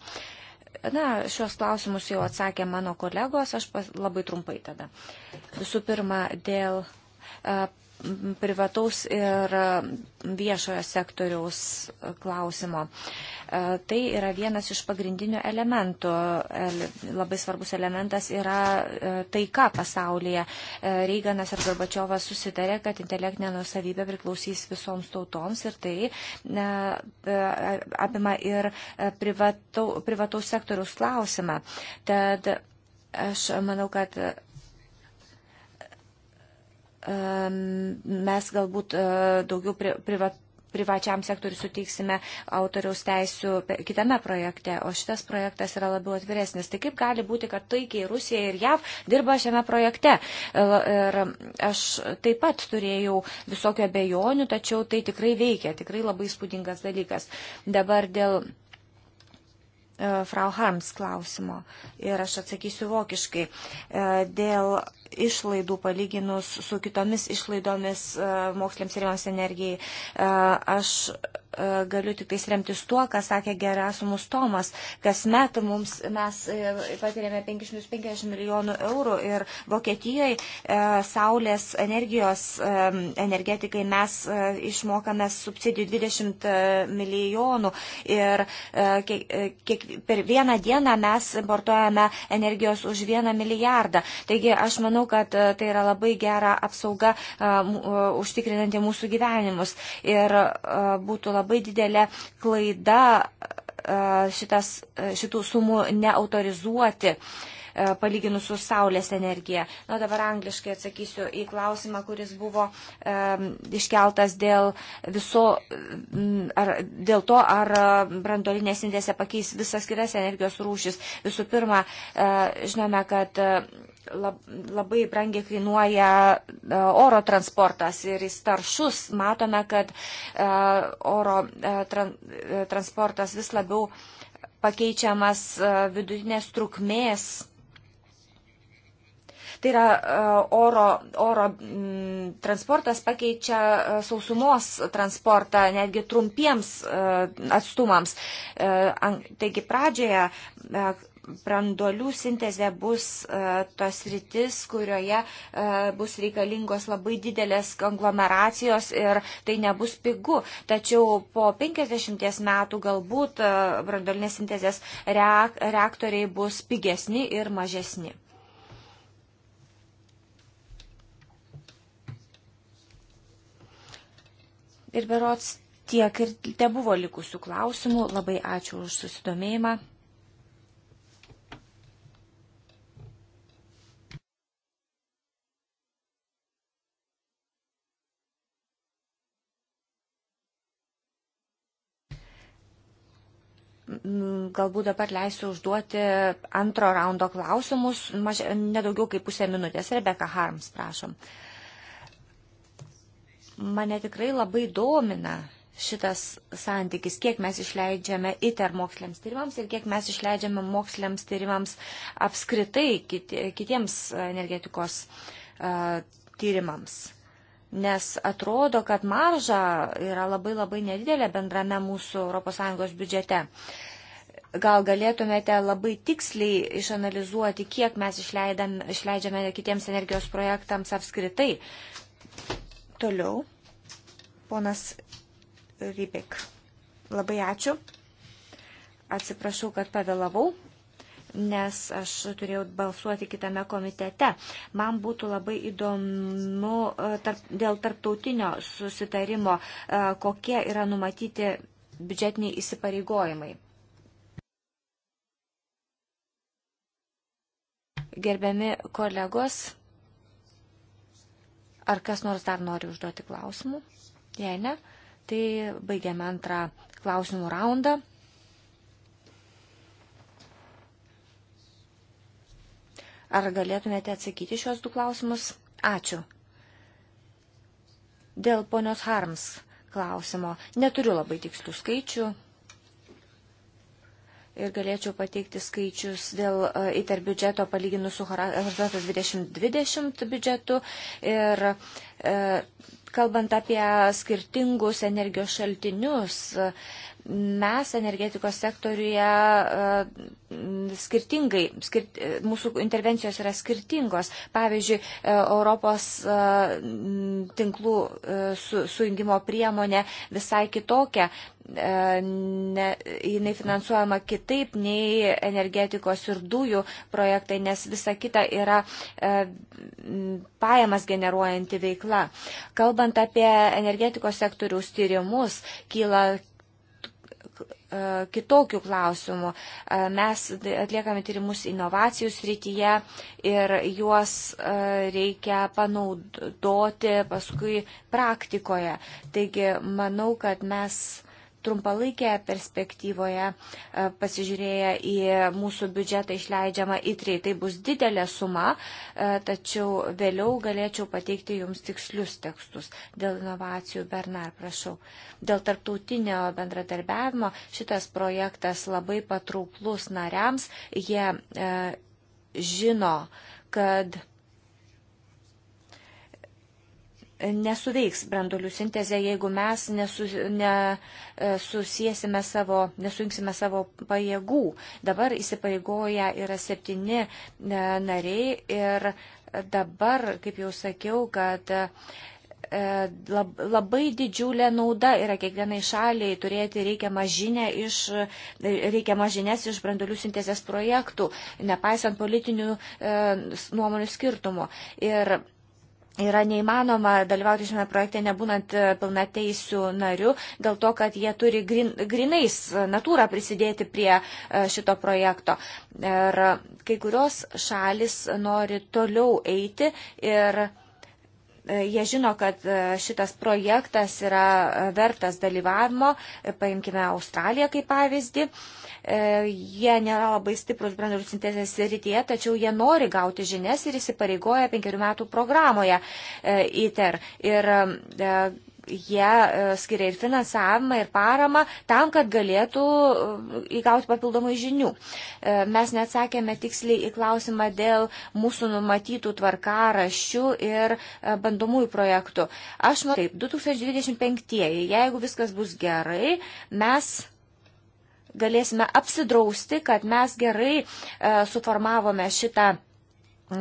Na, šios klausimus jau atsakė mano kolegos, aš pas, labai trumpai tada. Visų pirma, dėl privataus ir viešojo sektoriaus klausimo. E, tai yra vienas iš pagrindinių elementų. Labai svarbus elementas yra e, taika pasaulyje. E, Reiganas ir Gorbačiovas susitarė, kad intelektinė nusavybė priklausys visoms tautoms ir tai apima ir privatau, privataus sektoriaus klausimą. Tad aš manau, kad mes galbūt e, daugiau privat privačiam sektoriu suteiksime autoriaus teisų kitame projekte, o šitas projektas yra labiau atviresnis. Tai kaip gali būti, kad taikiai Rusija ir JAV dirba šiame projekte? E, ir aš taip pat turėjau visokio abejonių, tačiau tai tikrai veikia, tikrai labai spūdingas dalykas. Dabar dėl. E, Frau Harms klausimo ir aš atsakysiu vokiškai. Dėl išlaidų palyginus su kitomis išlaidomis e, moksliams ir jos energijai. E, aš e, galiu tik tais remtis tuo, ką sakė Gerasumus Tomas. Kas met mums, mes patirėme 550 milijonų eurų ir Vokietijoje saulės energijos energetikai mes išmokame subsidijų 20 milijonų ir kiek, per vieną dieną mes importuojame energijos už vieną milijardą. Taigi aš manau, manau, kad e, tai yra labai gera apsauga e, e, užtikrinanti mūsų gyvenimus. Ir būtų labai didelė klaida šitas, šitų sumų neautorizuoti palyginus su Saulės energija. Na, dabar angliškai atsakysiu į klausimą, kuris buvo e, iškeltas dėl, viso, ar, dėl to, ar brandolinės indėse pakeis visas kitas energijos rūšis. Visų pirma, e, žinome, kad e, labai brangiai kainuoja e, oro transportas ir jis taršus. Matome, kad e, oro e, transportas vis labiau pakeičiamas vidutinės trukmės. Tai yra oro, oro transportas pakeičia sausumos transportą netgi trumpiems atstumams. Taigi pradžioje brandolių sintezė bus e, tos rytis, kurioje e, bus reikalingos labai didelės konglomeracijos ir tai nebus pigu. Tačiau po 50 metų galbūt e, brandolinės sintezės reaktoriai bus pigesni ir mažesni. Ir berots tiek ir te buvo likusių klausimų. Labai ačiū už susidomėjimą. galbūt dabar leisiu užduoti antro raundo klausimus, maž, nedaugiau kaip pusę minutės. Rebeka Harms, prašom. Mane tikrai labai domina šitas santykis, kiek mes išleidžiame ITER moksliams tyrimams ir kiek mes išleidžiame moksliams tyrimams apskritai kiti, kitiems energetikos uh, tyrimams nes atrodo, kad marža yra labai labai nedidelė bendrame mūsų ES biudžete. Gal galėtumėte labai tiksliai išanalizuoti, kiek mes išleidam, išleidžiame kitiems energijos projektams apskritai. Toliau, ponas Rybik. Labai ačiū. Atsiprašau, kad pavėlavau nes aš turėjau balsuoti kitame komitete. Man būtų labai įdomu e, tarp, dėl tarptautinio susitarimo, e, kokie yra numatyti biudžetiniai įsipareigojimai. Gerbiami kolegos, ar kas nors dar nori užduoti klausimų? Jei ne, tai baigiame antrą klausimų raundą. Ar galėtumėte atsakyti šios du klausimus? Ačiū. Dėl ponios Harms klausimo neturiu labai tikslių skaičių ir galėčiau pateikti skaičius dėl e, ITER biudžeto palyginus su Horizontas 2020 biudžetu ir e, kalbant apie skirtingus energijos šaltinius, mes energetikos sektoriuje e, skirtingai, skirt, e, mūsų intervencijos yra skirtingos. Pavyzdžiui, e, Europos tinklų sujungimo priemonė visai kitokia E, ne, jinai finansuojama kitaip nei energetikos ir dujų projektai, nes visa kita yra e, pajamas generuojanti veikla. Kalbant apie energetikos sektoriaus tyrimus, kyla e, kitokių klausimų. E, mes atliekame tyrimus inovacijų srityje ir juos reikia panaudoti paskui praktikoje. Taigi manau, kad mes trumpalaikėje perspektyvoje, e, pasižiūrėję į mūsų biudžetą išleidžiamą įtrį, tai bus didelė suma, e, tačiau vėliau galėčiau pateikti jums tikslius tekstus dėl inovacijų. Bernard, prašau. Dėl tarptautinio bendradarbiavimo šitas projektas labai patrauklus nariams. Jie e, žino, kad nesuveiks brandolių sintezė, jeigu mes nesu, nesusiesime e, savo, nesuinksime savo pajėgų. Dabar įsipareigoja yra septyni e, nariai ir dabar, kaip jau sakiau, kad e, labai didžiulė nauda yra kiekvienai šaliai turėti reikiamą, žinę iš, reikiamą žinias iš brandolių sintezės projektų, nepaisant politinių nuomonių skirtumų. Ir yra neįmanoma dalyvauti šiame projekte nebūnant e, pilnateisių narių, dėl to, kad jie turi grin, grinais e, natūrą prisidėti prie e, šito projekto. Ir kai kurios šalis nori toliau eiti ir Jie žino, kad e, šitas projektas yra e, vertas dalyvavimo, e, paimkime Australiją kaip pavyzdį. Jie nėra labai stiprus branduolių sintezės rytyje, tačiau jie nori gauti žinias ir įsipareigoja penkerių metų programoje ITER. Ir jie e, skiria ir finansavimą, ir paramą tam, kad galėtų e, įgauti papildomų žinių. E, mes neatsakėme tiksliai į klausimą dėl mūsų numatytų tvarkaraščių ir bandomųjų projektų. Aš manau, taip, 2025-ieji, jeigu viskas bus gerai, mes galėsime apsidrausti, kad mes gerai suformavome šitą E,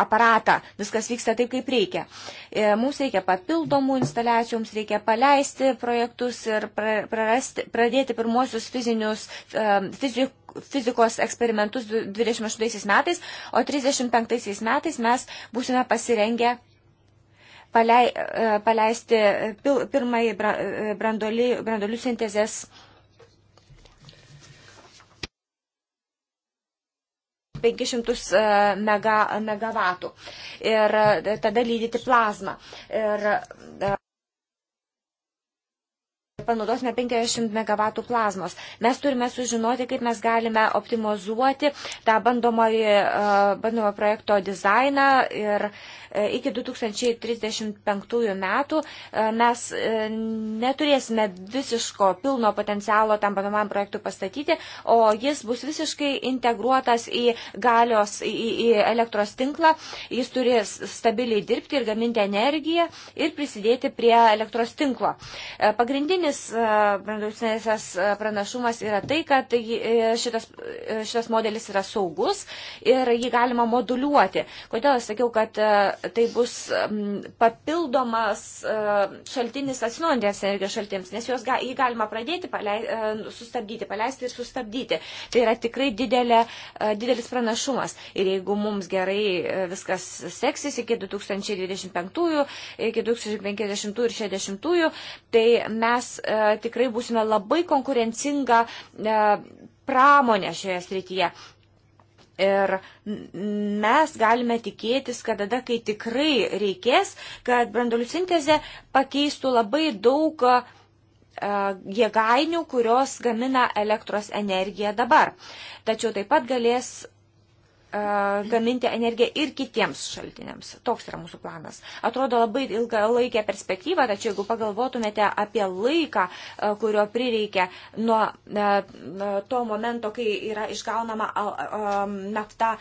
aparatą, viskas vyksta taip, kaip reikia. E, mums reikia papildomų instaliacijų, mums reikia paleisti projektus ir prarasti, pradėti pirmosius fizinius, e, fizik, fizikos eksperimentus 28 metais, o 35 metais mes būsime pasirengę palei, paleisti pirmąjį brandolių sintezės 500 e, mega, megavatų ir e, tada lydyti plazmą. Ir, e, panaudosime 50 MW plazmos. Mes turime sužinoti, kaip mes galime optimizuoti tą bandomą e, projekto dizainą ir e, iki 2035 metų e, mes neturėsime visiško pilno potencialo tam bandomam projektui pastatyti, o jis bus visiškai integruotas į galios, į, į elektros tinklą, jis turės stabiliai dirbti ir gaminti energiją ir prisidėti prie elektros tinklo. Pagrindinis Pagrindinis e, brandutinės pranašumas yra tai, kad e, šitas, e, šitas modelis yra saugus ir jį galima moduliuoti. Kodėl aš sakiau, kad tai bus papildomas šaltinis atsinaujantiems energijos šaltims, nes juos, jį galima pradėti, palei, sustabdyti, paleisti ir sustabdyti. Tai yra tikrai didelė, didelis pranašumas. Ir jeigu mums gerai viskas seksis iki 2025, iki 2050 ir 60, tai mes e, tikrai būsime labai konkurencinga e, pramonė šioje srityje. Ir mes galime tikėtis, kad tada, kai tikrai reikės, kad brandolių sintezė pakeistų labai daug e, jėgainių, kurios gamina elektros energiją dabar. Tačiau taip pat galės E, gaminti energiją ir kitiems šaltiniams. Toks yra mūsų planas. Atrodo labai ilgą laikę perspektyvą, tačiau jeigu pagalvotumėte apie laiką, e, kurio prireikia nuo e, to momento, kai yra išgaunama nafta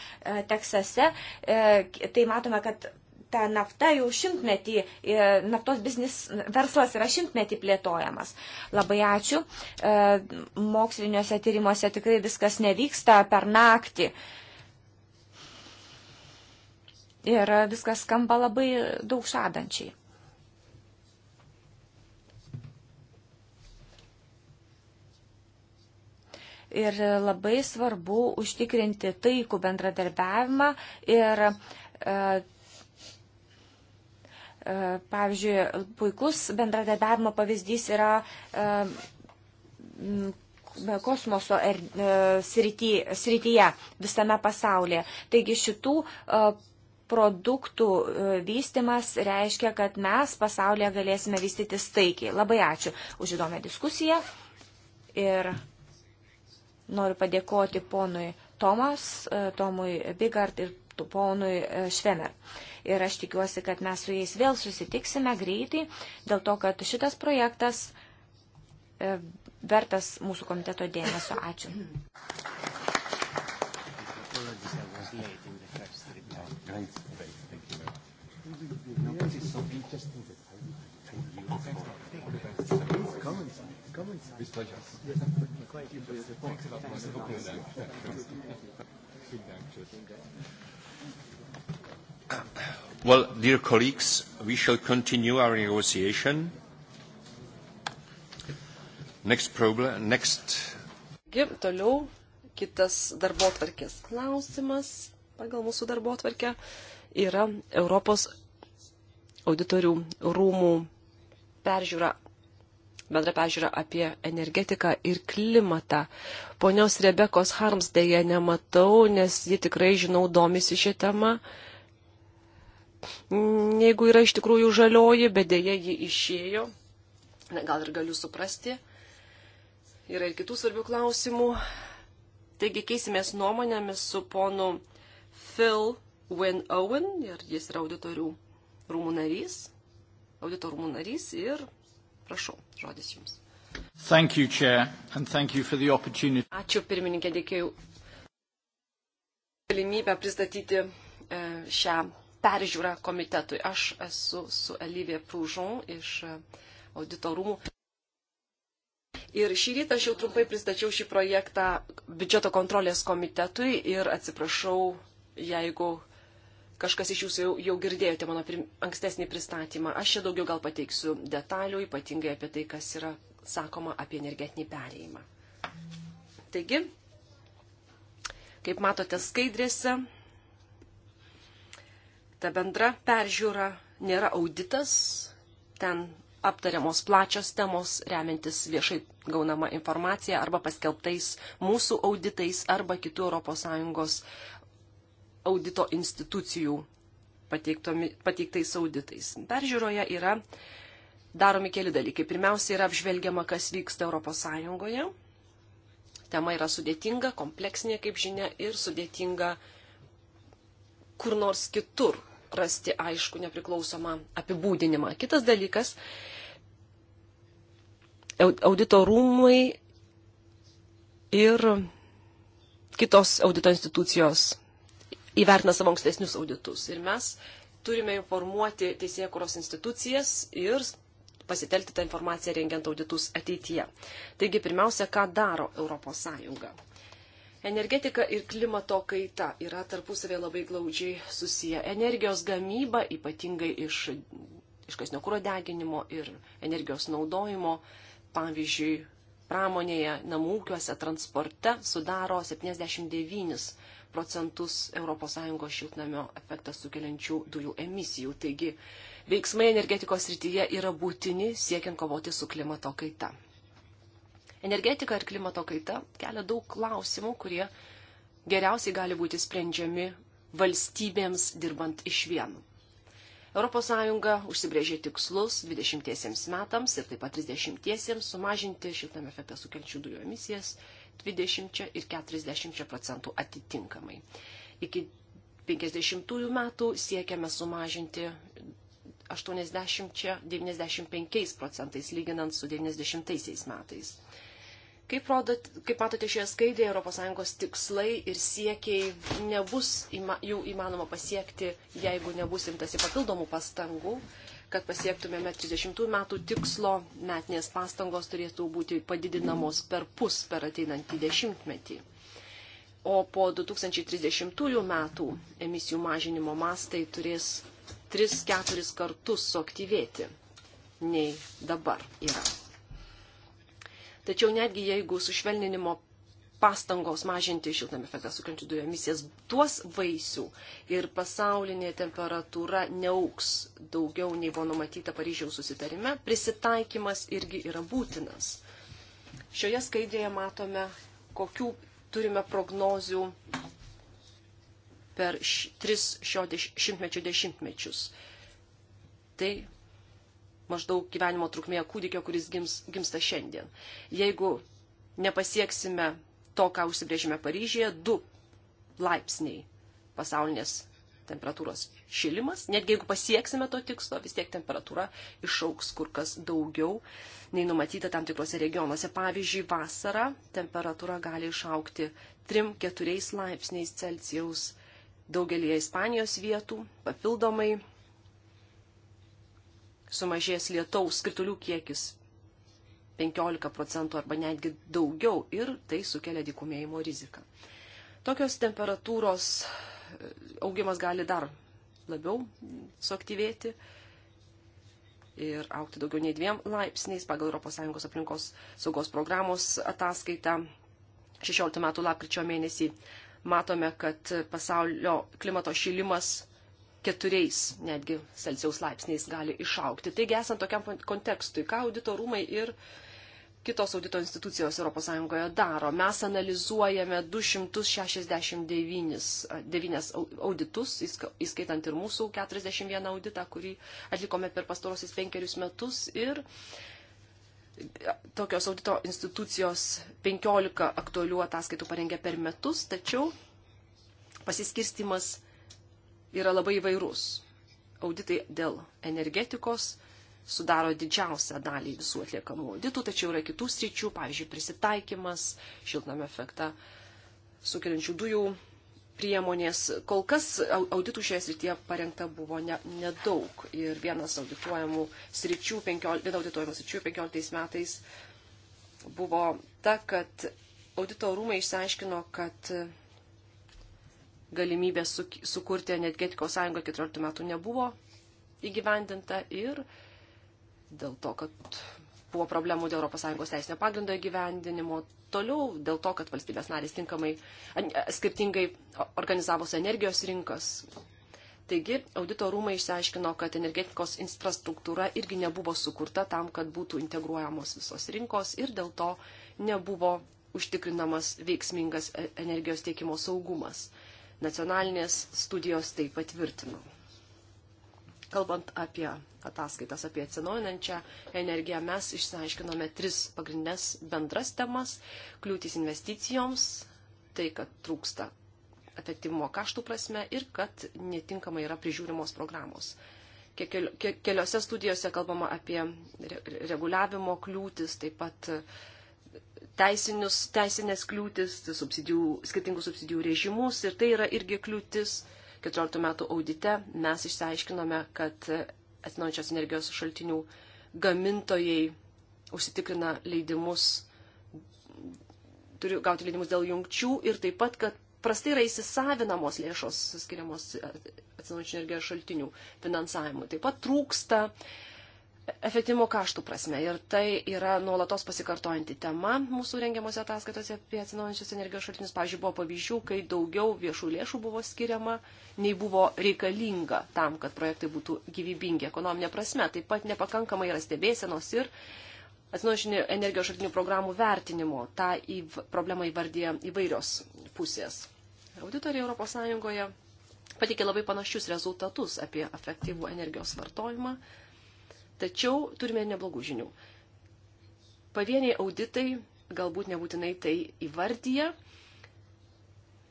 Teksase, tai matome, kad ta nafta jau šimtmetį, naftos biznis verslas yra šimtmetį plėtojamas. Labai ačiū. Moksliniuose tyrimuose tikrai viskas nevyksta per naktį. Uh, Ir viskas skamba labai daug žadančiai. Ir labai svarbu užtikrinti taikų bendradarbiavimą ir e, e, Pavyzdžiui, puikus bendradarbiavimo pavyzdys yra e, kosmoso er, srityje visame pasaulyje. Taigi šitų produktų e, vystimas reiškia, kad mes pasaulyje galėsime vystytis taikiai. Labai ačiū už įdomią diskusiją ir noriu padėkoti ponui Tomas, e, Tomui Bigart ir ponui e, Švemer. Ir aš tikiuosi, kad mes su jais vėl susitiksime greitai, dėl to, kad šitas projektas vertas mūsų komiteto dėmesio. Ačiū. Thanks. Thank you very much. No, this is so interesting that I would thank you for all the best. Please come inside. Come inside. With pleasure. Yes, quite interesting. Thanks a lot. Merci beaucoup. Vielen Dank. Tschüss. Well, dear colleagues, we shall continue our negotiation. Next problem, next. Toliau kitas darbo tvarkės klausimas pagal mūsų darbo atvarkę yra Europos auditorių rūmų peržiūra, bendra peržiūra apie energetiką ir klimatą. Ponios Rebekos Harms dėja nematau, nes ji tikrai, žinau, domisi šią temą. Mm, jeigu yra iš tikrųjų žalioji, bet dėja ji išėjo, Na, gal ir galiu suprasti. Yra ir kitų svarbių klausimų. Taigi keisimės nuomonėmis su ponu Phil Wynne Owen ir jis yra auditorių rūmų narys, audito rūmų narys ir prašau, žodis jums. Thank you, Chair, and thank you for the opportunity. Ačiū pirmininkė, dėkėjau galimybę pristatyti e, šią peržiūrą komitetui. Aš esu su Elivė Prūžon iš e, auditorumų. Ir šį rytą aš jau trumpai pristačiau šį projektą biudžeto kontrolės komitetui ir atsiprašau jeigu kažkas iš jūsų jau, jau girdėjote mano prim, ankstesnį pristatymą. Aš čia daugiau gal pateiksiu detalių, ypatingai apie tai, kas yra sakoma apie energetinį perėjimą. Taigi, kaip matote skaidrėse, ta bendra peržiūra nėra auditas, ten aptariamos plačios temos, remiantis viešai gaunama informacija arba paskelbtais mūsų auditais arba kitų ES audito institucijų pateiktais auditais. Peržiūroje yra daromi keli dalykai. Pirmiausia, yra apžvelgiama, kas vyksta ES. Tema yra sudėtinga, kompleksinė, kaip žinia, ir sudėtinga kur nors kitur rasti aišku nepriklausomą apibūdinimą. Kitas dalykas, audito rūmai ir kitos audito institucijos įvertina savo ankstesnius auditus. Ir mes turime informuoti teisėjų kuros institucijas ir pasitelkti tą informaciją rengiant auditus ateityje. Taigi, pirmiausia, ką daro ES? Energetika ir klimato kaita yra tarpusavėje labai glaudžiai susiję. Energijos gamyba, ypatingai iš iškasnio kūro deginimo ir energijos naudojimo, pavyzdžiui, pramonėje, namų ūkiuose, transporte sudaro 79 procentus ES šiltnamio efektą sukeliančių dujų emisijų. Taigi veiksmai energetikos rytyje yra būtini siekiant kovoti su klimato kaita. Energetika ir klimato kaita kelia daug klausimų, kurie geriausiai gali būti sprendžiami valstybėms dirbant iš vienų. ES užsibrėžė tikslus 20 metams ir taip pat 30 sumažinti šiltame efektą sukelčių dujų emisijas 20 ir 40 procentų atitinkamai. Iki 50 metų siekiame sumažinti 80-95 procentais lyginant su 90 metais. Kaip, rodot, kaip matote šioje skaidrėje, ES tikslai ir siekiai nebus ima, jų įmanoma pasiekti, jeigu nebus imtasi papildomų pastangų. Uh, kad pasiektumėme 30 metų tikslo, metinės pastangos turėtų būti padidinamos per pus per ateinantį dešimtmetį. O po 2030 metų emisijų mažinimo mastai turės 3-4 kartus suaktyvėti nei dabar yra. Tačiau netgi jeigu sušvelninimo pastangos mažinti šiltnamio efektą sukeliančių dujų emisijas duos vaisių ir pasaulinė temperatūra neauks daugiau nei buvo numatyta Paryžiaus susitarime, prisitaikymas irgi yra būtinas. Šioje skaidrėje matome, kokių turime prognozių per š, tris šio deš, šimtmečio dešimtmečius. Tai maždaug gyvenimo trukmėje kūdikio, kuris gims, gimsta šiandien. Jeigu nepasieksime to, ką užsibrėžėme Paryžyje, 2 laipsniai pasaulinės temperatūros šilimas. Netgi jeigu pasieksime to tikslo, vis tiek temperatūra išauks kur kas daugiau nei numatyta tam tikrose regionuose. Pavyzdžiui, vasarą temperatūra gali išaukti 3-4 laipsniais Celsijaus daugelį Ispanijos vietų papildomai sumažės lietaus skritulių kiekis 15 procentų arba netgi daugiau ir tai sukelia dikumėjimo riziką. Tokios temperatūros e, augimas gali dar labiau suaktyvėti ir aukti daugiau nei dviem laipsniais pagal ES aplinkos saugos programos ataskaitą 16 metų lapkričio mėnesį. Matome, kad pasaulio klimato šilimas keturiais netgi Celsijaus laipsniais gali išaukti. Taigi esant tokiam kontekstui, ką audito rūmai ir kitos audito institucijos ES daro. Mes analizuojame 269 auditus, įskaitant ir mūsų 41 auditą, kurį atlikome per pastarosius penkerius metus. Ir tokios audito institucijos 15 aktualių ataskaitų parengė per metus, tačiau pasiskirstimas yra labai įvairus. Auditai dėl energetikos, sudaro didžiausią dalį visų atliekamų auditų, tačiau yra kitų sričių, pavyzdžiui, prisitaikymas, šiltnamio efektą sukeliančių dujų priemonės. Kol kas auditų šioje srityje parengta buvo ne, nedaug ir vienas audituojamų sričių, penkiol, viena audituojamų sričių 15 metais buvo ta, kad audito rūmai išsiaiškino, kad galimybė sukurti energetikos sąjungą 14 metų nebuvo įgyvendinta ir dėl to, kad buvo problemų dėl ES teisinio pagrindo įgyvendinimo, toliau dėl to, kad valstybės narės tinkamai, skirtingai organizavo energijos rinkas. Taigi, audito rūmai išsiaiškino, kad energetikos infrastruktūra irgi nebuvo sukurta tam, kad būtų integruojamos visos rinkos ir dėl to nebuvo užtikrinamas veiksmingas e-, energijos tiekimo saugumas. Nacionalinės studijos tai patvirtino. Kalbant apie ataskaitas apie atsinaujinančią energiją, mes išsiaiškinome tris pagrindinės bendras temas - kliūtis investicijoms, tai, kad trūksta efektyvumo kaštų prasme ir kad netinkamai yra prižiūrimos programos. Keliose studijose kalbama apie reguliavimo kliūtis, taip pat teisinius, teisinės kliūtis, subsidijų, skirtingų subsidijų režimus ir tai yra irgi kliūtis 2014 metų audite mes išsiaiškinome, kad atsinaujančios energijos šaltinių gamintojai užsitikrina leidimus, turi gauti leidimus dėl jungčių ir taip pat, kad prastai yra įsisavinamos lėšos skiriamos atsinaujančių energijos šaltinių finansavimui. Taip pat trūksta uh, efektyvumo kaštų prasme. Ir tai yra nuolatos pasikartojanti tema mūsų rengiamuose ataskaitose apie atsinaujančius energijos šaltinius. Pavyzdžiui, buvo pavyzdžių, kai daugiau viešų lėšų buvo skiriama, nei buvo reikalinga tam, kad projektai būtų gyvybingi ekonominė prasme. Taip pat nepakankamai yra stebėsenos ir atsinaujančių energijos šaltinių programų vertinimo. Ta į problemą įvardė įvairios pusės. Auditoriai ES patikė labai panašius rezultatus apie efektyvų energijos vartojimą Tačiau turime neblogų žinių. Pavieniai auditai galbūt nebūtinai tai įvardyja.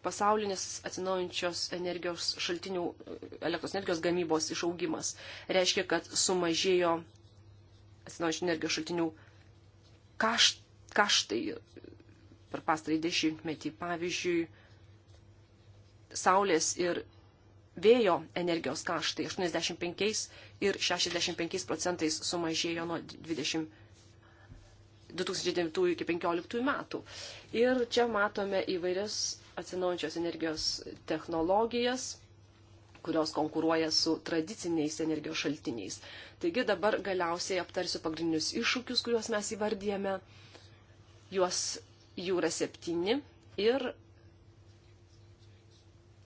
Pasaulinės atsinaujančios energijos šaltinių, elektros energijos gamybos išaugimas reiškia, kad sumažėjo atsinaujančių energijos šaltinių kašt, kaštai per pastarąjį dešimtmetį. Pavyzdžiui, saulės ir vėjo energijos kaštai 85 ir 65 procentais sumažėjo nuo 20, 2009 iki 2015 metų. Ir čia matome įvairias atsinaujančios energijos technologijas kurios konkuruoja su tradiciniais energijos šaltiniais. Taigi dabar galiausiai aptarsiu pagrindinius iššūkius, kuriuos mes įvardyjame. Juos jų yra septyni ir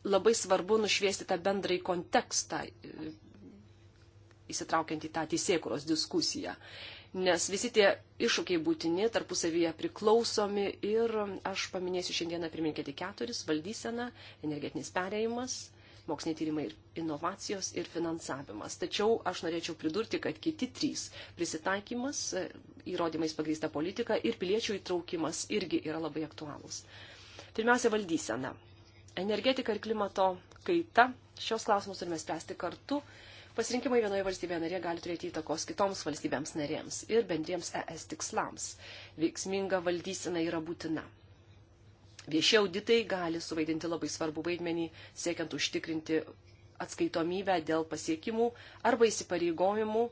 labai svarbu nušviesti tą bendrąjį kontekstą, įsitraukiant į tą teisėkuros diskusiją. Nes visi tie iššūkiai būtini, tarpusavyje priklausomi ir aš paminėsiu šiandieną pirmininkę tik keturis - valdysena, energetinis perėjimas, moksliniai tyrimai ir inovacijos ir finansavimas. Tačiau aš norėčiau pridurti, kad kiti trys - prisitaikymas, įrodymais pagrįsta politika ir piliečių įtraukimas irgi yra labai aktualūs. Pirmiausia, valdysena. Energetika ir klimato kaita. Šios klausimus turime spręsti kartu. Pasirinkimai vienoje valstybėje narėje gali turėti įtakos kitoms valstybėms narėms ir bendriems ES tikslams. Veiksminga valdysena yra būtina. Vieši auditai gali suvaidinti labai svarbu vaidmenį, siekiant užtikrinti atskaitomybę dėl pasiekimų arba įsipareigojimų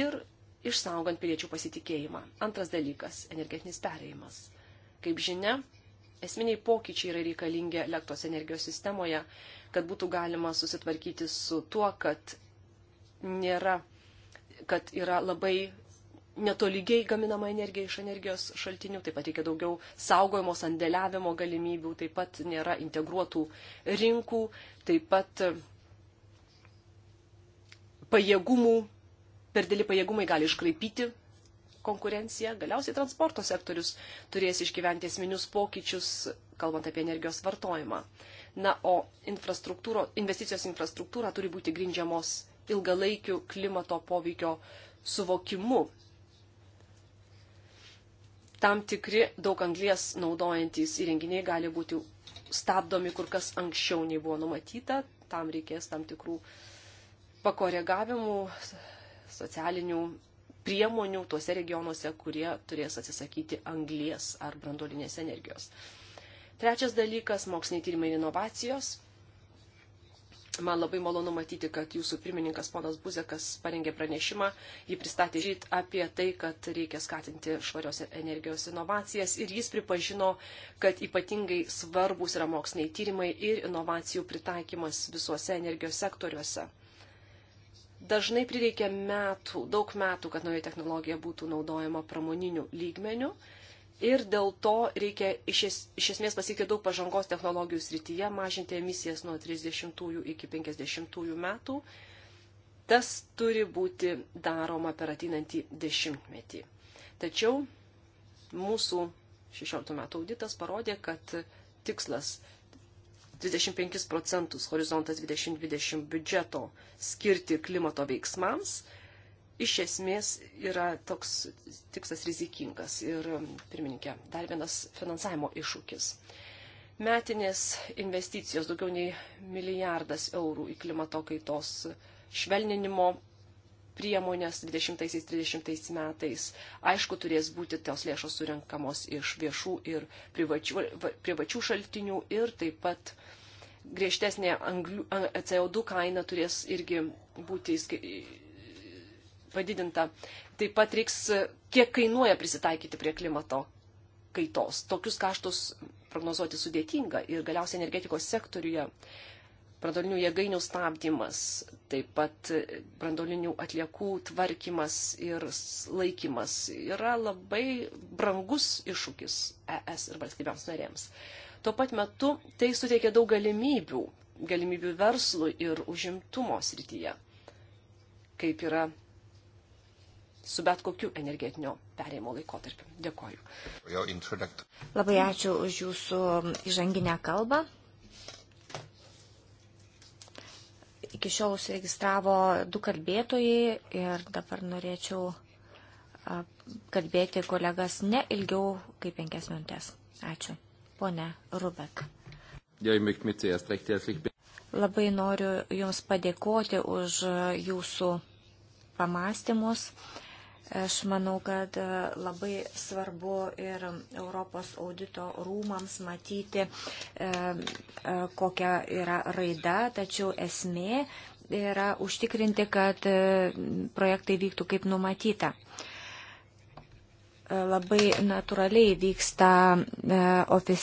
ir išsaugant piliečių pasitikėjimą. Antras dalykas - energetinis pereimas. Kaip žinia, esminiai pokyčiai yra reikalingi elektros energijos sistemoje, kad būtų galima susitvarkyti su tuo, kad, nėra, kad yra labai netolygiai gaminama energija iš energijos šaltinių, taip pat reikia daugiau saugojimo, sandėliavimo galimybių, taip pat nėra integruotų rinkų, taip pat pajėgumų, perdėlį pajėgumai gali iškraipyti konkurencija, galiausiai transporto sektorius turės išgyventi esminius pokyčius, kalbant apie energijos vartojimą. Na, o infrastruktūro, investicijos infrastruktūra turi būti grindžiamos ilgalaikiu klimato poveikio suvokimu. Tam tikri daug anglies naudojantys įrenginiai gali būti stabdomi kur kas anksčiau nei buvo numatyta, tam reikės tam tikrų pakoregavimų, socialinių priemonių tuose regionuose, kurie turės atsisakyti anglies ar brandolinės energijos. Trečias dalykas - moksliniai tyrimai ir inovacijos. Man labai malonu matyti, kad jūsų pirmininkas ponas Buzekas parengė pranešimą, jį pristatė žyt apie tai, kad reikia skatinti švarios energijos inovacijas ir jis pripažino, kad ypatingai svarbus yra moksliniai tyrimai ir inovacijų pritaikymas visuose energijos sektoriuose dažnai prireikia metų, daug metų, kad nauja technologija būtų naudojama pramoniniu lygmeniu. Ir dėl to reikia iš, es, iš esmės pasiekti daug pažangos technologijų srityje, mažinti emisijas nuo 30 iki 50 metų. Tas turi būti daroma per ateinantį dešimtmetį. Tačiau mūsų 16 metų auditas parodė, kad tikslas 25 procentus horizontas 2020 biudžeto skirti klimato veiksmams, iš esmės yra toks tikslas rizikingas. Ir, um, pirmininkė, dar vienas finansavimo iššūkis. Metinės investicijos daugiau nei milijardas eurų į klimato kaitos švelninimo priemonės 20-30 metais. Aišku, turės būti tos lėšos surinkamos iš viešų ir privačių, privačių šaltinių ir taip pat griežtesnė anglių, CO2 kaina turės irgi būti padidinta. Taip pat reiks, kiek kainuoja prisitaikyti prie klimato kaitos. Tokius kaštus prognozuoti sudėtinga ir galiausiai energetikos sektoriuje brandolinių jėgainių stabdymas, taip pat brandolinių atliekų tvarkymas ir laikymas yra labai brangus iššūkis ES ir valstybėms narėms. Tuo pat metu tai suteikia daug galimybių, galimybių verslui ir užimtumo srityje, kaip yra su bet kokiu energetinio perėjimo laikotarpiu. Dėkoju. Labai ačiū už jūsų įžanginę kalbą. iki šiol užsiregistravo du kalbėtojai ir dabar norėčiau kalbėti kolegas ne ilgiau kaip penkias minutės. Ačiū. Pone Rubek. Labai noriu Jums padėkoti už Jūsų pamastymus. Aš manau, kad e, labai svarbu ir Europos audito rūmams matyti, e, e, kokia yra raida, tačiau esmė yra užtikrinti, kad projektai vyktų kaip numatyta labai natūraliai vyksta e, ofis,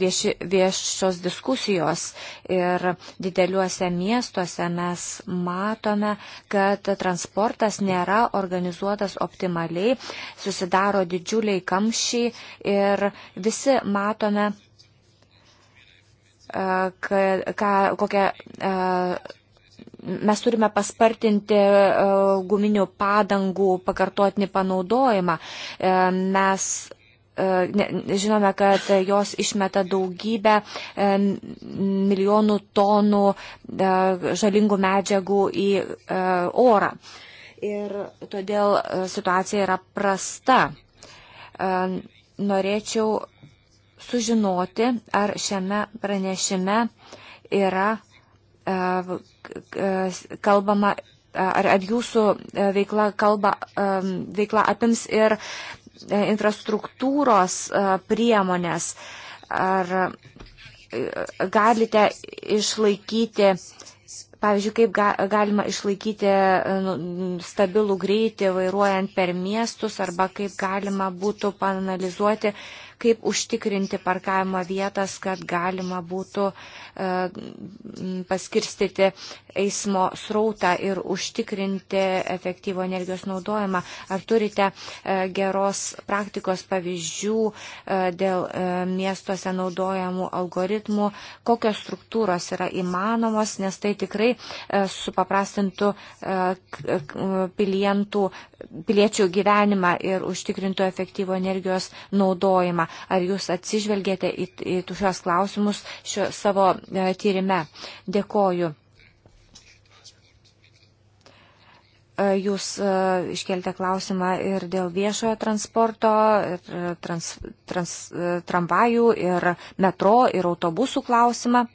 vieši, viešos diskusijos ir dideliuose miestuose mes matome, kad transportas nėra organizuotas optimaliai, susidaro didžiuliai kamščiai ir visi matome, e, ka, ka, kokią e, mes turime paspartinti e, guminių padangų pakartotinį panaudojimą. E, mes e, žinome, kad jos išmeta daugybę milijonų tonų žalingų medžiagų į orą. Ir todėl situacija yra prasta. Norėčiau sužinoti, ar šiame pranešime yra E, e, kalbama, e, ar, ar jūsų veikla, kalba, veikla apims ir infrastruktūros priemonės, ar galite išlaikyti, pavyzdžiui, kaip galima išlaikyti nu, stabilų greitį vairuojant per miestus, arba kaip galima būtų panalizuoti, kaip užtikrinti parkavimo vietas, kad galima būtų e, paskirstyti eismo srautą ir užtikrinti efektyvo energijos naudojimą. Ar turite e, geros praktikos pavyzdžių e, dėl miestuose naudojamų algoritmų, kokios struktūros yra įmanomos, nes tai tikrai supaprastintų pilientų, piliečių gyvenimą ir užtikrintų efektyvo energijos naudojimą tyrimą. Ar jūs atsižvelgėte į, į šios klausimus šio, savo e, tyrime? Dėkoju. E, jūs e, iškeltė klausimą ir dėl viešojo transporto, ir e, trans, trans, tramvajų, ir metro, ir autobusų klausimą.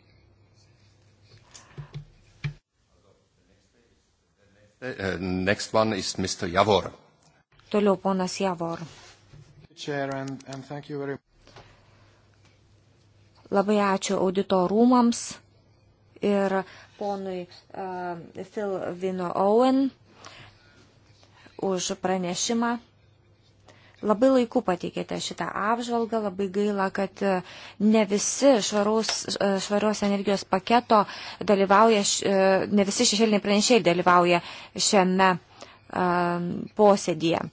Next one is Mr. Javor. Toliau ponas Javor. Labai ačiū audito rūmams ir ponui uh, Phil Vino Owen už pranešimą. Labai laiku pateikėte šitą apžvalgą, labai gaila, kad ne visi švarus, švarios energijos paketo dalyvauja, ne visi šešėliniai pranešėjai dalyvauja šiame posėdėje.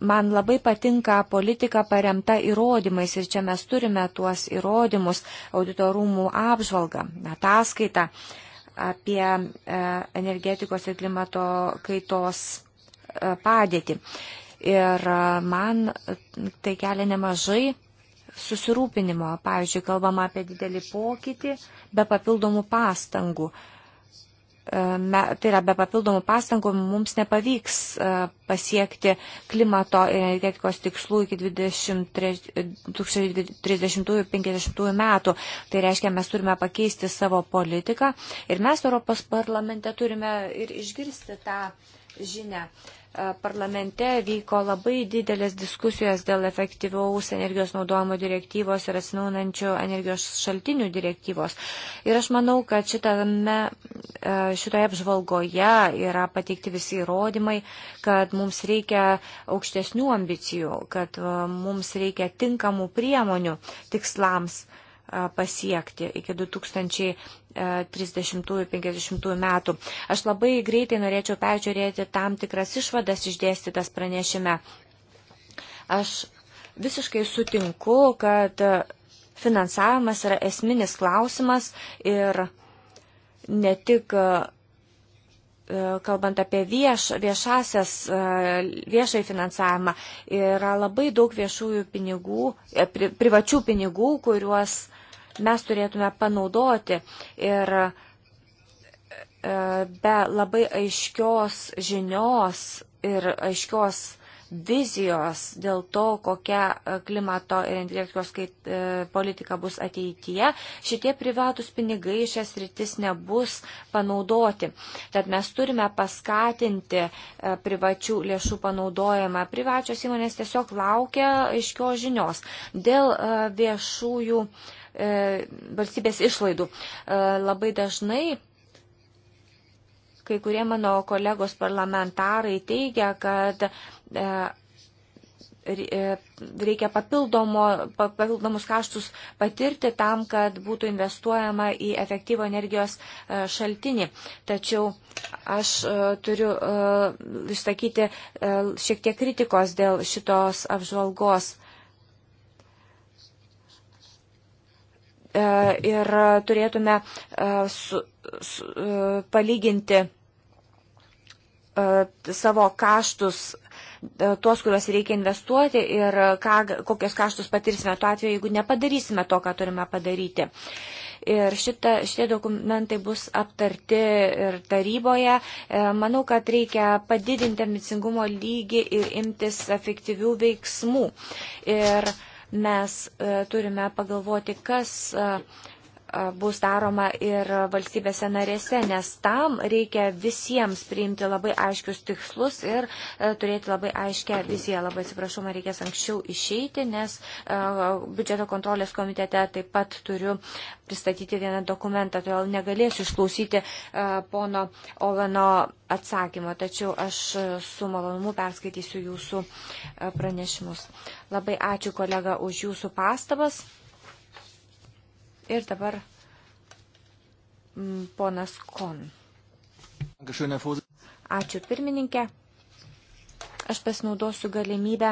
Man labai patinka politika paremta įrodymais ir čia mes turime tuos įrodymus auditorumų apžvalgą, ataskaitą apie e, energetikos ir klimato kaitos e, padėtį. Ir e, man tai kelia nemažai susirūpinimo. Pavyzdžiui, kalbama apie didelį pokytį be papildomų pastangų. E, tai yra be papildomų pastangų mums nepavyks e, pasiekti klimato ir energetikos tikslų iki 2030-2050 metų. Tai reiškia, mes turime pakeisti savo politiką ir mes Europos parlamente turime ir išgirsti tą žinią parlamente vyko labai didelės diskusijos dėl efektyvaus energijos naudojimo direktyvos ir atsinaunančių energijos šaltinių direktyvos. Ir aš manau, kad šitame, e, šitoje apžvalgoje yra pateikti visi įrodymai, kad mums reikia aukštesnių ambicijų, kad e, mums reikia tinkamų priemonių tikslams pasiekti iki 2030-50 metų. Aš labai greitai norėčiau peržiūrėti tam tikras išvadas išdėstytas pranešime. Aš visiškai sutinku, kad finansavimas yra esminis klausimas ir ne tik kalbant apie vieš, viešasias, viešai finansavimą, yra labai daug viešųjų pinigų, e, privačių pinigų, kuriuos mes turėtume panaudoti ir e, be labai aiškios žinios ir aiškios vizijos dėl to, kokia e, klimato ir energetikos e, politika bus ateityje, šitie privatus pinigai šias rytis nebus panaudoti. Tad mes turime paskatinti privačių lėšų panaudojimą. Privačios įmonės tiesiog laukia aiškios žinios. Dėl viešųjų uh, E, valstybės išlaidų. E, labai dažnai kai kurie mano kolegos parlamentarai teigia, kad e, reikia papildomus kaštus patirti tam, kad būtų investuojama į efektyvų energijos šaltinį. Tačiau aš turiu išsakyti šiek tiek kritikos dėl šitos apžvalgos. E, ir turėtume e, su, su, e, palyginti savo kaštus tuos, kuriuos reikia investuoti ir ką, kokios kaštus patirsime tuo atveju, jeigu nepadarysime to, ką turime padaryti. Ir šita, šitie dokumentai bus aptarti ir taryboje. Manau, kad reikia padidinti ambicingumo lygį ir imtis efektyvių veiksmų. Ir uh, Mes e, turime pagalvoti, kas e, bus daroma ir valstybėse narėse, nes tam reikia visiems priimti labai aiškius tikslus ir e, turėti labai aiškę viziją. Labai atsiprašau, man reikės anksčiau išeiti, nes e, biudžeto kontrolės komitete taip pat turiu pristatyti vieną dokumentą, todėl negalėsiu išklausyti e, pono Oleno atsakymo, tačiau aš su malonumu perskaitysiu jūsų pranešimus. Labai ačiū kolega už jūsų pastabas. Ir dabar m, mm, ponas Kon. Ačiū pirmininkė. Aš pasinaudosiu galimybę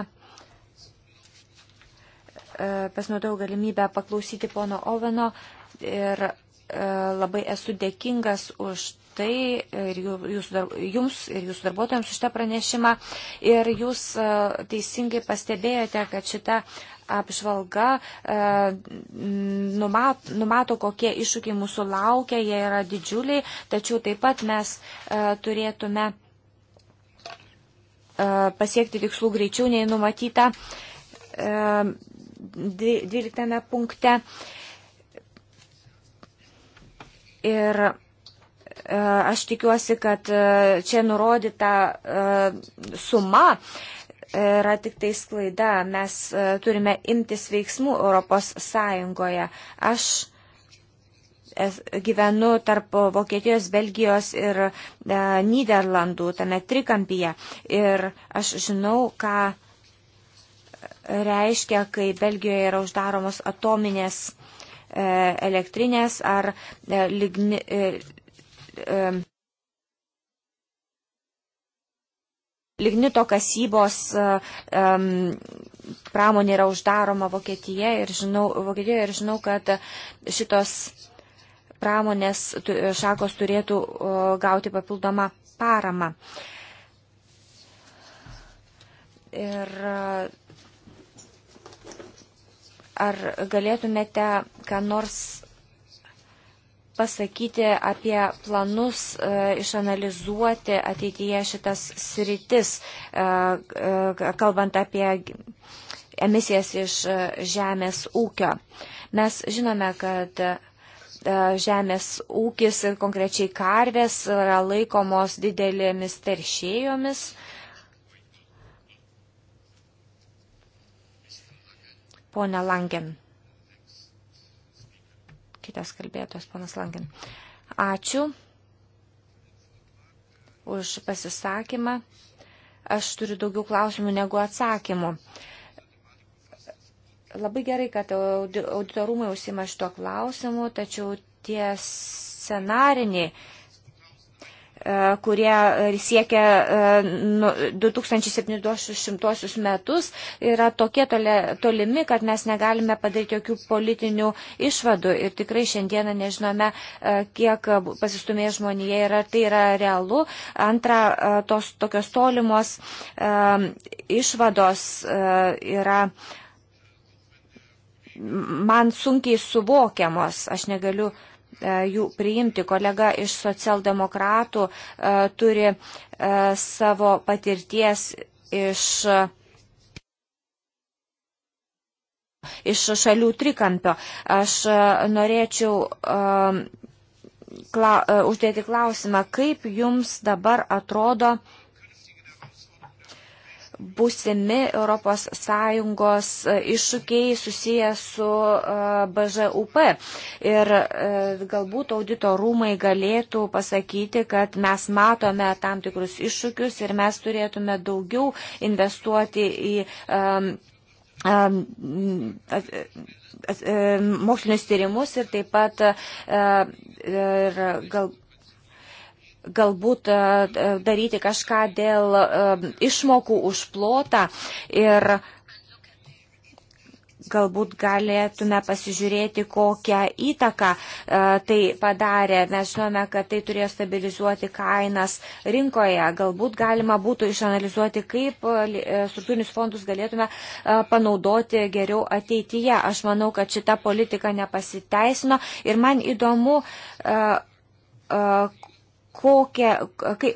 e, pasinaudojau galimybę paklausyti pono Oveno ir e, labai esu dėkingas už tai ir jūsų, jums ir jūsų darbuotojams už šitą pranešimą. Ir jūs e, teisingai pastebėjote, kad šita apžvalga e, numato, numato, kokie iššūkiai mūsų laukia, jie yra didžiuliai, tačiau taip pat mes e, turėtume pasiekti tikslų greičiau nei numatyta 12 punkte. Ir E, aš tikiuosi, kad e, čia nurodyta e, suma yra tik tai sklaida. Mes turime imtis veiksmų Europos Sąjungoje. Aš gyvenu tarp Vokietijos, Belgijos ir e, Niderlandų tame trikampyje. Ir aš žinau, ką reiškia, kai Belgijoje yra uždaromos atominės elektrinės ar ligni, Um, lignito kasybos uh, um, pramonė yra uždaroma Vokietija ir žinau, Vokietijoje ir žinau, kad šitos pramonės šakos turėtų uh, gauti papildomą paramą. Ir uh, ar galėtumėte ką nors pasakyti apie planus e, išanalizuoti ateityje šitas sritis, e, e, kalbant apie emisijas iš e, žemės ūkio. Mes žinome, kad e, žemės ūkis ir konkrečiai karvės yra laikomos didelėmis teršėjomis. Pone Langen. Kitas kalbėtojas, panas Langin. Ačiū už pasisakymą. Aš turiu daugiau klausimų negu atsakymų. Labai gerai, kad auditorumai užsima šito klausimu, tačiau tie scenariniai E, kurie e, siekia 2700 e, nu, metus, yra tokie tolimi, kad mes negalime padaryti jokių politinių išvadų. Ir tikrai šiandieną nežinome, kiek pasistumė žmonėje ir ar tai yra realu. Antra, tos tokios tolimos išvados yra man sunkiai suvokiamos. Aš negaliu uh, E, jų priimti. Kolega iš socialdemokratų e, turi e, savo patirties iš, iš šalių trikampio. Aš norėčiau kla, uždėti klausimą, kaip jums dabar atrodo, būsimi ES e, iššūkiai susiję su e, BŽUP. Ir e, galbūt audito rūmai galėtų pasakyti, kad mes matome tam tikrus iššūkius ir mes turėtume daugiau investuoti į. Um, um, mokslinius tyrimus ir taip pat ir gal, galbūt e, e, daryti kažką dėl e, išmokų už plotą ir galbūt galėtume pasižiūrėti, kokią įtaką tai padarė. Mes žinome, kad tai turėjo stabilizuoti kainas rinkoje. Galbūt galima būtų išanalizuoti, kaip struktūrinius fondus galėtume panaudoti geriau ateityje. Aš manau, kad šita politika nepasiteisino ir man įdomu, kokią, kai,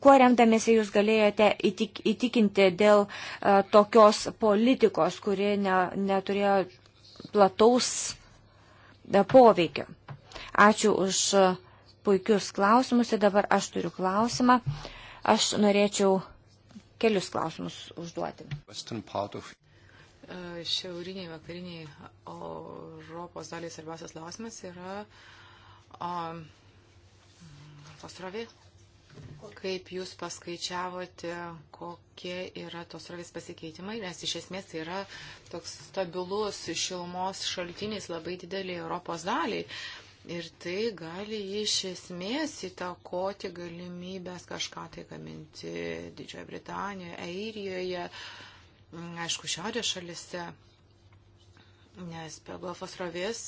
kuo remdamėsi jūs galėjote įtik, įtikinti dėl a, e, tokios politikos, kuri ne, neturėjo plataus a, e, poveikio. Ačiū už puikius klausimus ir dabar aš turiu klausimą. Aš norėčiau kelius klausimus užduoti. E, šiauriniai, vakariniai Europos daliai svarbiausias klausimas yra. Um, tos rovė. Kaip jūs paskaičiavote, kokie yra tos rovės pasikeitimai, nes iš esmės tai yra toks stabilus šilumos šaltinis labai didelį Europos daliai. Ir tai gali iš esmės įtakoti galimybės kažką tai gaminti Didžiojo Britanijoje, Airijoje, aišku, šiaurės šalise, nes be Golfos rovės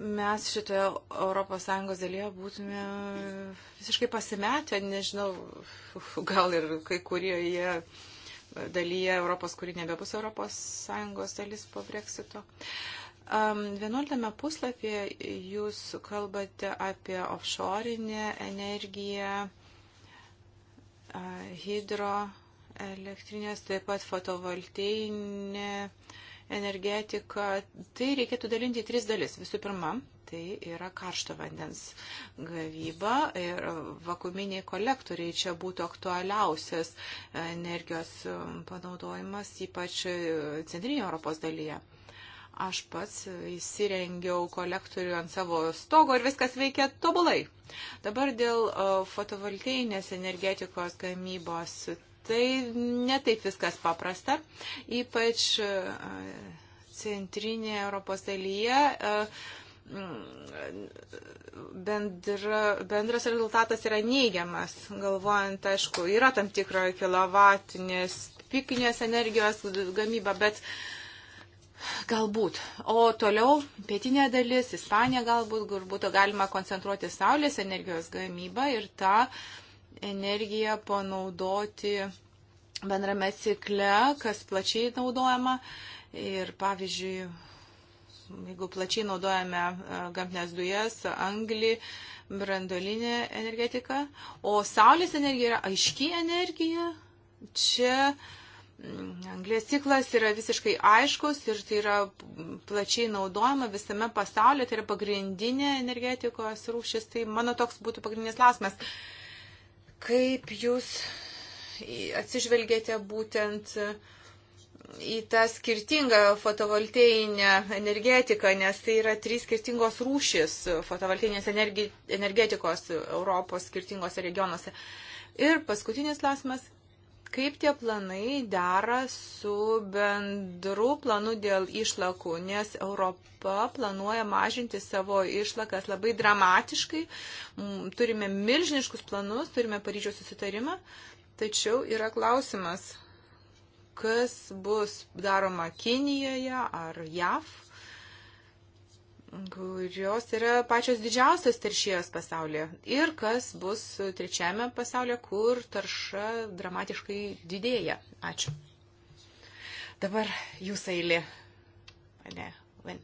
mes šitoje Europos Sąjungos dalyje būtume visiškai pasimetę, nežinau, gal ir kai kurioje dalyje Europos, kuri nebebus Europos Sąjungos dalis po Brexito. 11 puslapyje jūs kalbate apie offshorinę energiją, hidroelektrinės, taip pat fotovolteinę energiją energetiką, tai reikėtų dalinti į tris dalis. Visų pirma, tai yra karšto vandens gavyba ir vakuminiai kolektoriai čia būtų aktualiausias energijos panaudojimas, ypač centrinėje Europos dalyje aš pats įsirengiau kolektorių ant savo stogo ir viskas veikia tobulai. Dabar dėl uh, fotovoltainės energetikos gamybos tai netaip viskas paprasta, ypač e, centrinėje Europos dalyje. E, bendra, bendras rezultatas yra neigiamas, galvojant, aišku, yra tam tikro kilovatinės pikinės energijos gamyba, bet Galbūt. O toliau pietinė dalis, Ispanija galbūt, kur būtų galima koncentruoti saulės energijos gamybą ir tą ta energiją panaudoti bendrame cikle, kas plačiai naudojama. Ir pavyzdžiui, jeigu plačiai naudojame e, gamtinės dujas, anglį, brandolinę energetiką, o saulės energija yra aiški energija, čia mm, anglės ciklas yra visiškai aiškus ir tai yra plačiai naudojama visame pasaulyje, tai yra pagrindinė energetikos rūšis, tai mano toks būtų pagrindinis klausimas Kaip jūs atsižvelgėte būtent į tą skirtingą fotovoltainę energetiką, nes tai yra trys skirtingos rūšis fotovoltainės energi, energetikos Europos skirtingose regionuose. Ir paskutinis klausimas kaip tie planai dera su bendru planu dėl išlakų, nes Europa planuoja mažinti savo išlakas labai dramatiškai, turime milžiniškus planus, turime Paryžiaus susitarimą, tačiau yra klausimas, kas bus daroma Kinijoje ar JAV kurios yra pačios didžiausios teršėjos pasaulyje. Ir kas bus trečiame pasaulyje, kur tarša dramatiškai didėja. Ačiū. Dabar jūsų eilė. Ne, Vin.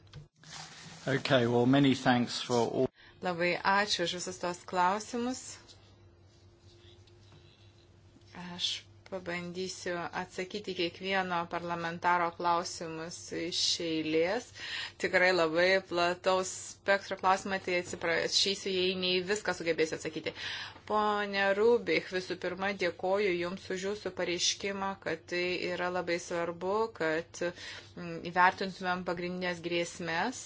Okay, well, many thanks for all... Labai ačiū už visus tos klausimus. Aš Pabandysiu atsakyti kiekvieno parlamentaro klausimus iš eilės. Tikrai labai plataus spektro klausimą, tai atsiprašysiu, jei nei viską sugebėsiu atsakyti. Pone Rubik, visų pirma, dėkoju Jums už Jūsų pareiškimą, kad tai yra labai svarbu, kad mm, įvertintumėm pagrindinės grėsmės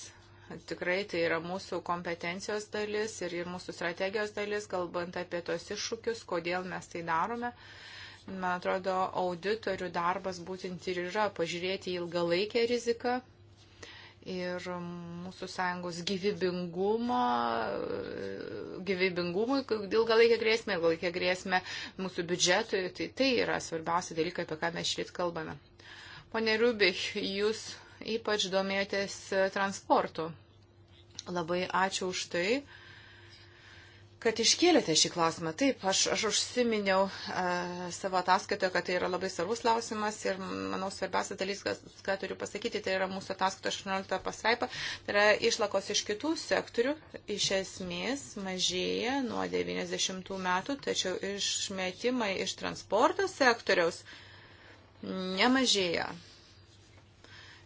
tikrai tai yra mūsų kompetencijos dalis ir, ir mūsų strategijos dalis, kalbant apie tos iššūkius, kodėl mes tai darome. Uh, man atrodo, auditorių darbas būtent ir yra pažiūrėti ilgalaikę riziką ir mūsų sąjungos gyvybingumo, gyvybingumui, ilgalaikę grėsmę, ilgalaikę grėsmę mūsų biudžetui. Tai tai yra svarbiausia dalykai, apie ką mes šit kalbame. Pone Rubik, jūs ypač domėjotės transportu. Labai ačiū už tai kad iškėlėte šį klausimą. Taip, aš, aš užsiminiau a, e, savo ataskaitoje, kad tai yra labai svarbus klausimas ir, manau, svarbiausia dalykas, ką turiu pasakyti, tai yra mūsų ataskaito 18 pasraipa, tai yra išlakos iš kitų sektorių iš esmės mažėja nuo 90 metų, tačiau išmetimai iš transporto sektoriaus nemažėja.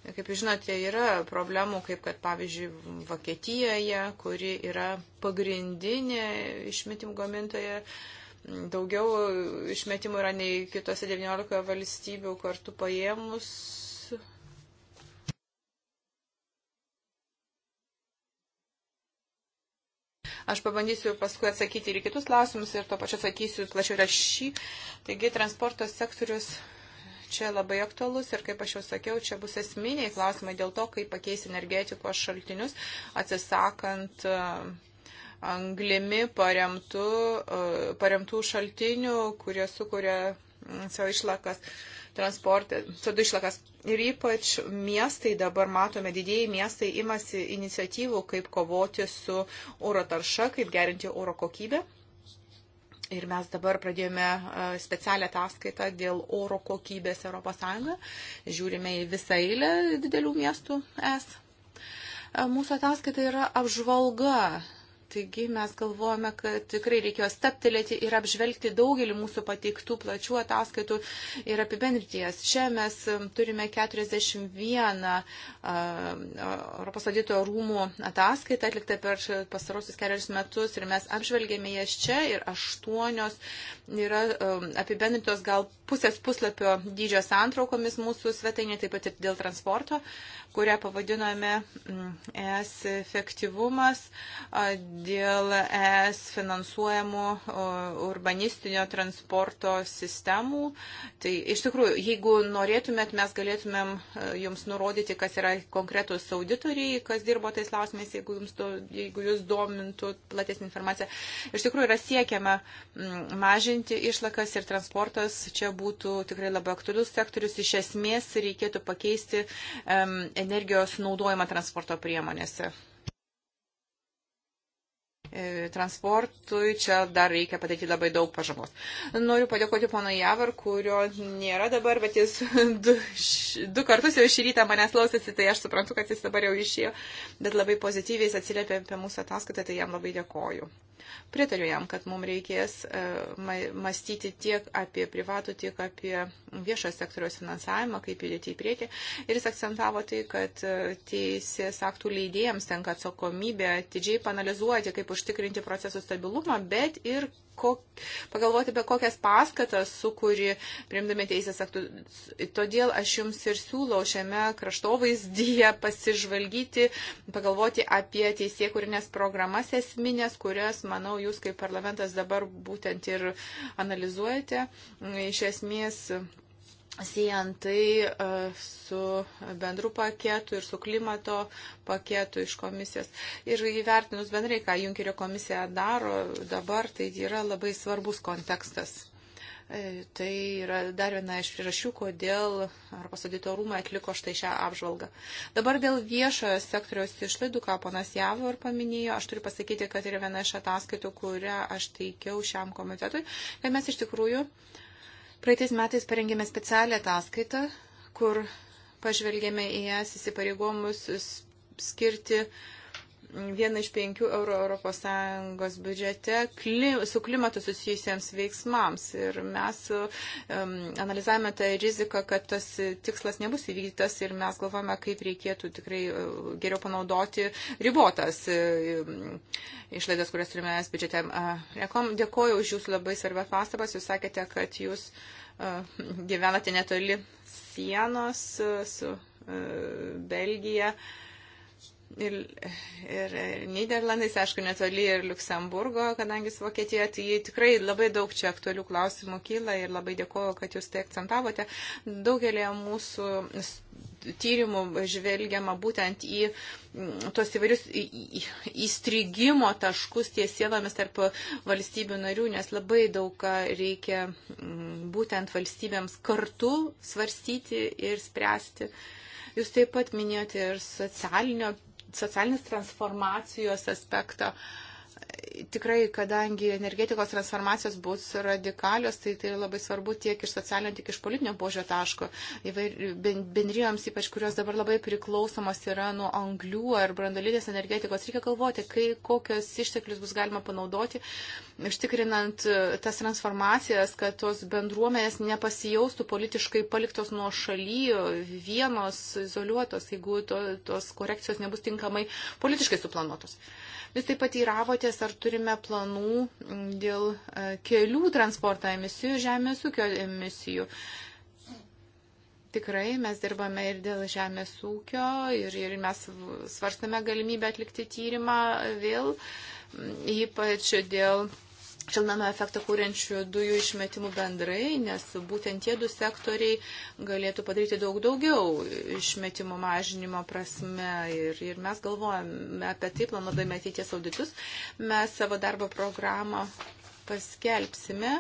Kaip žinote, yra problemų, kaip kad pavyzdžiui Vokietijoje, kuri yra pagrindinė išmetimų gamintoje. Daugiau išmetimų yra nei kitose 19 valstybių kartu paėmus. Aš pabandysiu paskui atsakyti ir kitus klausimus ir to pačiu atsakysiu plačiau rašy. Taigi transporto sektorius čia labai aktualus ir, kaip aš jau sakiau, čia bus esminiai klausimai dėl to, kaip pakeis energetikos šaltinius, atsisakant e, anglimi paremtų, e, paremtų šaltinių, kurie sukuria mm, savo išlakas transporte, sodų išlakas. Ir ypač miestai dabar matome, didėjai miestai imasi iniciatyvų, kaip kovoti su oro tarša, kaip gerinti oro kokybę. Ir mes dabar pradėjome e, specialią ataskaitą dėl oro kokybės ES. Žiūrime į visą eilę didelių miestų es. E, mūsų ataskaita yra apžvalga Taigi mes galvojame, kad tikrai reikėjo steptelėti ir apžvelgti daugelį mūsų pateiktų plačių ataskaitų ir apibendrities. Čia mes um, turime 41 um, Europos audito rūmų ataskaitą atliktą per pastarosius kelius metus ir mes apžvelgėme jas čia ir aštuonios yra um, apibendrintos gal pusės puslapio dydžio santraukomis mūsų svetainė, taip pat ir dėl transporto kurią pavadinome mm, ES efektyvumas dėl ES finansuojamų urbanistinio transporto sistemų. Tai iš tikrųjų, jeigu norėtumėt, mes galėtumėm jums nurodyti, kas yra konkretus auditoriai, kas dirbo tais klausimais, jeigu, jums do, jeigu jūs domintų platesnį informaciją. Iš tikrųjų, yra siekiama mm, mažinti išlakas ir transportas čia būtų tikrai labai aktualius sektorius. Iš esmės reikėtų pakeisti um, energijos naudojimą transporto priemonėse. E, transportui čia dar reikia padaryti labai daug pažamos. Noriu padėkoti pono Javar, kurio nėra dabar, bet jis du, du kartus jau šį rytą manęs lausėsi, tai aš suprantu, kad jis dabar jau išėjo, bet labai pozityviai jis atsiliepė apie mūsų ataskaitą, tai jam labai dėkoju. Pritariu jam, kad mums reikės e, mąstyti tiek apie privatų, tiek apie viešo sektoriaus finansavimą, kaip judėti į priekį. Ir jis akcentavo tai, kad e, teisės aktų leidėjams tenka atsakomybė atidžiai panalizuoti, kaip užtikrinti procesų stabilumą, bet ir kok, pagalvoti apie kokias paskatas sukūri priimdami teisės aktų. Todėl aš jums ir siūlau šiame kraštovaizdyje pasižvalgyti, pagalvoti apie teisėkūrinės programas esminės, kurias, manau, jūs kaip parlamentas dabar būtent ir analizuojate. Iš esmės siejant tai e, su bendru paketu ir su klimato paketu iš komisijos. Ir įvertinus bendrai, ką Junkerio komisija daro dabar, tai yra labai svarbus kontekstas. E, tai yra dar viena iš priežasčių, kodėl Europos audito rūmai atliko štai šią apžvalgą. Dabar dėl viešojo sektoriaus išlaidų, ką ponas Javor paminėjo, aš turiu pasakyti, kad yra viena iš ataskaitų, kurią aš teikiau šiam komitetui, kad mes iš tikrųjų uh, Praeitais metais parengėme specialią ataskaitą, kur pažvelgėme į jas įsipareigomus skirti uh, vieną iš penkių eurų Europos Sąjungos biudžete kli, su klimatu susijusiems veiksmams. Ir mes um, analizavome tą riziką, kad tas tikslas nebus įvykdytas ir mes galvojame, kaip reikėtų tikrai e, geriau panaudoti ribotas e, e, išlaidas, kurias turime es biudžete. Dėkoju už Jūsų labai svarbę pastabas. Jūs sakėte, kad Jūs gyvenate netoli sienos su Belgija. Uh, ir, ir Niderlandais, tai aišku, netoli ir Luksemburgo, kadangi jis Vokietijoje, tai tikrai labai daug čia aktualių klausimų kyla ir labai dėkuoju, kad jūs tai akcentavote. Daugelėje mūsų tyrimų žvelgiama būtent į tuos įvairius įstrigimo taškus tiesėlomis tarp valstybių narių, nes labai daug reikia būtent valstybėms kartu svarstyti ir spręsti. Jūs taip pat minėjote ir socialinio socialinės transformacijos aspekto. Uh, tikrai, kadangi energetikos transformacijos bus radikalios, tai tai labai svarbu tiek iš socialinio, tiek iš politinio požio taško. Bendrijoms, ypač kurios dabar labai priklausomos yra nuo anglių ar brandalinės energetikos, reikia galvoti, kai, kokios išteklius bus galima panaudoti, ištikrinant e, tas transformacijas, kad tos bendruomenės nepasijaustų politiškai paliktos nuo šaly, vienos, izoliuotos, jeigu to, tos korekcijos nebus tinkamai politiškai suplanuotos. Uh, Jūs taip pat įravotės, ar turime planų mm, dėl e, kelių transporto emisijų, žemės ūkio emisijų. Tikrai mes dirbame ir dėl žemės ūkio ir, ir mes svarstame galimybę atlikti tyrimą vėl, mm, ypač dėl šiltnamio efektą kūrenčių dujų išmetimų bendrai, nes būtent tie du sektoriai galėtų padaryti daug daugiau išmetimo mažinimo prasme. Ir, ir mes galvojame apie tai, planuodami ateities auditus, mes savo darbo programą paskelbsime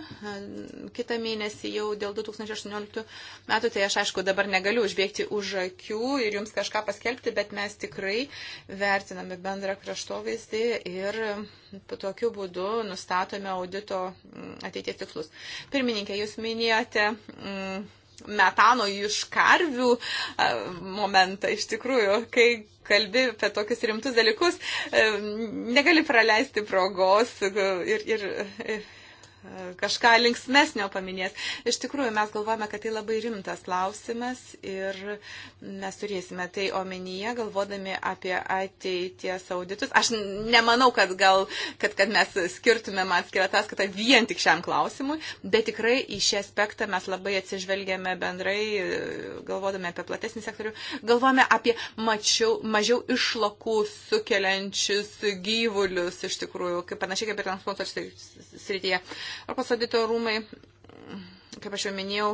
kitą mėnesį jau dėl 2018 metų, tai aš aišku dabar negaliu užbėgti už akių ir jums kažką paskelbti, bet mes tikrai vertiname bendrą kraštovaizdį ir tokiu būdu nustatome audito ateities tikslus. Pirmininkė, jūs minėjote. Mm, metano iš karvių e, momentą, iš tikrųjų, kai kalbi apie tokius rimtus dalykus, e, negali praleisti progos e, ir, ir kažką linksmesnio paminės. Iš tikrųjų, mes galvojame, kad tai labai rimtas klausimas ir mes turėsime tai omenyje, galvodami apie ateities auditus. Aš nemanau, kad, gal, kad, kad mes skirtumėm atskirą ataskaitą vien tik šiam klausimui, bet tikrai į šį aspektą mes labai atsižvelgėme bendrai, galvodami apie platesnį sektorių, galvojame apie mačiau, mažiau išlakų sukeliančius gyvulius, iš tikrųjų, kaip panašiai kaip ir transporto srityje. Uh, Europos audito rūmai, kaip aš jau minėjau,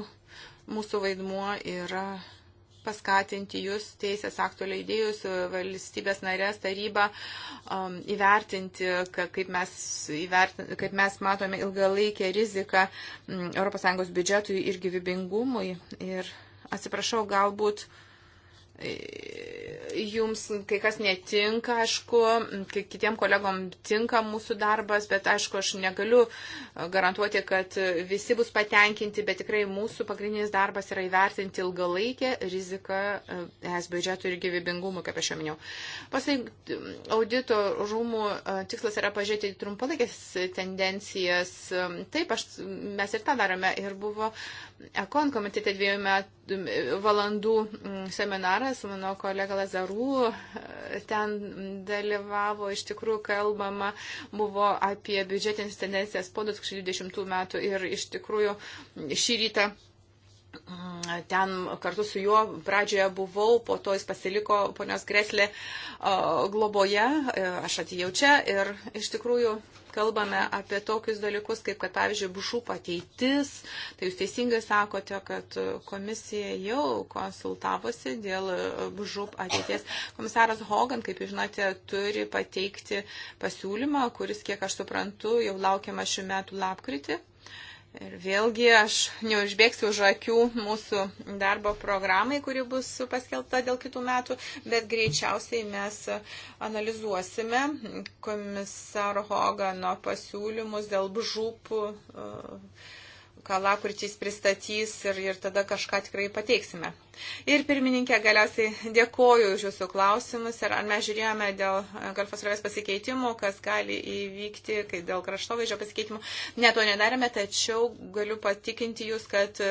mūsų vaidmuo yra paskatinti jūs, teisės aktų leidėjus, valstybės narės tarybą um, įvertinti, ka, kaip, mes įvertin, kaip mes matome ilgalaikę riziką um, mm, ES biudžetui ir gyvybingumui. Ir atsiprašau, galbūt uh, jums kai kas netinka, aišku, kai kitiem kolegom tinka mūsų darbas, bet aišku, aš negaliu uh, garantuoti, kad visi bus patenkinti, bet tikrai mūsų pagrindinis darbas yra įvertinti ilgalaikę riziką uh, es biudžetų ir gyvybingumų, kaip aš jau minėjau. Pasai um, audito rūmų uh, tikslas yra pažiūrėti trumpalaikės tendencijas. Um, taip, aš, mes ir tą darome. Ir buvo Ekon komitete dviejų metų valandų mm, seminaras, mano kolega Lazarų e, ten dalyvavo, iš tikrųjų kalbama buvo apie biudžetinės tendencijas po 2020 metų ir iš tikrųjų šį rytą mm, ten kartu su juo pradžioje buvau, po to jis pasiliko ponios Greslė e, globoje, e, aš atėjau čia ir iš tikrųjų kalbame apie tokius dalykus, kaip, kad, pavyzdžiui, bušų pateitis, tai jūs teisingai sakote, kad komisija jau konsultavosi dėl bušų ateities. Komisaras Hogan, kaip jūs žinote, turi pateikti pasiūlymą, kuris, kiek aš suprantu, jau laukiama šių metų lapkritį. Ir vėlgi aš neužbėgsiu už akių mūsų darbo programai, kuri bus paskelbta dėl kitų metų, bet greičiausiai mes analizuosime komisaro Hogano pasiūlymus dėl bžūpų. Uh, ką lakurčiais pristatys ir, ir tada kažką tikrai pateiksime. Ir pirmininkė, galiausiai dėkoju už jūsų klausimus ir ar mes žiūrėjome dėl e, galfos rovės pasikeitimų, kas gali įvykti, kai dėl kraštovaizdžio pasikeitimų. Ne, to nedarėme, tačiau galiu patikinti jūs, kad e,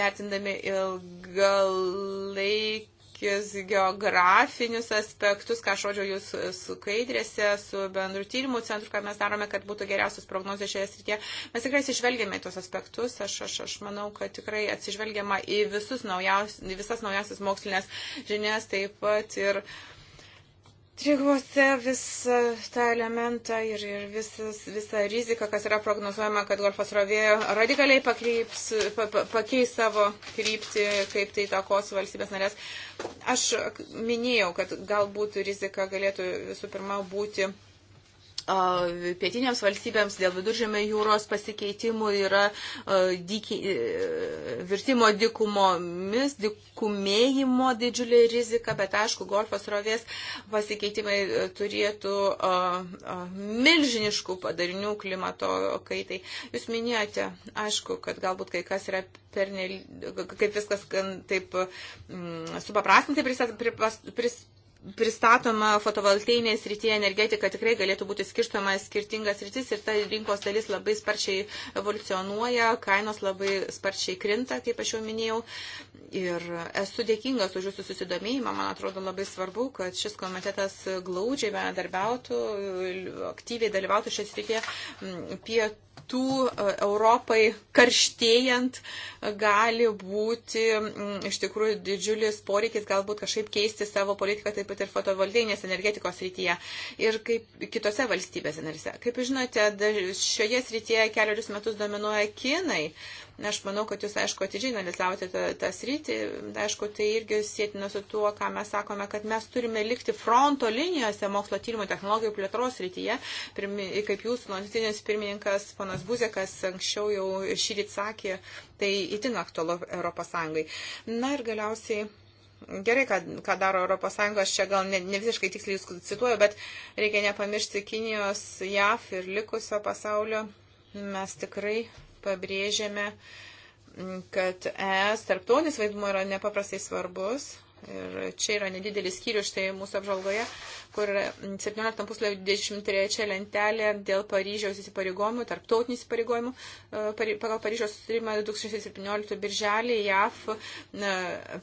vertindami ilgalaikį tokius geografinius aspektus, ką aš rodžiau jūs skaidrėse su bendru tyrimų centru, ką mes darome, kad būtų geriausios prognozijos šioje srityje. Mes tikrai atsižvelgėme į tos aspektus. Aš, aš, aš manau, kad tikrai atsižvelgėma į, visus naujaus, į visas naujasias mokslinės žinias, taip pat ir uh, Triguose visą e, tą elementą ir, ir visas, visą riziką, kas yra prognozuojama, kad golfo srovė radikaliai pakryps, pa, pa, pakeis savo kryptį, kaip tai takos valstybės narės. Aš minėjau, kad galbūt rizika galėtų visų pirma būti pietinėms valstybėms dėl viduržėmio jūros pasikeitimų yra dyki, e, virtimo dikumomis, dikumėjimo didžiulė rizika, bet aišku, golfos rovės pasikeitimai e, turėtų milžiniškų padarinių klimato kaitai. Jūs minėjote, aišku, kad galbūt kai kas yra pernelyg, kaip viskas taip mm, supaprastinti pristatoma pristatoma fotovoltainė srityje energetika tikrai galėtų būti skirstoma skirtingas rytis ir ta rinkos dalis labai sparčiai evoliucionuoja, kainos labai sparčiai krinta, kaip aš jau minėjau. Ir esu dėkingas už jūsų susidomėjimą. Man atrodo labai svarbu, kad šis komitetas glaudžiai bendarbiautų, aktyviai dalyvautų šią srityje pietų pietų Europai karštėjant gali būti mm, iš tikrųjų didžiulis poreikis galbūt kažkaip keisti savo politiką taip pat ir fotovoltainės energetikos srityje ir kaip kitose valstybėse narise. Kaip žinote, šioje srityje keliarius metus dominuoja Kinai. Aš manau, kad jūs, aišku, atidžiai analizavote tą, tą sritį. Aišku, tai irgi sėtina su tuo, ką mes sakome, kad mes turime likti fronto linijose mokslo tyrimų technologijų plėtros srityje. Pirmi, kaip jūsų nuolatinis pirmininkas, ponas Buzekas, anksčiau jau šį rytį sakė, tai itin aktualu Europos Sąjungai. Na ir galiausiai gerai, kad, ką daro ES, aš čia gal ne, ne visiškai tiksliai jūs cituoju, bet reikia nepamiršti Kinijos, JAF ir likusio pasaulio. Mes tikrai pabrėžėme, kad ES tarptautinis vaidmuo yra nepaprastai svarbus. Ir čia yra nedidelis skyrius štai mūsų apžalgoje, kur 17 puslapio 23 lentelė dėl Paryžiaus įsipareigojimų, tarptautinių įsipareigojimų. E, pagal Paryžiaus susirimą 2017 birželį JAF e,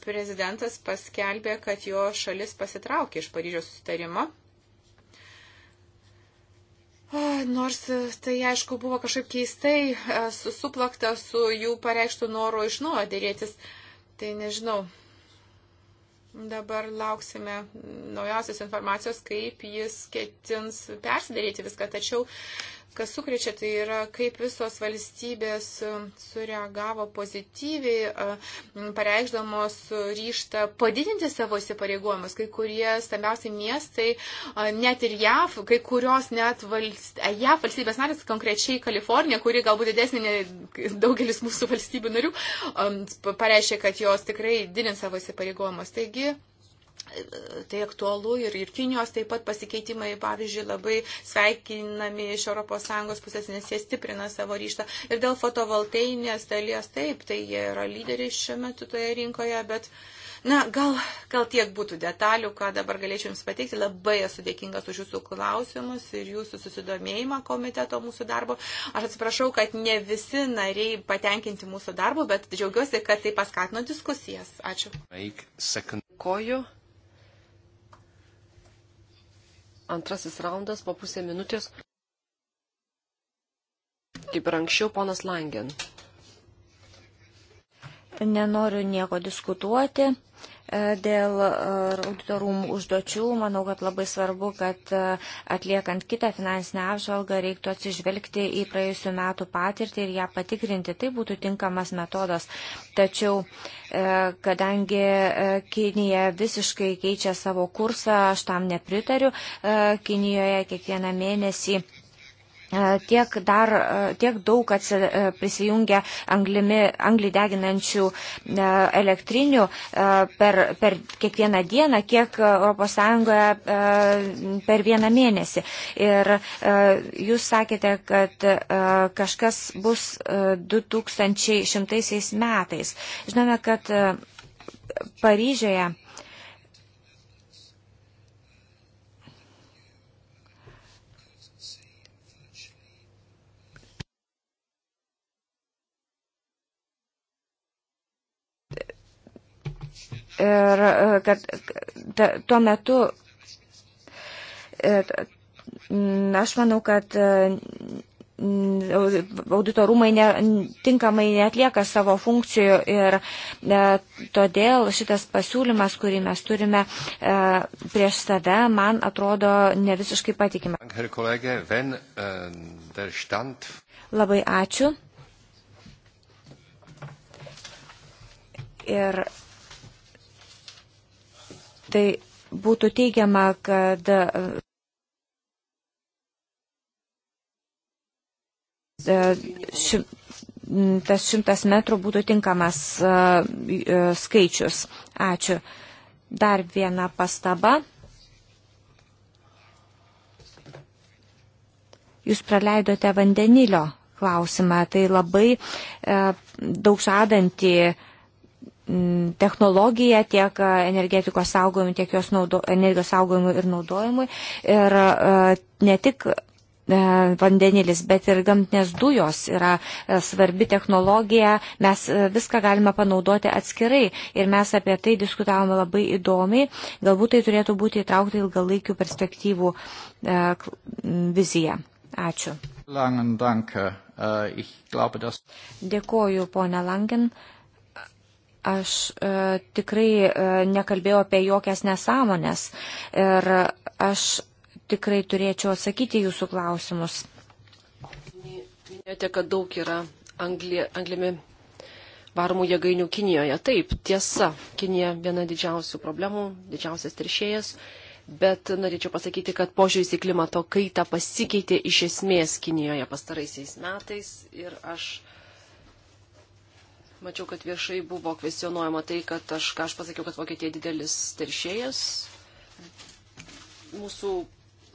prezidentas paskelbė, kad jo šalis pasitraukė iš Paryžiaus susitarimo. Nors e, tai, aišku, buvo kažkaip keistai susuplakta su jų pareikštų noro iš nuo dėrėtis. Tai nežinau, Dabar lauksime naujausios informacijos, kaip jis ketins persidaryti viską. Tačiau kas sukrečia, tai yra kaip visos valstybės e, sureagavo pozityviai, e, pareikšdamos ryštą padidinti savo įsipareigojimus. Kai kurie stambiausi miestai, e, net ir JAV, kai kurios net valst... JAV valstybės narės, konkrečiai Kalifornija, kuri galbūt didesnė nei daugelis mūsų valstybių narių, pareiškė, kad jos tikrai didins savo įsipareigojimus. Taigi, tai aktualu ir, ir Kinijos taip pat pasikeitimai, pavyzdžiui, labai sveikinami iš ES pusės, nes jie stiprina savo ryštą. Ir dėl fotovoltainės dalies taip, tai jie yra lyderiai šiuo metu toje rinkoje, bet. Na, gal, gal tiek būtų detalių, ką dabar galėčiau Jums pateikti. Labai esu dėkingas už Jūsų klausimus ir Jūsų susidomėjimą komiteto mūsų darbo. Aš atsiprašau, kad ne visi nariai patenkinti mūsų darbo, bet džiaugiuosi, kad tai paskatino diskusijas. Ačiū. Koju. Antrasis raundas po pusę minutės. Kaip ir anksčiau, ponas Langen. Nenoriu nieko diskutuoti. E, dėl e, auditorumų užduočių, manau, kad labai svarbu, kad e, atliekant kitą finansinę apžvalgą reiktų atsižvelgti į praėjusių metų patirtį ir ją patikrinti. Tai būtų tinkamas metodas. Tačiau, kadangi Kinija visiškai keičia savo kursą, aš tam nepritariu. Kinijoje kiekvieną mėnesį E, tiek, dar, e, tiek daug e, prisijungia anglimi, anglį deginančių elektrinių per, per kiekvieną dieną, kiek ES per vieną mėnesį. Ir jūs sakėte, kad kažkas bus 2100 metais. Žinome, kad Paryžioje ir e, kad ta, tuo metu e, aš manau, kad e, auditorumai ne, tinkamai netlieka savo funkcijų ir e, todėl šitas pasiūlymas, kurį mes turime e, prieš save, man atrodo ne visiškai patikima. Äh, Labai ačiū. Ir tai būtų teigiama, kad e, ši, tas šimtas metrų būtų tinkamas e, e, skaičius. Ačiū. Dar viena pastaba. Jūs praleidote vandenilio klausimą. Tai labai e, daug žadantį e, Mm, technologiją tiek e, energetikos saugojimui, tiek jos naudo, energijos saugojimui ir naudojimui. Ir e, ne tik e, vandenilis, bet ir gamtinės dujos yra svarbi technologija, mes viską galime panaudoti atskirai ir mes apie tai diskutavome labai įdomiai, galbūt tai turėtų būti įtraukta ilgalaikių perspektyvų viziją. Ačiū. Langen, danke. Äh, ich glaube, dass... Dėkoju, ponia Langen. Uh, Aš e, tikrai e, nekalbėjau apie jokias nesąmonės ir aš tikrai turėčiau atsakyti jūsų klausimus. Minėjote, kad daug yra angli, anglimi varomų jėgainių Kinijoje. Taip, tiesa, Kinija viena didžiausių problemų, didžiausias teršėjas, bet norėčiau pasakyti, kad požiūris į klimato kaitą pasikeitė iš esmės Kinijoje pastaraisiais metais ir aš mačiau, kad viešai buvo kvestionuojama tai, kad aš, ką aš pasakiau, kad Vokietija didelis teršėjas. Mūsų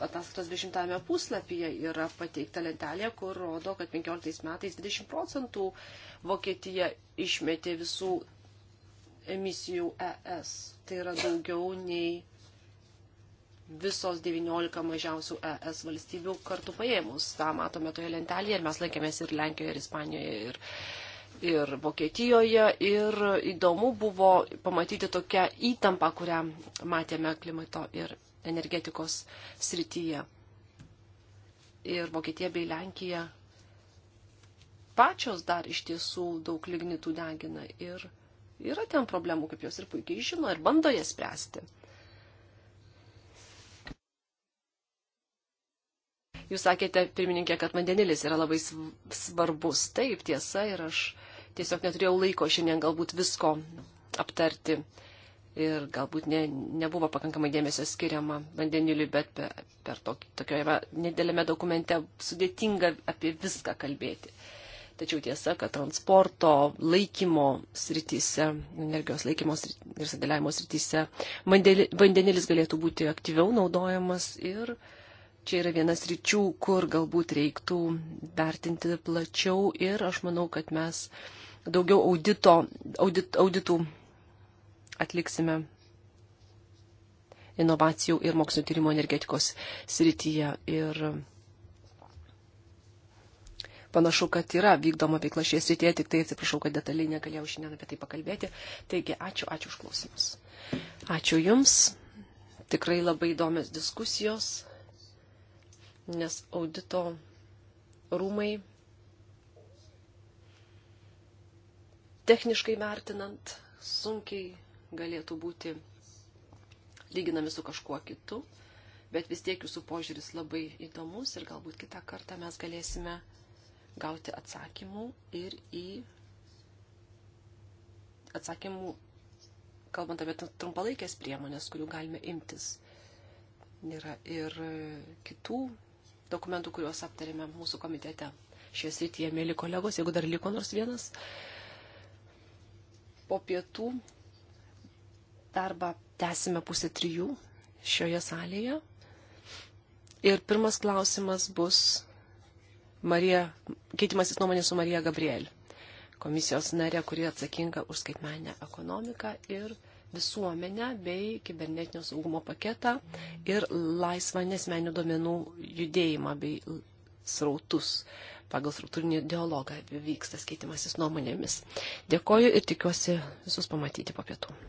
ataskaitos 20 puslapyje yra pateikta lentelė, kur rodo, kad 15 metais 20 procentų Vokietija išmetė visų emisijų ES. Tai yra daugiau nei visos 19 mažiausių ES valstybių kartu paėmus. Ta matome toje lentelėje ir mes laikėmės ir Lenkijoje, ir Ispanijoje, ir ir Vokietijoje. Ir įdomu buvo pamatyti tokią įtampą, kurią matėme klimato ir energetikos srityje. Ir Vokietija bei Lenkija pačios dar iš tiesų daug lignitų degina. Ir yra ten problemų, kaip jos ir puikiai žino, ir bando jas spręsti. Jūs sakėte, pirmininkė, kad vandenilis yra labai svarbus. Taip, tiesa, ir aš tiesiog neturėjau laiko šiandien galbūt visko aptarti. Ir galbūt ne, nebuvo pakankamai dėmesio skiriama vandeniliui, bet per, per tokį, tokioje nedėlėme dokumente sudėtinga apie viską kalbėti. Tačiau tiesa, kad transporto laikymo srityse, energijos laikymo ir sandėliavimo srityse vandenilis galėtų būti aktyviau naudojamas ir uh, Čia yra vienas ryčių, kur galbūt reiktų vertinti plačiau ir aš manau, kad mes daugiau audito, audit, auditų atliksime inovacijų ir mokslinio tyrimo energetikos srityje. Ir panašu, kad yra vykdoma veikla šioje srityje, tik tai atsiprašau, kad detaliai negalėjau šiandien apie tai pakalbėti. Taigi, ačiū, ačiū už klausimus. Ačiū Jums. Tikrai labai įdomios diskusijos nes audito rūmai techniškai vertinant sunkiai galėtų būti lyginami su kažkuo kitu, bet vis tiek jūsų požiūris labai įdomus ir galbūt kitą kartą mes galėsime gauti atsakymų ir į atsakymų, kalbant apie trumpalaikės priemonės, kurių galime imtis. Yra ir kitų dokumentų, kuriuos aptarėme mūsų komitete. Šioje srityje, mėly kolegos, jeigu dar liko nors vienas, po pietų darbą tęsime pusę trijų šioje salėje. Ir pirmas klausimas bus Marija, keitimasis nuomonė su Marija Gabriel, komisijos narė, kuri atsakinga už skaitmenę ekonomiką ir visuomenę bei kibernetinio saugumo paketą ir laisvą nesmenių duomenų judėjimą bei srautus. Pagal struktūrinį dialogą vyksta skaitimasis nuomonėmis. Dėkoju ir tikiuosi visus pamatyti po pietų.